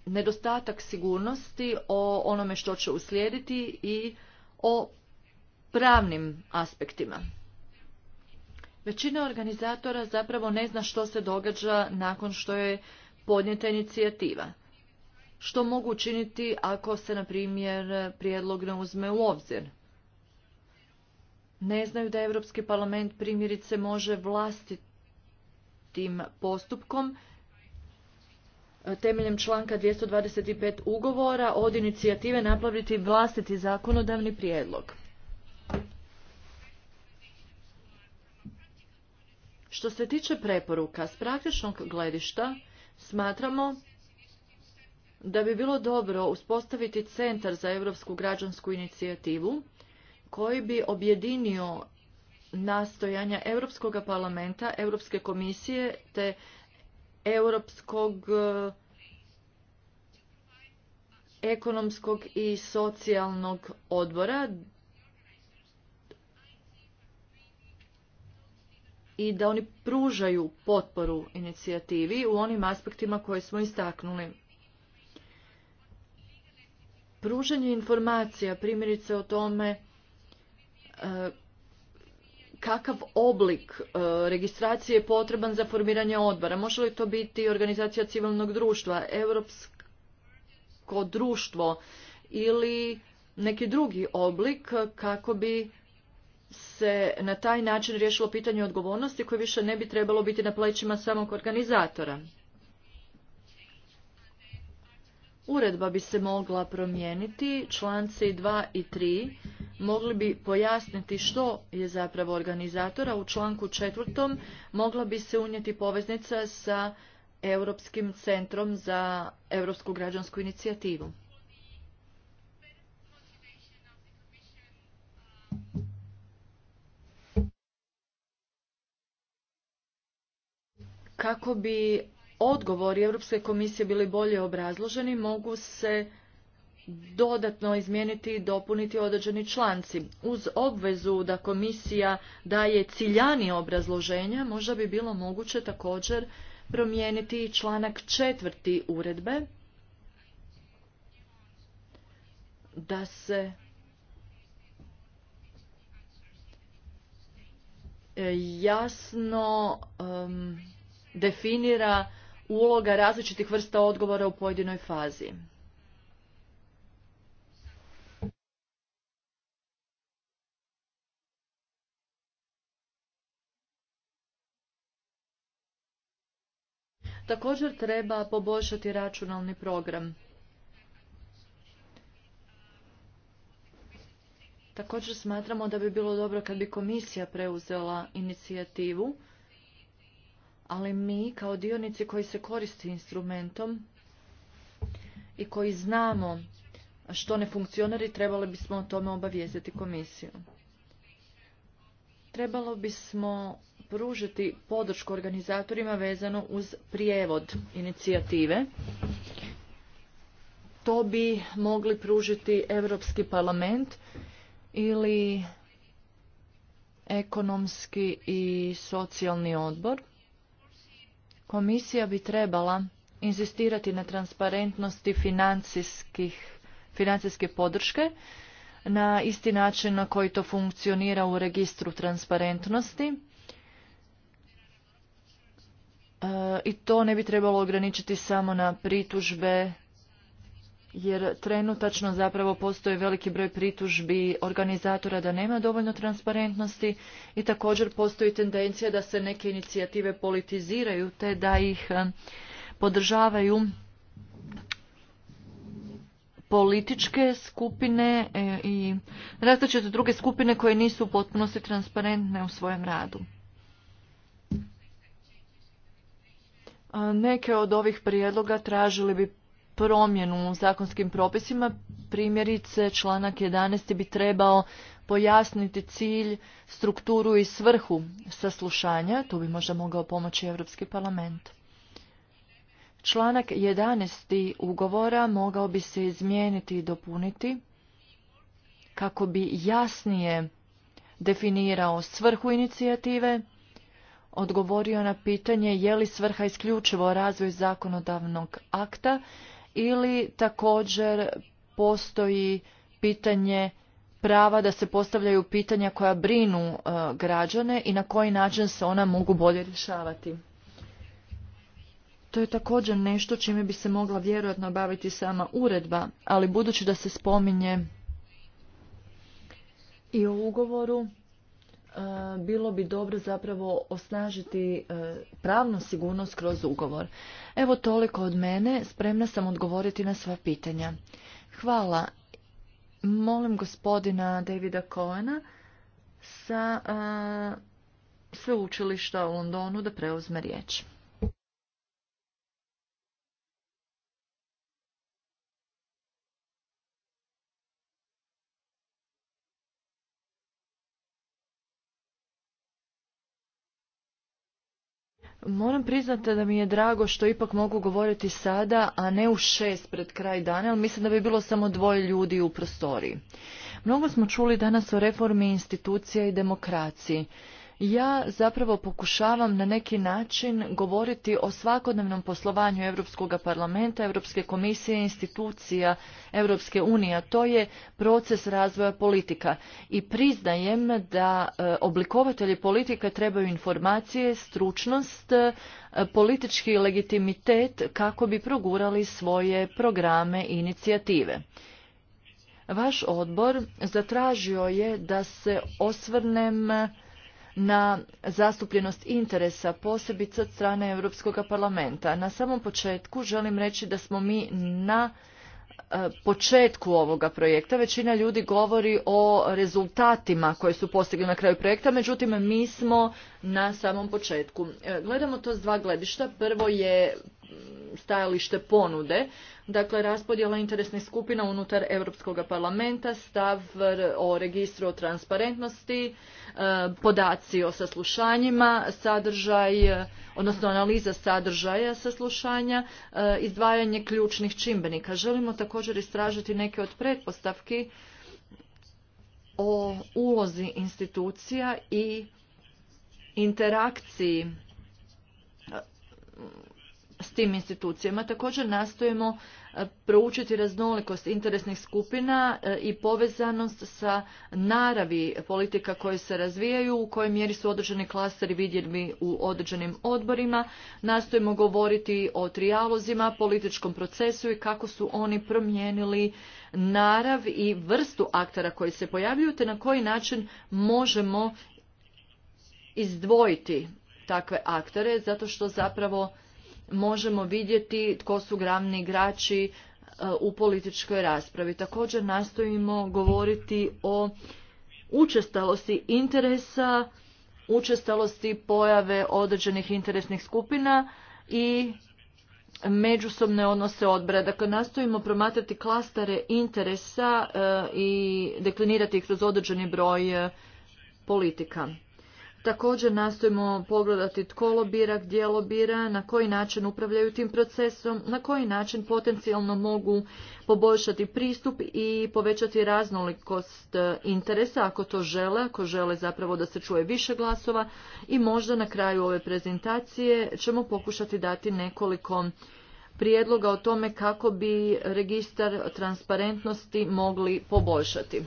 nedostatak sigurnosti o onome što će uslijediti i o pravnim aspektima. Većina organizatora zapravo ne zna što se događa nakon što je podnijeta inicijativa. Što mogu učiniti ako se, na primjer, prijedlog ne uzme u obzir? Ne znaju da Europski parlament primjerice može vlastiti tim postupkom temeljem članka 225 ugovora od inicijative napraviti vlastiti zakonodavni prijedlog. Što se tiče preporuka, s praktičnog gledišta smatramo da bi bilo dobro uspostaviti centar za europsku građansku inicijativu koji bi objedinio nastojanja Europskog parlamenta, Europske komisije te Europskog eh, ekonomskog i socijalnog odbora i da oni pružaju potporu inicijativi u onim aspektima koje smo istaknuli. Pružanje informacija, primjerice o tome eh, kakav oblik e, registracije je potreban za formiranje odbora? Može li to biti organizacija civilnog društva, europsko društvo ili neki drugi oblik kako bi se na taj način riješilo pitanje odgovornosti koje više ne bi trebalo biti na plećima samog organizatora? Uredba bi se mogla promijeniti, članci 2 i 3 mogli bi pojasniti što je zapravo organizatora. U članku četvrtom mogla bi se unijeti poveznica sa Europskim centrom za Europsku građansku inicijativu. Kako bi odgovori Europske komisije bili bolje obrazloženi, mogu se dodatno izmijeniti i dopuniti određeni članci. Uz obvezu da komisija daje ciljani obrazloženja, možda bi bilo moguće također promijeniti i članak četvrti uredbe, da se e, jasno definira uloga različitih vrsta odgovora u pojedinoj fazi. Također treba poboljšati računalni program. Također smatramo da bi bilo dobro kad bi komisija preuzela inicijativu, ali mi kao dionici koji se koristi instrumentom i koji znamo što ne funkcionari, trebali bismo o tome obavijestiti komisiju trebalo bismo pružiti podršku organizatorima vezano uz prijevod inicijative. To bi mogli pružiti Europski parlament ili ekonomski i socijalni odbor. Komisija bi trebala inzistirati na transparentnosti financijske podrške na isti način na koji to funkcionira u registru transparentnosti e, i to ne bi trebalo ograničiti samo na pritužbe jer trenutačno zapravo postoji veliki broj pritužbi organizatora da nema dovoljno transparentnosti i također postoji tendencija da se neke inicijative politiziraju te da ih e, podržavaju političke skupine e, i različite druge skupine koje nisu u potpunosti transparentne u svojem radu. Neke od ovih prijedloga tražili bi promjenu u zakonskim propisima, primjerice članak 11. bi trebao pojasniti cilj, strukturu i svrhu saslušanja, tu bi možda mogao pomoći Europski parlament. Članak 11. ugovora mogao bi se izmijeniti i dopuniti kako bi jasnije definirao svrhu inicijative, odgovorio na pitanje je li svrha isključivo razvoj zakonodavnog akta ili također postoji pitanje prava da se postavljaju pitanja koja brinu e, građane i na koji način se ona mogu bolje rješavati. To je također nešto čime bi se mogla vjerojatno baviti sama uredba, ali budući da se spominje i o ugovoru, e, bilo bi dobro zapravo osnažiti e, pravnu sigurnost kroz ugovor. Evo toliko od mene, spremna sam odgovoriti na sva pitanja. Hvala. Molim gospodina Davida Coena sa e, sveučilišta u Londonu da preuzme riječ. Moram priznati da mi je drago što ipak mogu govoriti sada, a ne u šest pred kraj dana, ali mislim da bi bilo samo dvoje ljudi u prostoriji. Mnogo smo čuli danas o reformi institucija i demokraciji ja zapravo pokušavam na neki način govoriti o svakodnevnom poslovanju Europskog parlamenta, Europske komisije, institucija Europske unije. To je proces razvoja politika i priznajem da e, oblikovatelji politika trebaju informacije, stručnost, e, politički legitimitet kako bi progurali svoje programe i inicijative. Vaš odbor zatražio je da se osvrnem na zastupljenost interesa posebice od strane Europskog parlamenta. Na samom početku želim reći da smo mi na e, početku ovoga projekta. Većina ljudi govori o rezultatima koje su postigli na kraju projekta, međutim mi smo na samom početku. E, gledamo to s dva gledišta. Prvo je stajalište ponude, dakle raspodjela interesnih skupina unutar Europskog parlamenta, stav o registru o transparentnosti, e, podaci o saslušanjima, sadržaj, e, odnosno analiza sadržaja saslušanja, e, izdvajanje ključnih čimbenika. Želimo također istražiti neke od pretpostavki o ulozi institucija i interakciji s tim institucijama. Također nastojimo e, proučiti raznolikost interesnih skupina e, i povezanost sa naravi politika koje se razvijaju, u kojoj mjeri su određeni klasteri vidjeni u određenim odborima. Nastojimo govoriti o trijalozima, političkom procesu i kako su oni promijenili narav i vrstu aktera koji se pojavljuju, te na koji način možemo izdvojiti takve aktere, zato što zapravo možemo vidjeti tko su glavni igrači e, u političkoj raspravi. Također nastojimo govoriti o učestalosti interesa, učestalosti pojave određenih interesnih skupina i međusobne odnose odbora. Dakle, nastojimo promatrati klastare interesa e, i deklinirati ih kroz određeni broj e, politika. Također nastojimo pogledati tko lobira, gdje lobira, na koji način upravljaju tim procesom, na koji način potencijalno mogu poboljšati pristup i povećati raznolikost e, interesa ako to žele, ako žele zapravo da se čuje više glasova i možda na kraju ove prezentacije ćemo pokušati dati nekoliko prijedloga o tome kako bi registar transparentnosti mogli poboljšati.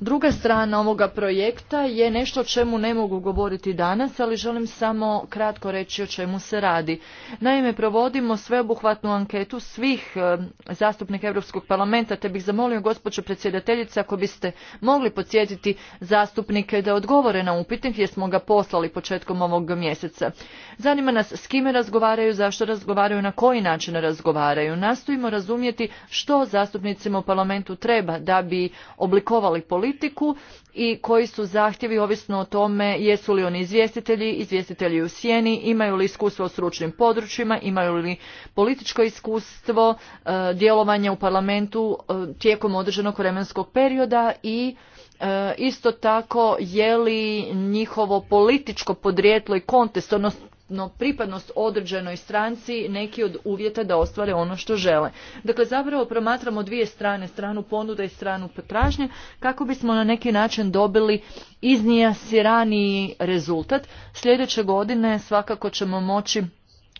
Druga strana ovoga projekta je nešto o čemu ne mogu govoriti danas, ali želim samo kratko reći o čemu se radi. Naime, provodimo sveobuhvatnu anketu svih e, zastupnika Europskog parlamenta, te bih zamolio gospođo predsjedateljice ako biste mogli podsjetiti zastupnike da odgovore na upitnik jer smo ga poslali početkom ovog mjeseca. Zanima nas s kime razgovaraju, zašto razgovaraju, na koji način razgovaraju. Nastojimo razumjeti što zastupnicima u parlamentu treba da bi oblikovali politiku politiku i koji su zahtjevi ovisno o tome jesu li oni izvjestitelji, izvjestitelji u sjeni, imaju li iskustvo u stručnim područjima, imaju li političko iskustvo, e, djelovanje u parlamentu e, tijekom određenog vremenskog perioda i e, isto tako je li njihovo političko podrijetlo i kontekst, odnosno no pripadnost određenoj stranci neki od uvjeta da ostvare ono što žele. Dakle, zapravo promatramo dvije strane, stranu ponuda i stranu potražnje, kako bismo na neki način dobili iznijasiraniji rezultat. Sljedeće godine svakako ćemo moći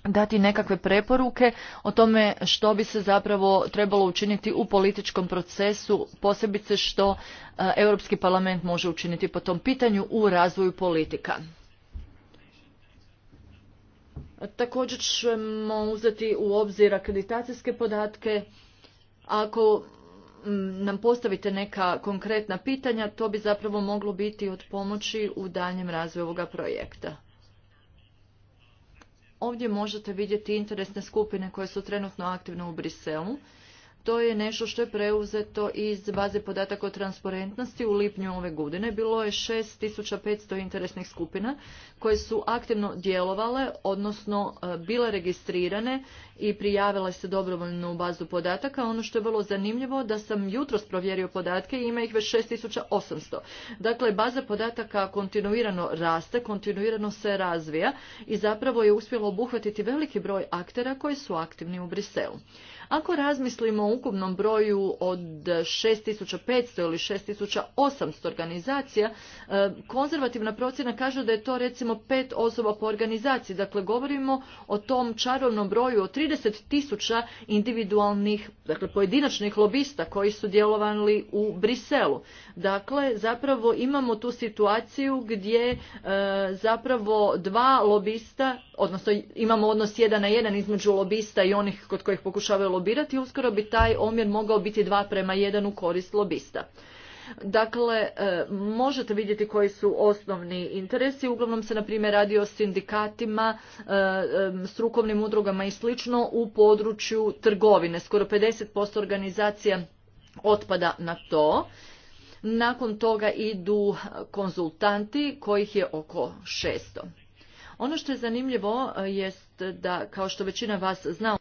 dati nekakve preporuke o tome što bi se zapravo trebalo učiniti u političkom procesu, posebice što e, Europski parlament može učiniti po tom pitanju u razvoju politika. Također ćemo uzeti u obzir akreditacijske podatke. Ako mm, nam postavite neka konkretna pitanja, to bi zapravo moglo biti od pomoći u daljem razvoju ovoga projekta. Ovdje možete vidjeti interesne skupine koje su trenutno aktivne u Briselu. To je nešto što je preuzeto iz baze podataka o transparentnosti u lipnju ove godine. Bilo je 6500 interesnih skupina koje su aktivno djelovale, odnosno e, bile registrirane i prijavila se dobrovoljno u bazu podataka. Ono što je vrlo zanimljivo da sam jutros provjerio podatke i ima ih već 6800. Dakle, baza podataka kontinuirano raste, kontinuirano se razvija i zapravo je uspjelo obuhvatiti veliki broj aktera koji su aktivni u Briselu. Ako razmislimo o ukupnom broju od 6500 ili 6800 organizacija, e, konzervativna procjena kaže da je to recimo pet osoba po organizaciji. Dakle, govorimo o tom čarovnom broju od 30 tisuća individualnih, dakle pojedinačnih lobista koji su djelovali u Briselu. Dakle, zapravo imamo tu situaciju gdje e, zapravo dva lobista, odnosno imamo odnos jedan na jedan između lobista i onih kod kojih pokušavaju lobirati, uskoro bi taj omjer mogao biti dva prema jedan u korist lobista. Dakle, e, možete vidjeti koji su osnovni interesi. Uglavnom se, na primjer, radi o sindikatima, e, e, strukovnim udrugama i slično u području trgovine. Skoro 50% organizacija otpada na to. Nakon toga idu konzultanti kojih je oko 600. Ono što je zanimljivo jest da, kao što većina vas zna,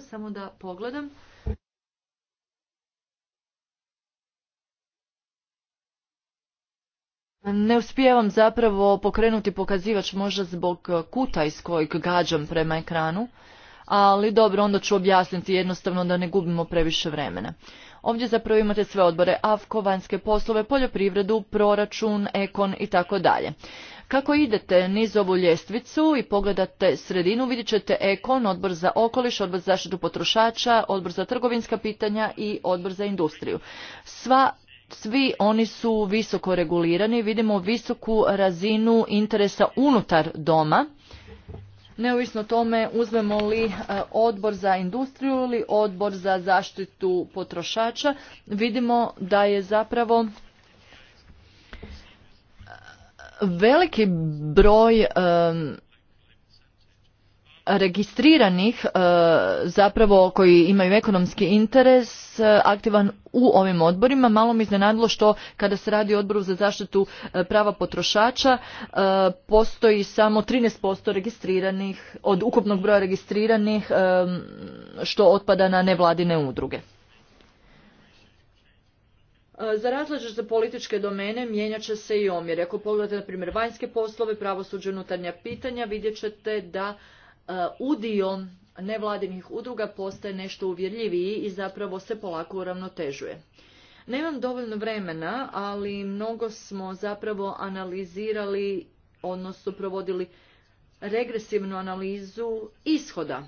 samo da pogledam. Ne uspijevam zapravo pokrenuti pokazivač možda zbog kuta iz kojeg gađam prema ekranu ali dobro, onda ću objasniti jednostavno da ne gubimo previše vremena. Ovdje zapravo imate sve odbore, AFKO, vanjske poslove, poljoprivredu, proračun, ekon i tako dalje. Kako idete niz ovu ljestvicu i pogledate sredinu, vidjet ćete Ekon, odbor za okoliš, odbor za zaštitu potrošača, odbor za trgovinska pitanja i odbor za industriju. Sva svi oni su visoko regulirani, vidimo visoku razinu interesa unutar doma neovisno tome uzmemo li e, odbor za industriju ili odbor za zaštitu potrošača, vidimo da je zapravo e, veliki broj e, registriranih e, zapravo koji imaju ekonomski interes e, aktivan u ovim odborima. Malo mi iznenadilo što kada se radi o odboru za zaštitu e, prava potrošača postoji samo 13% registriranih od ukupnog broja registriranih što otpada na nevladine udruge. Za za političke domene mijenjat će se i omjer. Ako pogledate, na primjer, vanjske poslove, pravosuđe unutarnja pitanja, vidjet ćete da E, udio nevladinih udruga postaje nešto uvjerljiviji i zapravo se polako uravnotežuje. Nemam dovoljno vremena, ali mnogo smo zapravo analizirali, odnosno provodili regresivnu analizu ishoda.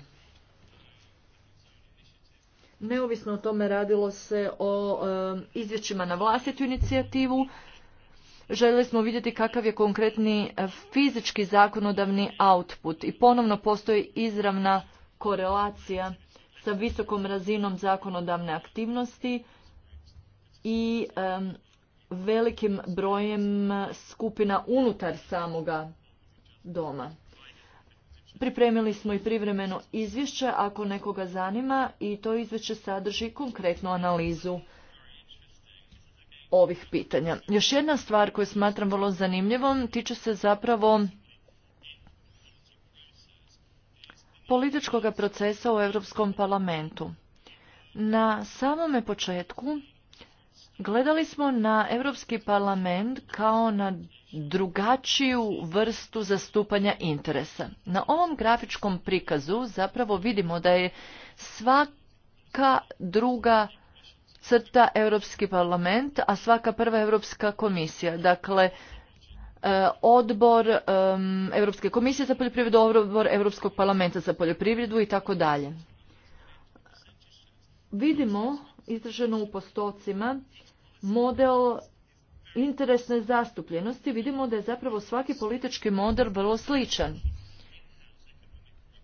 Neovisno o tome radilo se o e, izvješćima na vlastitu inicijativu, željeli smo vidjeti kakav je konkretni e, fizički zakonodavni output i ponovno postoji izravna korelacija sa visokom razinom zakonodavne aktivnosti i velikim brojem skupina unutar samoga doma. Pripremili smo i privremeno izvješće ako nekoga zanima i to izvješće sadrži konkretnu analizu ovih pitanja. Još jedna stvar koju smatram vrlo zanimljivom tiče se zapravo političkog procesa u Europskom parlamentu. Na samome početku gledali smo na Europski parlament kao na drugačiju vrstu zastupanja interesa. Na ovom grafičkom prikazu zapravo vidimo da je svaka druga crta Europski parlament, a svaka prva Europska komisija. Dakle, e, odbor e, Europske komisije za poljoprivredu, odbor Europskog parlamenta za poljoprivredu i tako dalje. Vidimo izraženo u postocima model interesne zastupljenosti, vidimo da je zapravo svaki politički model vrlo sličan.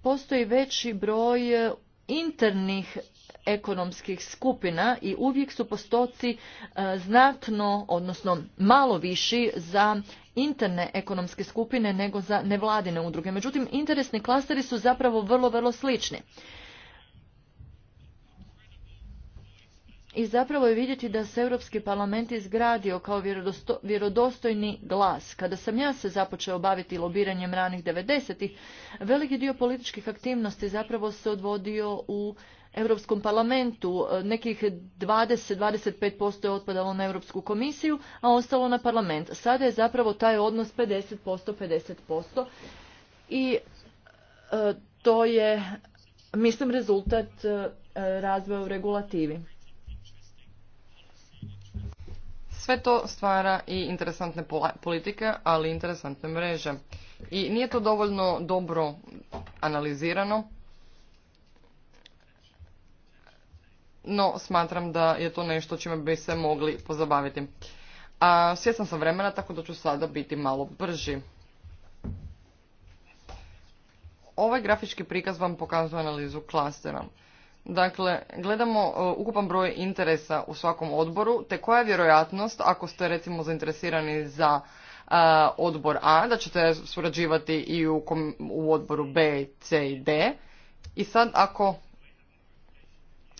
Postoji veći broj internih ekonomskih skupina i uvijek su postoci e, znatno, odnosno malo viši za interne ekonomske skupine nego za nevladine udruge. Međutim, interesni klasteri su zapravo vrlo, vrlo slični. I zapravo je vidjeti da se Europski parlament izgradio kao vjerodostojni glas. Kada sam ja se započeo baviti lobiranjem ranih 90-ih, veliki dio političkih aktivnosti zapravo se odvodio u Europskom parlamentu, e, nekih 20-25% je otpadalo na Europsku komisiju, a ostalo na parlament. Sada je zapravo taj odnos 50%-50% i e, to je, mislim, rezultat e, razvoja u regulativi. Sve to stvara i interesantne politike, ali i interesantne mreže. I nije to dovoljno dobro analizirano, no smatram da je to nešto čime bi se mogli pozabaviti. A, svjesna sam vremena, tako da ću sada biti malo brži. Ovaj grafički prikaz vam pokazuje analizu klastera. Dakle, gledamo e, ukupan broj interesa u svakom odboru, te koja je vjerojatnost, ako ste recimo zainteresirani za e, odbor A, da ćete surađivati i u, u odboru B, C i D. I sad ako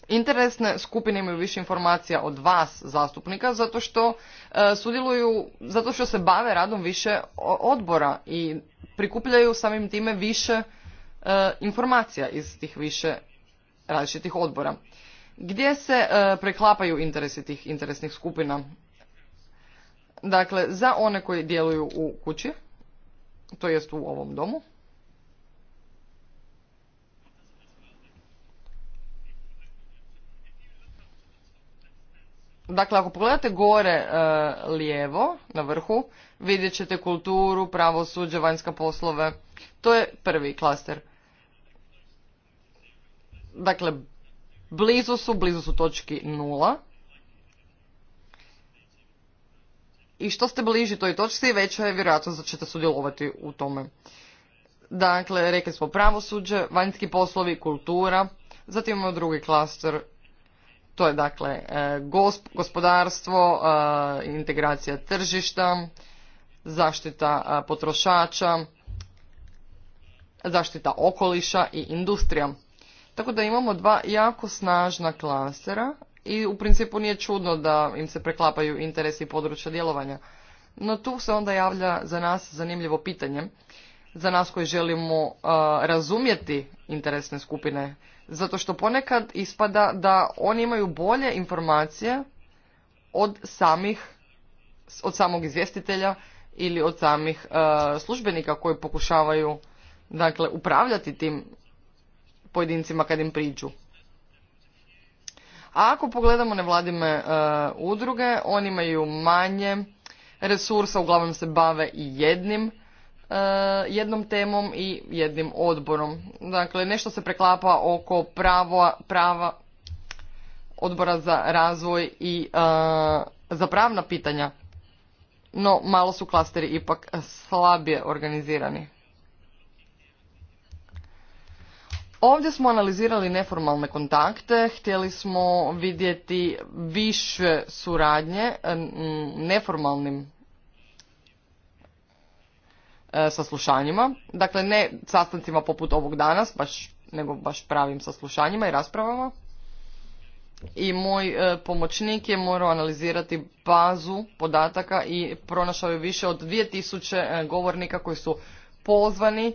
Interesne skupine imaju više informacija od vas zastupnika zato što e, sudjeluju, zato što se bave radom više odbora i prikupljaju samim time više e, informacija iz tih više različitih odbora. Gdje se e, preklapaju interesi tih interesnih skupina? Dakle, za one koji djeluju u kući, to jest u ovom domu, Dakle, ako pogledate gore e, lijevo, na vrhu, vidjet ćete kulturu, pravosuđe, vanjska poslove. To je prvi klaster. Dakle, blizu su, blizu su točki nula. I što ste bliži toj točci, veća je vjerojatnost da ćete sudjelovati u tome. Dakle, rekli smo pravosuđe, vanjski poslovi, kultura, zatim imamo drugi klaster to je dakle e, gospodarstvo, e, integracija tržišta, zaštita e, potrošača, zaštita okoliša i industrija. Tako da imamo dva jako snažna klasera i u principu nije čudno da im se preklapaju interesi i područja djelovanja. No tu se onda javlja za nas zanimljivo pitanje, za nas koji želimo razumjeti interesne skupine zato što ponekad ispada da oni imaju bolje informacije od samih, od samog izvjestitelja ili od samih e, službenika koji pokušavaju dakle upravljati tim pojedincima kad im priđu. A ako pogledamo nevladine e, udruge, oni imaju manje resursa, uglavnom se bave i jednim E, jednom temom i jednim odborom. Dakle, nešto se preklapa oko pravo, prava odbora za razvoj i e, za pravna pitanja, no malo su klasteri ipak slabije organizirani. Ovdje smo analizirali neformalne kontakte, htjeli smo vidjeti više suradnje neformalnim E, saslušanjima, dakle ne sastancima poput ovog danas, baš, nego baš pravim saslušanjima i raspravama. I moj e, pomoćnik je morao analizirati bazu podataka i pronašao je više od 2000 e, govornika koji su pozvani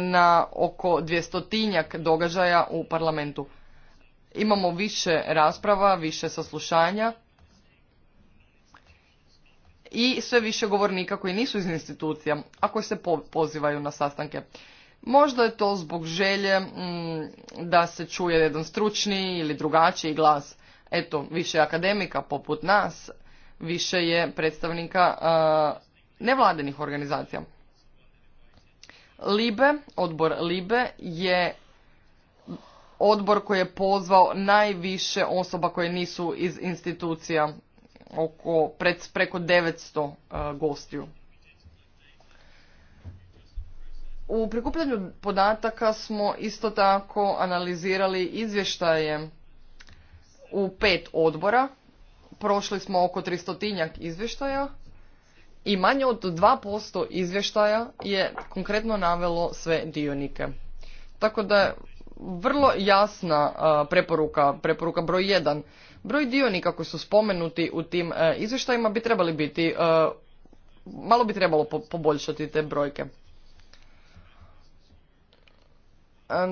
na oko dvjestotinjak događaja u parlamentu. Imamo više rasprava, više saslušanja i sve više govornika koji nisu iz institucija, a koji se pozivaju na sastanke. Možda je to zbog želje mm, da se čuje jedan stručni ili drugačiji glas. Eto, više akademika poput nas, više je predstavnika nevladenih organizacija. Libe, odbor Libe je odbor koji je pozvao najviše osoba koje nisu iz institucija oko pred, preko 900 e, gostiju. U prikupljanju podataka smo isto tako analizirali izvještaje u pet odbora. Prošli smo oko 300 izvještaja i manje od 2% izvještaja je konkretno navelo sve dionike. Tako da vrlo jasna e, preporuka, preporuka broj 1 Broj dionika koji su spomenuti u tim e, izvještajima bi trebali biti, e, malo bi trebalo poboljšati te brojke. E,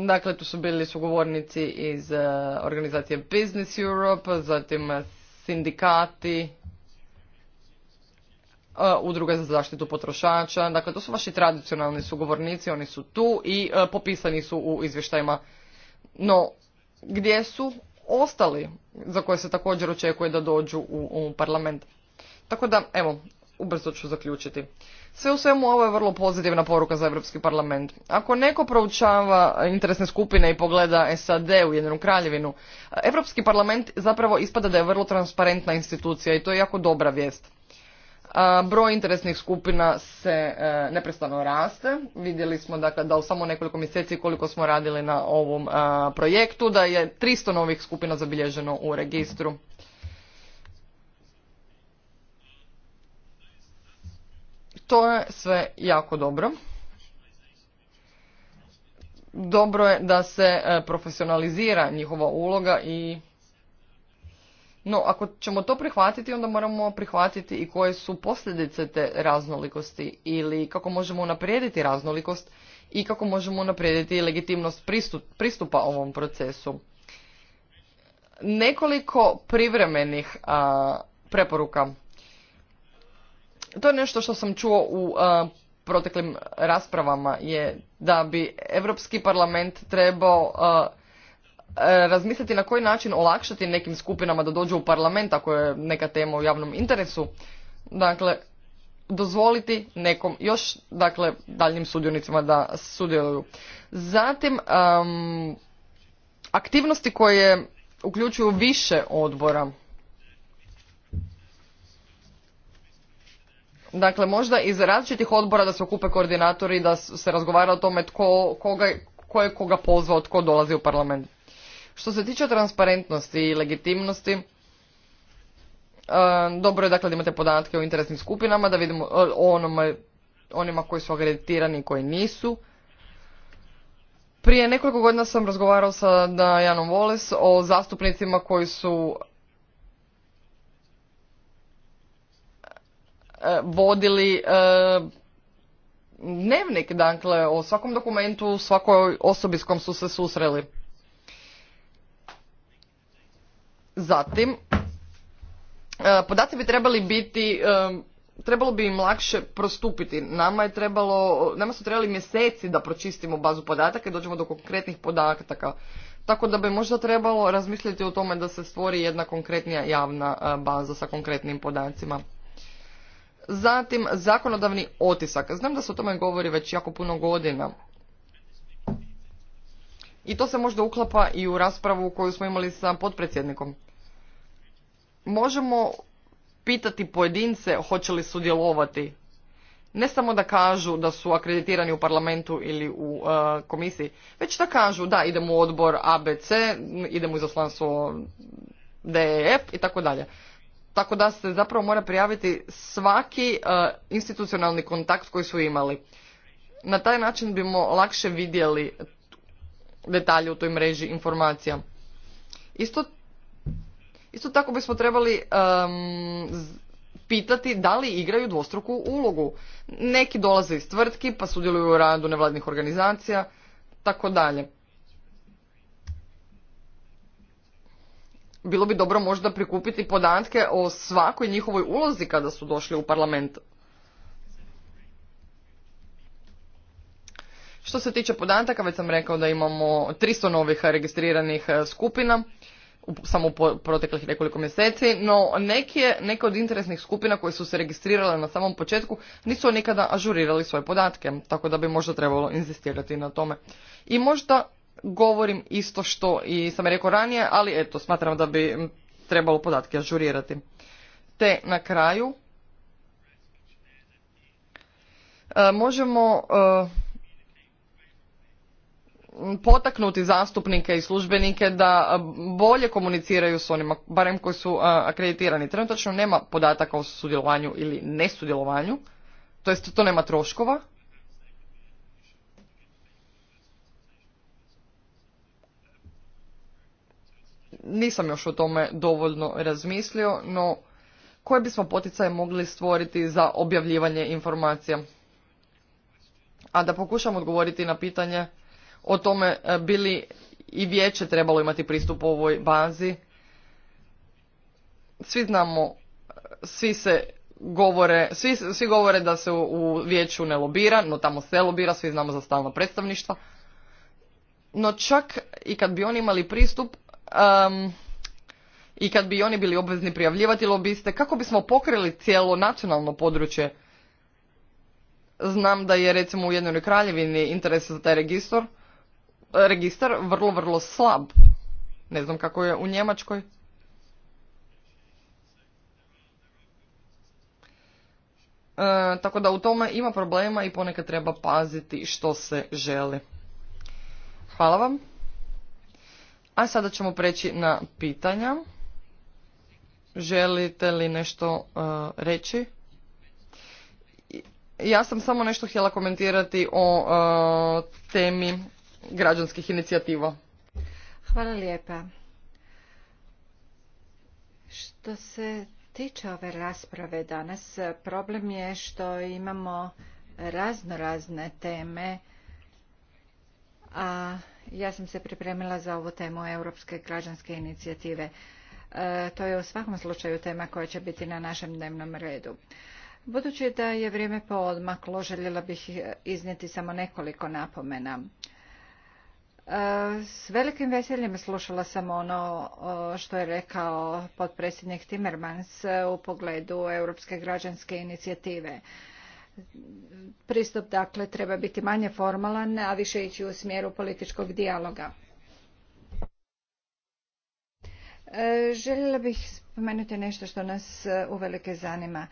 dakle, tu su bili sugovornici iz organizacije Business Europe, zatim sindikati, udruga za zaštitu potrošača. Dakle, to su vaši tradicionalni sugovornici, oni su tu i popisani su u izvještajima. No, gdje su ostali za koje se također očekuje da dođu u, parlament. Tako da, evo, ubrzo ću zaključiti. Sve u svemu ovo je vrlo pozitivna poruka za Europski parlament. Ako neko proučava interesne skupine i pogleda SAD u jednu kraljevinu, Europski parlament zapravo ispada da je vrlo transparentna institucija i to je jako dobra vijest. Broj interesnih skupina se e, neprestano raste. Vidjeli smo dakle da u samo nekoliko mjeseci koliko smo radili na ovom e, projektu da je 300 novih skupina zabilježeno u registru. To je sve jako dobro. Dobro je da se e, profesionalizira njihova uloga i no, ako ćemo to prihvatiti, onda moramo prihvatiti i koje su posljedice te raznolikosti ili kako možemo unaprijediti raznolikost i kako možemo unaprijediti legitimnost pristupa ovom procesu. Nekoliko privremenih preporuka. To je nešto što sam čuo u proteklim raspravama je da bi Europski parlament trebao E, razmisliti na koji način olakšati nekim skupinama da dođu u parlament ako je neka tema u javnom interesu. Dakle, dozvoliti nekom još dakle daljnjim sudionicima da sudjeluju. Zatim aktivnosti koje uključuju više odbora. Dakle, možda iz različitih odbora da se okupe koordinatori, da se razgovara o tome tko, koga, ko je koga pozvao, tko dolazi u parlament. Što se tiče transparentnosti i legitimnosti, e, dobro je dakle, da imate podatke o interesnim skupinama, da vidimo e, o onima koji su agreditirani i koji nisu. Prije nekoliko godina sam razgovarao sa Janom Voles o zastupnicima koji su e, vodili dnevnik, dakle, o svakom dokumentu, svakoj osobi s kom su se susreli. Zatim, e, podaci bi trebali biti, e, trebalo bi im lakše prostupiti. Nama je trebalo, nama su trebali mjeseci da pročistimo bazu podataka i dođemo do konkretnih podataka. Tako da bi možda trebalo razmisliti o tome da se stvori jedna konkretnija javna e, baza sa konkretnim podacima. Zatim, zakonodavni otisak. Znam da se o tome govori već jako puno godina. I to se možda uklapa i u raspravu koju smo imali sa potpredsjednikom možemo pitati pojedince hoće li sudjelovati. Ne samo da kažu da su akreditirani u parlamentu ili u e, komisiji, već da kažu da idemo u odbor ABC, idemo u izaslanstvo DEF i tako dalje. Tako da se zapravo mora prijaviti svaki e, institucionalni kontakt koji su imali. Na taj način bimo lakše vidjeli detalje u toj mreži informacija. Isto Isto tako bismo trebali pitati da li igraju dvostruku ulogu. Neki dolaze iz tvrtki pa sudjeluju u radu nevladnih organizacija, tako dalje. Bilo bi dobro možda prikupiti podatke o svakoj njihovoj ulozi kada su došli u parlament. Što se tiče podataka, već sam rekao da imamo 300 novih registriranih eh, skupina samo u proteklih nekoliko mjeseci, no neke, neke od interesnih skupina koje su se registrirale na samom početku nisu nikada ažurirali svoje podatke, tako da bi možda trebalo inzistirati na tome. I možda govorim isto što i sam rekao ranije, ali eto, smatram da bi trebalo podatke ažurirati. Te na kraju e, možemo e, potaknuti zastupnike i službenike da bolje komuniciraju s onima, barem koji su akreditirani. Trenutačno nema podataka o sudjelovanju ili nesudjelovanju, to jest to nema troškova. Nisam još o tome dovoljno razmislio, no koje bismo poticaje mogli stvoriti za objavljivanje informacija? A da pokušam odgovoriti na pitanje o tome e, bili i vijeće trebalo imati pristup u ovoj bazi. Svi znamo, e, svi se govore, svi, svi govore da se u, vijeću ne lobira, no tamo se lobira, svi znamo za stalno predstavništva. No čak i kad bi oni imali pristup i kad bi oni bili obvezni prijavljivati lobiste, kako bismo pokrili cijelo nacionalno područje? Znam da je recimo u jednoj kraljevini interes za taj registor, registar vrlo, vrlo slab. Ne znam kako je u Njemačkoj. E, tako da u tome ima problema i ponekad treba paziti što se želi. Hvala vam. A sada ćemo preći na pitanja. Želite li nešto e, reći? Ja sam samo nešto htjela komentirati o e, temi građanskih inicijativa. Hvala lijepa. Što se tiče ove rasprave danas, problem je što imamo razno razne teme, a ja sam se pripremila za ovu temu Europske građanske inicijative. E, to je u svakom slučaju tema koja će biti na našem dnevnom redu. Budući da je vrijeme poodmaklo, željela bih iznijeti samo nekoliko napomena. E, s velikim veseljem slušala sam ono e, što je rekao potpredsjednik Timmermans e, u pogledu Europske građanske inicijative. Pristup dakle treba biti manje formalan, a više ići u smjeru političkog dijaloga. Željela bih spomenuti nešto što nas uvelike zanima.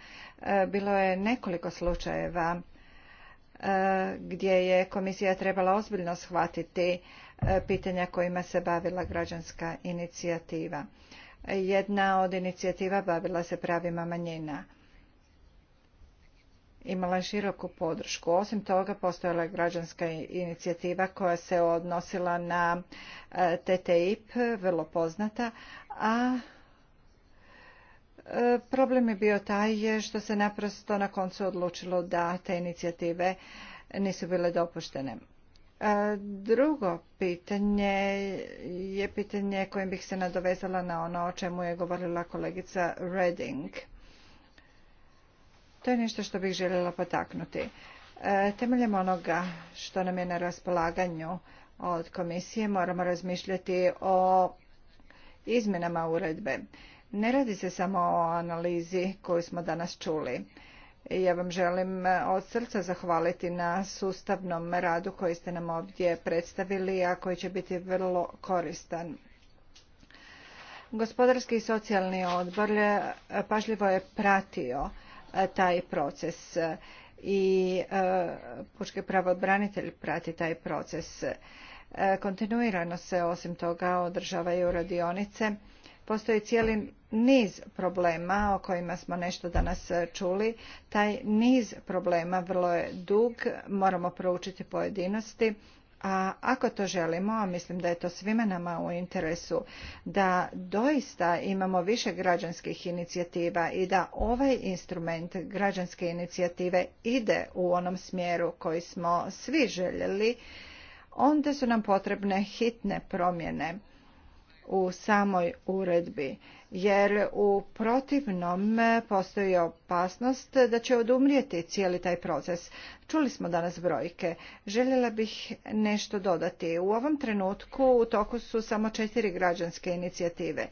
Bilo je nekoliko slučajeva gdje je komisija trebala ozbiljno shvatiti E, pitanja kojima se bavila građanska inicijativa. Jedna od inicijativa bavila se pravima manjina. Imala je široku podršku. Osim toga, postojala je građanska inicijativa koja se odnosila na e, TTIP, vrlo poznata, a e, problem je bio taj što se naprosto na koncu odlučilo da te inicijative nisu bile dopuštene. E, drugo pitanje je pitanje kojim bih se nadovezala na ono o čemu je govorila kolegica Reding. To je nešto što bih željela potaknuti. E, temeljem onoga što nam je na raspolaganju od komisije moramo razmišljati o izmjenama uredbe. Ne radi se samo o analizi koju smo danas čuli. Ja vam želim e, od srca zahvaliti na sustavnom radu koji ste nam ovdje predstavili, a koji će biti vrlo koristan. Gospodarski i socijalni odbor e, pažljivo je pratio e, taj proces i pučki pravobranitelj prati taj proces. Kontinuirano se osim toga održavaju radionice Postoji cijeli niz problema o kojima smo nešto danas e, čuli. Taj niz problema vrlo je dug, moramo proučiti pojedinosti. A ako to želimo, a mislim da je to svima nama u interesu, da doista imamo više građanskih inicijativa i da ovaj instrument građanske inicijative ide u onom smjeru koji smo svi željeli, onda su nam potrebne hitne promjene u samoj uredbi jer u protivnom postoji opasnost da će odumrijeti cijeli taj proces. Čuli smo danas brojke. Željela bih nešto dodati. U ovom trenutku u toku su samo četiri građanske inicijative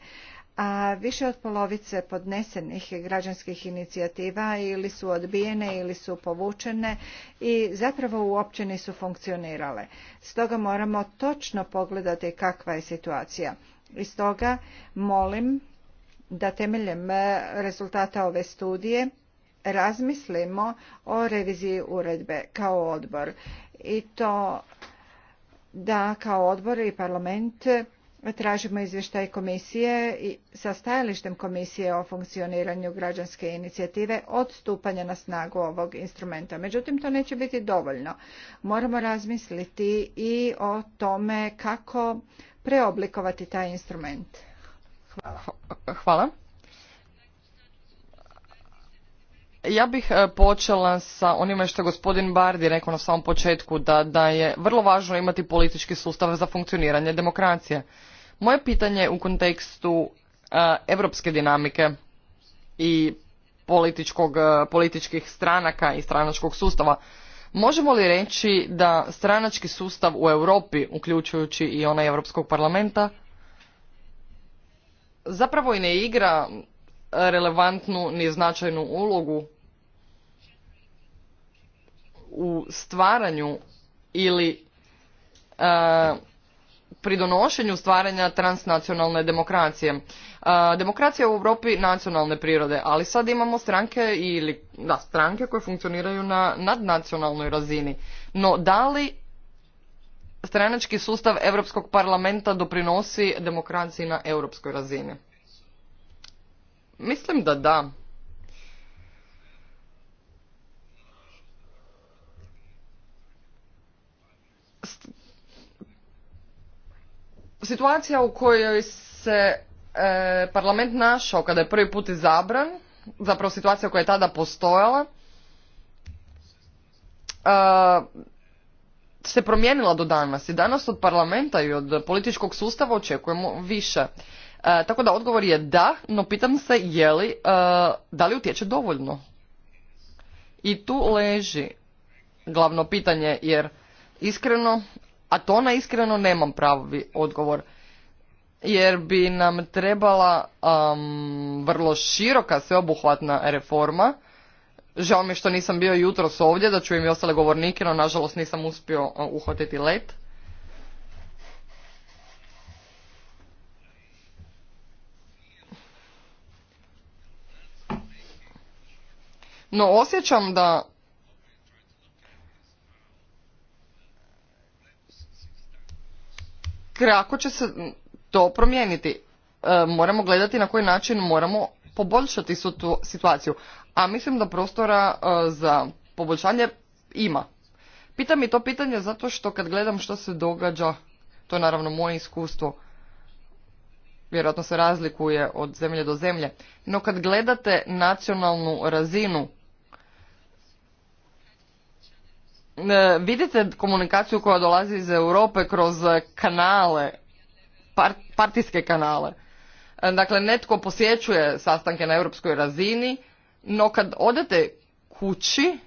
a više od polovice podnesenih građanskih inicijativa ili su odbijene ili su povučene i zapravo uopće nisu funkcionirale. Stoga moramo točno pogledati kakva je situacija. I stoga molim da temeljem e, rezultata ove studije razmislimo o reviziji uredbe kao odbor i to da kao odbor i parlament tražimo izvještaj komisije sa stajalištem komisije o funkcioniranju građanske inicijative od stupanja na snagu ovog instrumenta. Međutim, to neće biti dovoljno. Moramo razmisliti i o tome kako preoblikovati taj instrument. Hvala. Ja bih e, počela sa onime što je gospodin Bardi rekao na samom početku, da, da je vrlo važno imati politički sustav za funkcioniranje demokracije. Moje pitanje u kontekstu europske dinamike i političkog, e, političkih stranaka i stranačkog sustava Možemo li reći da stranački sustav u Europi, uključujući i onaj Europskog parlamenta, zapravo i ne igra relevantnu ni značajnu ulogu u stvaranju ili e, pridonošenju stvaranja transnacionalne demokracije. E, demokracija u Europi nacionalne prirode, ali sad imamo stranke ili da, stranke koje funkcioniraju na nadnacionalnoj razini. No da li stranački sustav Europskog parlamenta doprinosi demokraciji na europskoj razini? Mislim da da. Situacija u kojoj se e, parlament našao kada je prvi put izabran, zapravo situacija koja je tada postojala, e, se promijenila do danas i danas od parlamenta i od političkog sustava očekujemo više. E, tako da odgovor je da, no pitam se je li, da li utječe dovoljno. I tu leži glavno pitanje jer iskreno a to na iskreno nemam pravi odgovor. Jer bi nam trebala vrlo široka sveobuhvatna reforma. Žao mi je što nisam bio jutros ovdje, da čujem i ostale govornike, no nažalost nisam uspio uhvatiti let. No osjećam da kako će se to promijeniti. E, moramo gledati na koji način moramo poboljšati tu situaciju. A mislim da prostora e, za poboljšanje ima. Pitam i to pitanje zato što kad gledam što se događa, to je naravno moje iskustvo, vjerojatno se razlikuje od zemlje do zemlje, no kad gledate nacionalnu razinu E, vidite komunikaciju koja dolazi iz Europe kroz kanale, partijske kanale. E, dakle, netko posjećuje sastanke na europskoj razini, no kad odete kući,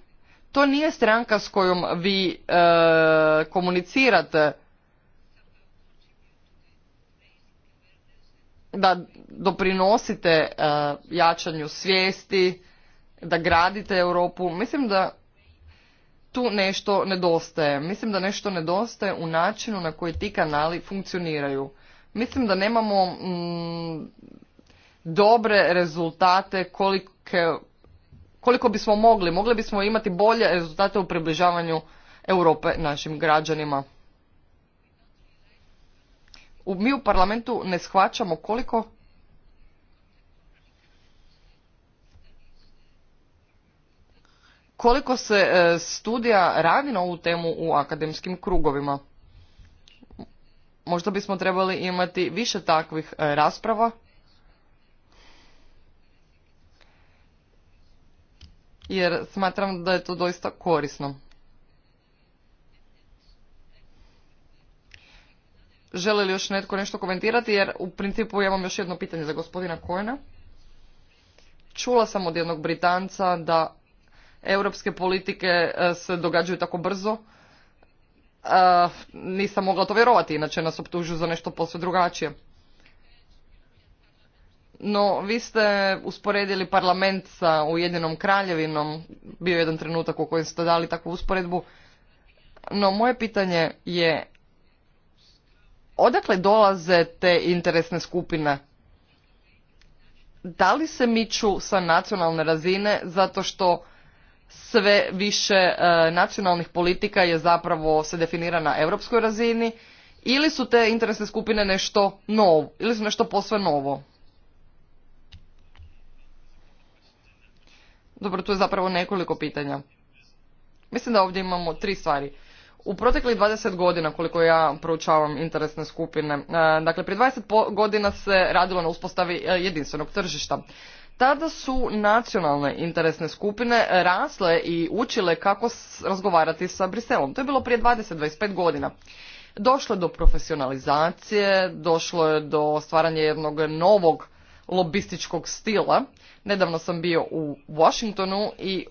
to nije stranka s kojom vi e, komunicirate da doprinosite jačanju svijesti, da gradite Europu. Mislim da tu nešto nedostaje. Mislim da nešto nedostaje u načinu na koji ti kanali funkcioniraju. Mislim da nemamo mm, dobre rezultate koliko bismo mogli. Mogli bismo imati bolje rezultate u približavanju Europe našim građanima. U, mi u parlamentu ne shvaćamo koliko koliko se e, studija radi na ovu temu u akademskim krugovima. Možda bismo trebali imati više takvih e, rasprava. Jer smatram da je to doista korisno. Želi li još netko nešto komentirati? Jer u principu imam još jedno pitanje za gospodina Kojena. Čula sam od jednog Britanca da europske politike e, se događaju tako brzo. E, nisam mogla to vjerovati, inače nas optužuju za nešto posve drugačije. No, vi ste usporedili parlament sa Ujedinjenom kraljevinom, bio je jedan trenutak u kojem ste dali takvu usporedbu. No, moje pitanje je, odakle dolaze te interesne skupine? Da li se miču sa nacionalne razine zato što sve više e, nacionalnih politika je zapravo se definira na europskoj razini ili su te interesne skupine nešto novo ili su nešto posve novo dobro tu je zapravo nekoliko pitanja mislim da ovdje imamo tri stvari u proteklih 20 godina koliko ja proučavam interesne skupine e, dakle prije 20 godina se radilo na uspostavi e, jedinstvenog tržišta tada su nacionalne interesne skupine rasle i učile kako razgovarati sa Briselom. To je bilo prije 20-25 godina. Došlo je do profesionalizacije, došlo je do stvaranja jednog novog lobističkog stila. Nedavno sam bio u Washingtonu i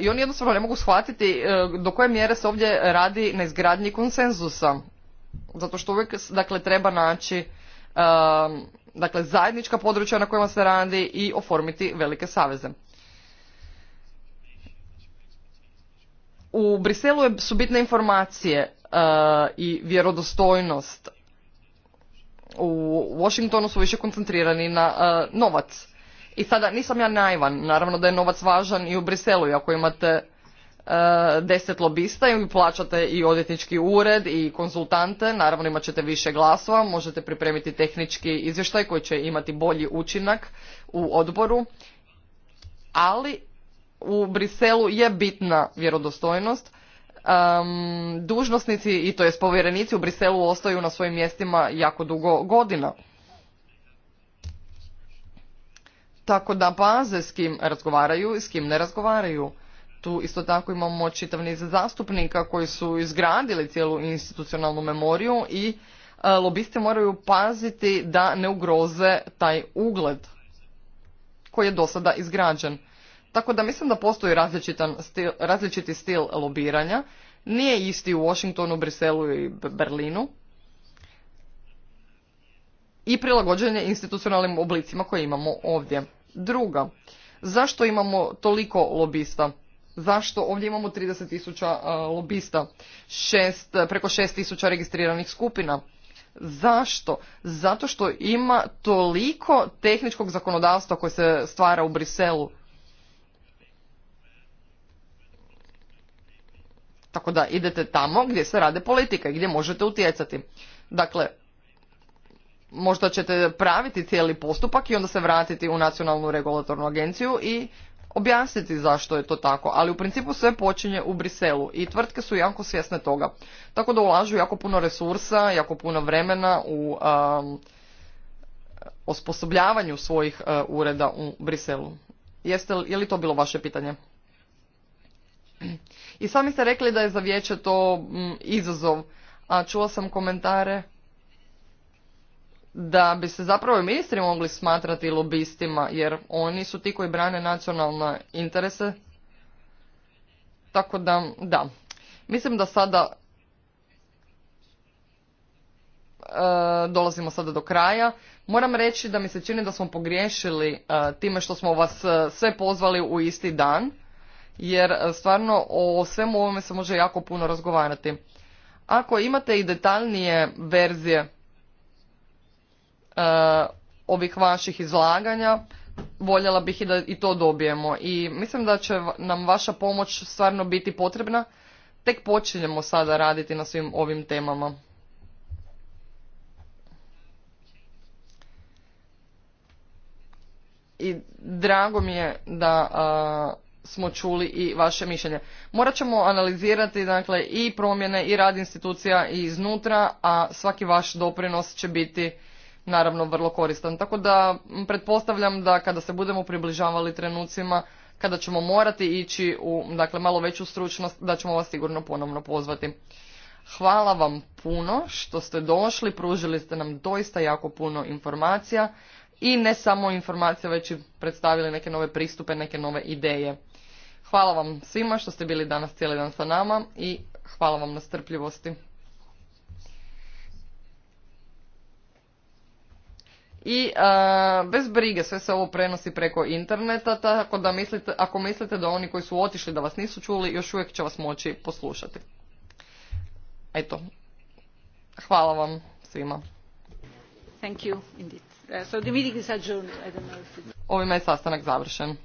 i oni jednostavno ne mogu shvatiti e, do koje mjere se ovdje radi na izgradnji konsenzusa zato što uvijek dakle, treba naći um, dakle, zajednička područja na kojima se radi i oformiti velike saveze. U Briselu su bitne informacije uh, i vjerodostojnost. U Washingtonu su više koncentrirani na uh, novac. I sada nisam ja naivan, naravno da je novac važan i u Briselu, ako imate E, deset lobista i plaćate i odvjetnički ured i konzultante, naravno imat ćete više glasova, možete pripremiti tehnički izvještaj koji će imati bolji učinak u odboru, ali u Briselu je bitna vjerodostojnost. Um, dužnosnici i to je povjerenici u Briselu ostaju na svojim mjestima jako dugo godina. Tako da paze s kim razgovaraju i s kim ne razgovaraju tu isto tako imamo čitav niz zastupnika koji su izgradili cijelu institucionalnu memoriju i e, lobiste moraju paziti da ne ugroze taj ugled koji je do sada izgrađen. Tako da mislim da postoji stil, različiti stil lobiranja. Nije isti u Washingtonu, Briselu i Berlinu. I prilagođenje institucionalnim oblicima koje imamo ovdje. Druga, zašto imamo toliko lobista? zašto ovdje imamo 30 tisuća e, lobista, šest, preko 6 tisuća registriranih skupina. Zašto? Zato što ima toliko tehničkog zakonodavstva koje se stvara u Briselu. Tako da idete tamo gdje se rade politika i gdje možete utjecati. Dakle, možda ćete praviti cijeli postupak i onda se vratiti u nacionalnu regulatornu agenciju i objasniti zašto je to tako, ali u principu sve počinje u Briselu i tvrtke su jako svjesne toga. Tako da ulažu jako puno resursa, jako puno vremena u um, osposobljavanju svojih uh, ureda u Briselu. je li to bilo vaše pitanje? I sami ste rekli da je za vijeće to mm, izazov, a čula sam komentare da bi se zapravo i ministri mogli smatrati lobistima, jer oni su ti koji brane nacionalne interese. Tako da, da. Mislim da sada e, dolazimo sada do kraja. Moram reći da mi se čini da smo pogriješili e, time što smo vas e, sve pozvali u isti dan, jer stvarno o svemu ovome se može jako puno razgovarati. Ako imate i detaljnije verzije E, ovih vaših izlaganja. Voljela bih i da i to dobijemo. I mislim da će nam vaša pomoć stvarno biti potrebna. Tek počinjemo sada raditi na svim ovim temama. I drago mi je da e, smo čuli i vaše mišljenje. Morat ćemo analizirati dakle i promjene i rad institucija i iznutra, a svaki vaš doprinos će biti naravno vrlo koristan. Tako da pretpostavljam da kada se budemo približavali trenucima kada ćemo morati ići u dakle malo veću stručnost da ćemo vas sigurno ponovno pozvati. Hvala vam puno što ste došli, pružili ste nam doista jako puno informacija i ne samo informacija već i predstavili neke nove pristupe, neke nove ideje. Hvala vam svima što ste bili danas cijeli dan sa nama i hvala vam na strpljivosti. i e, bez brige sve se ovo prenosi preko interneta, tako da mislite, ako mislite da oni koji su otišli da vas nisu čuli, još uvijek će vas moći poslušati. Eto, hvala vam svima. Thank you e, So the is Ovime je sastanak završen.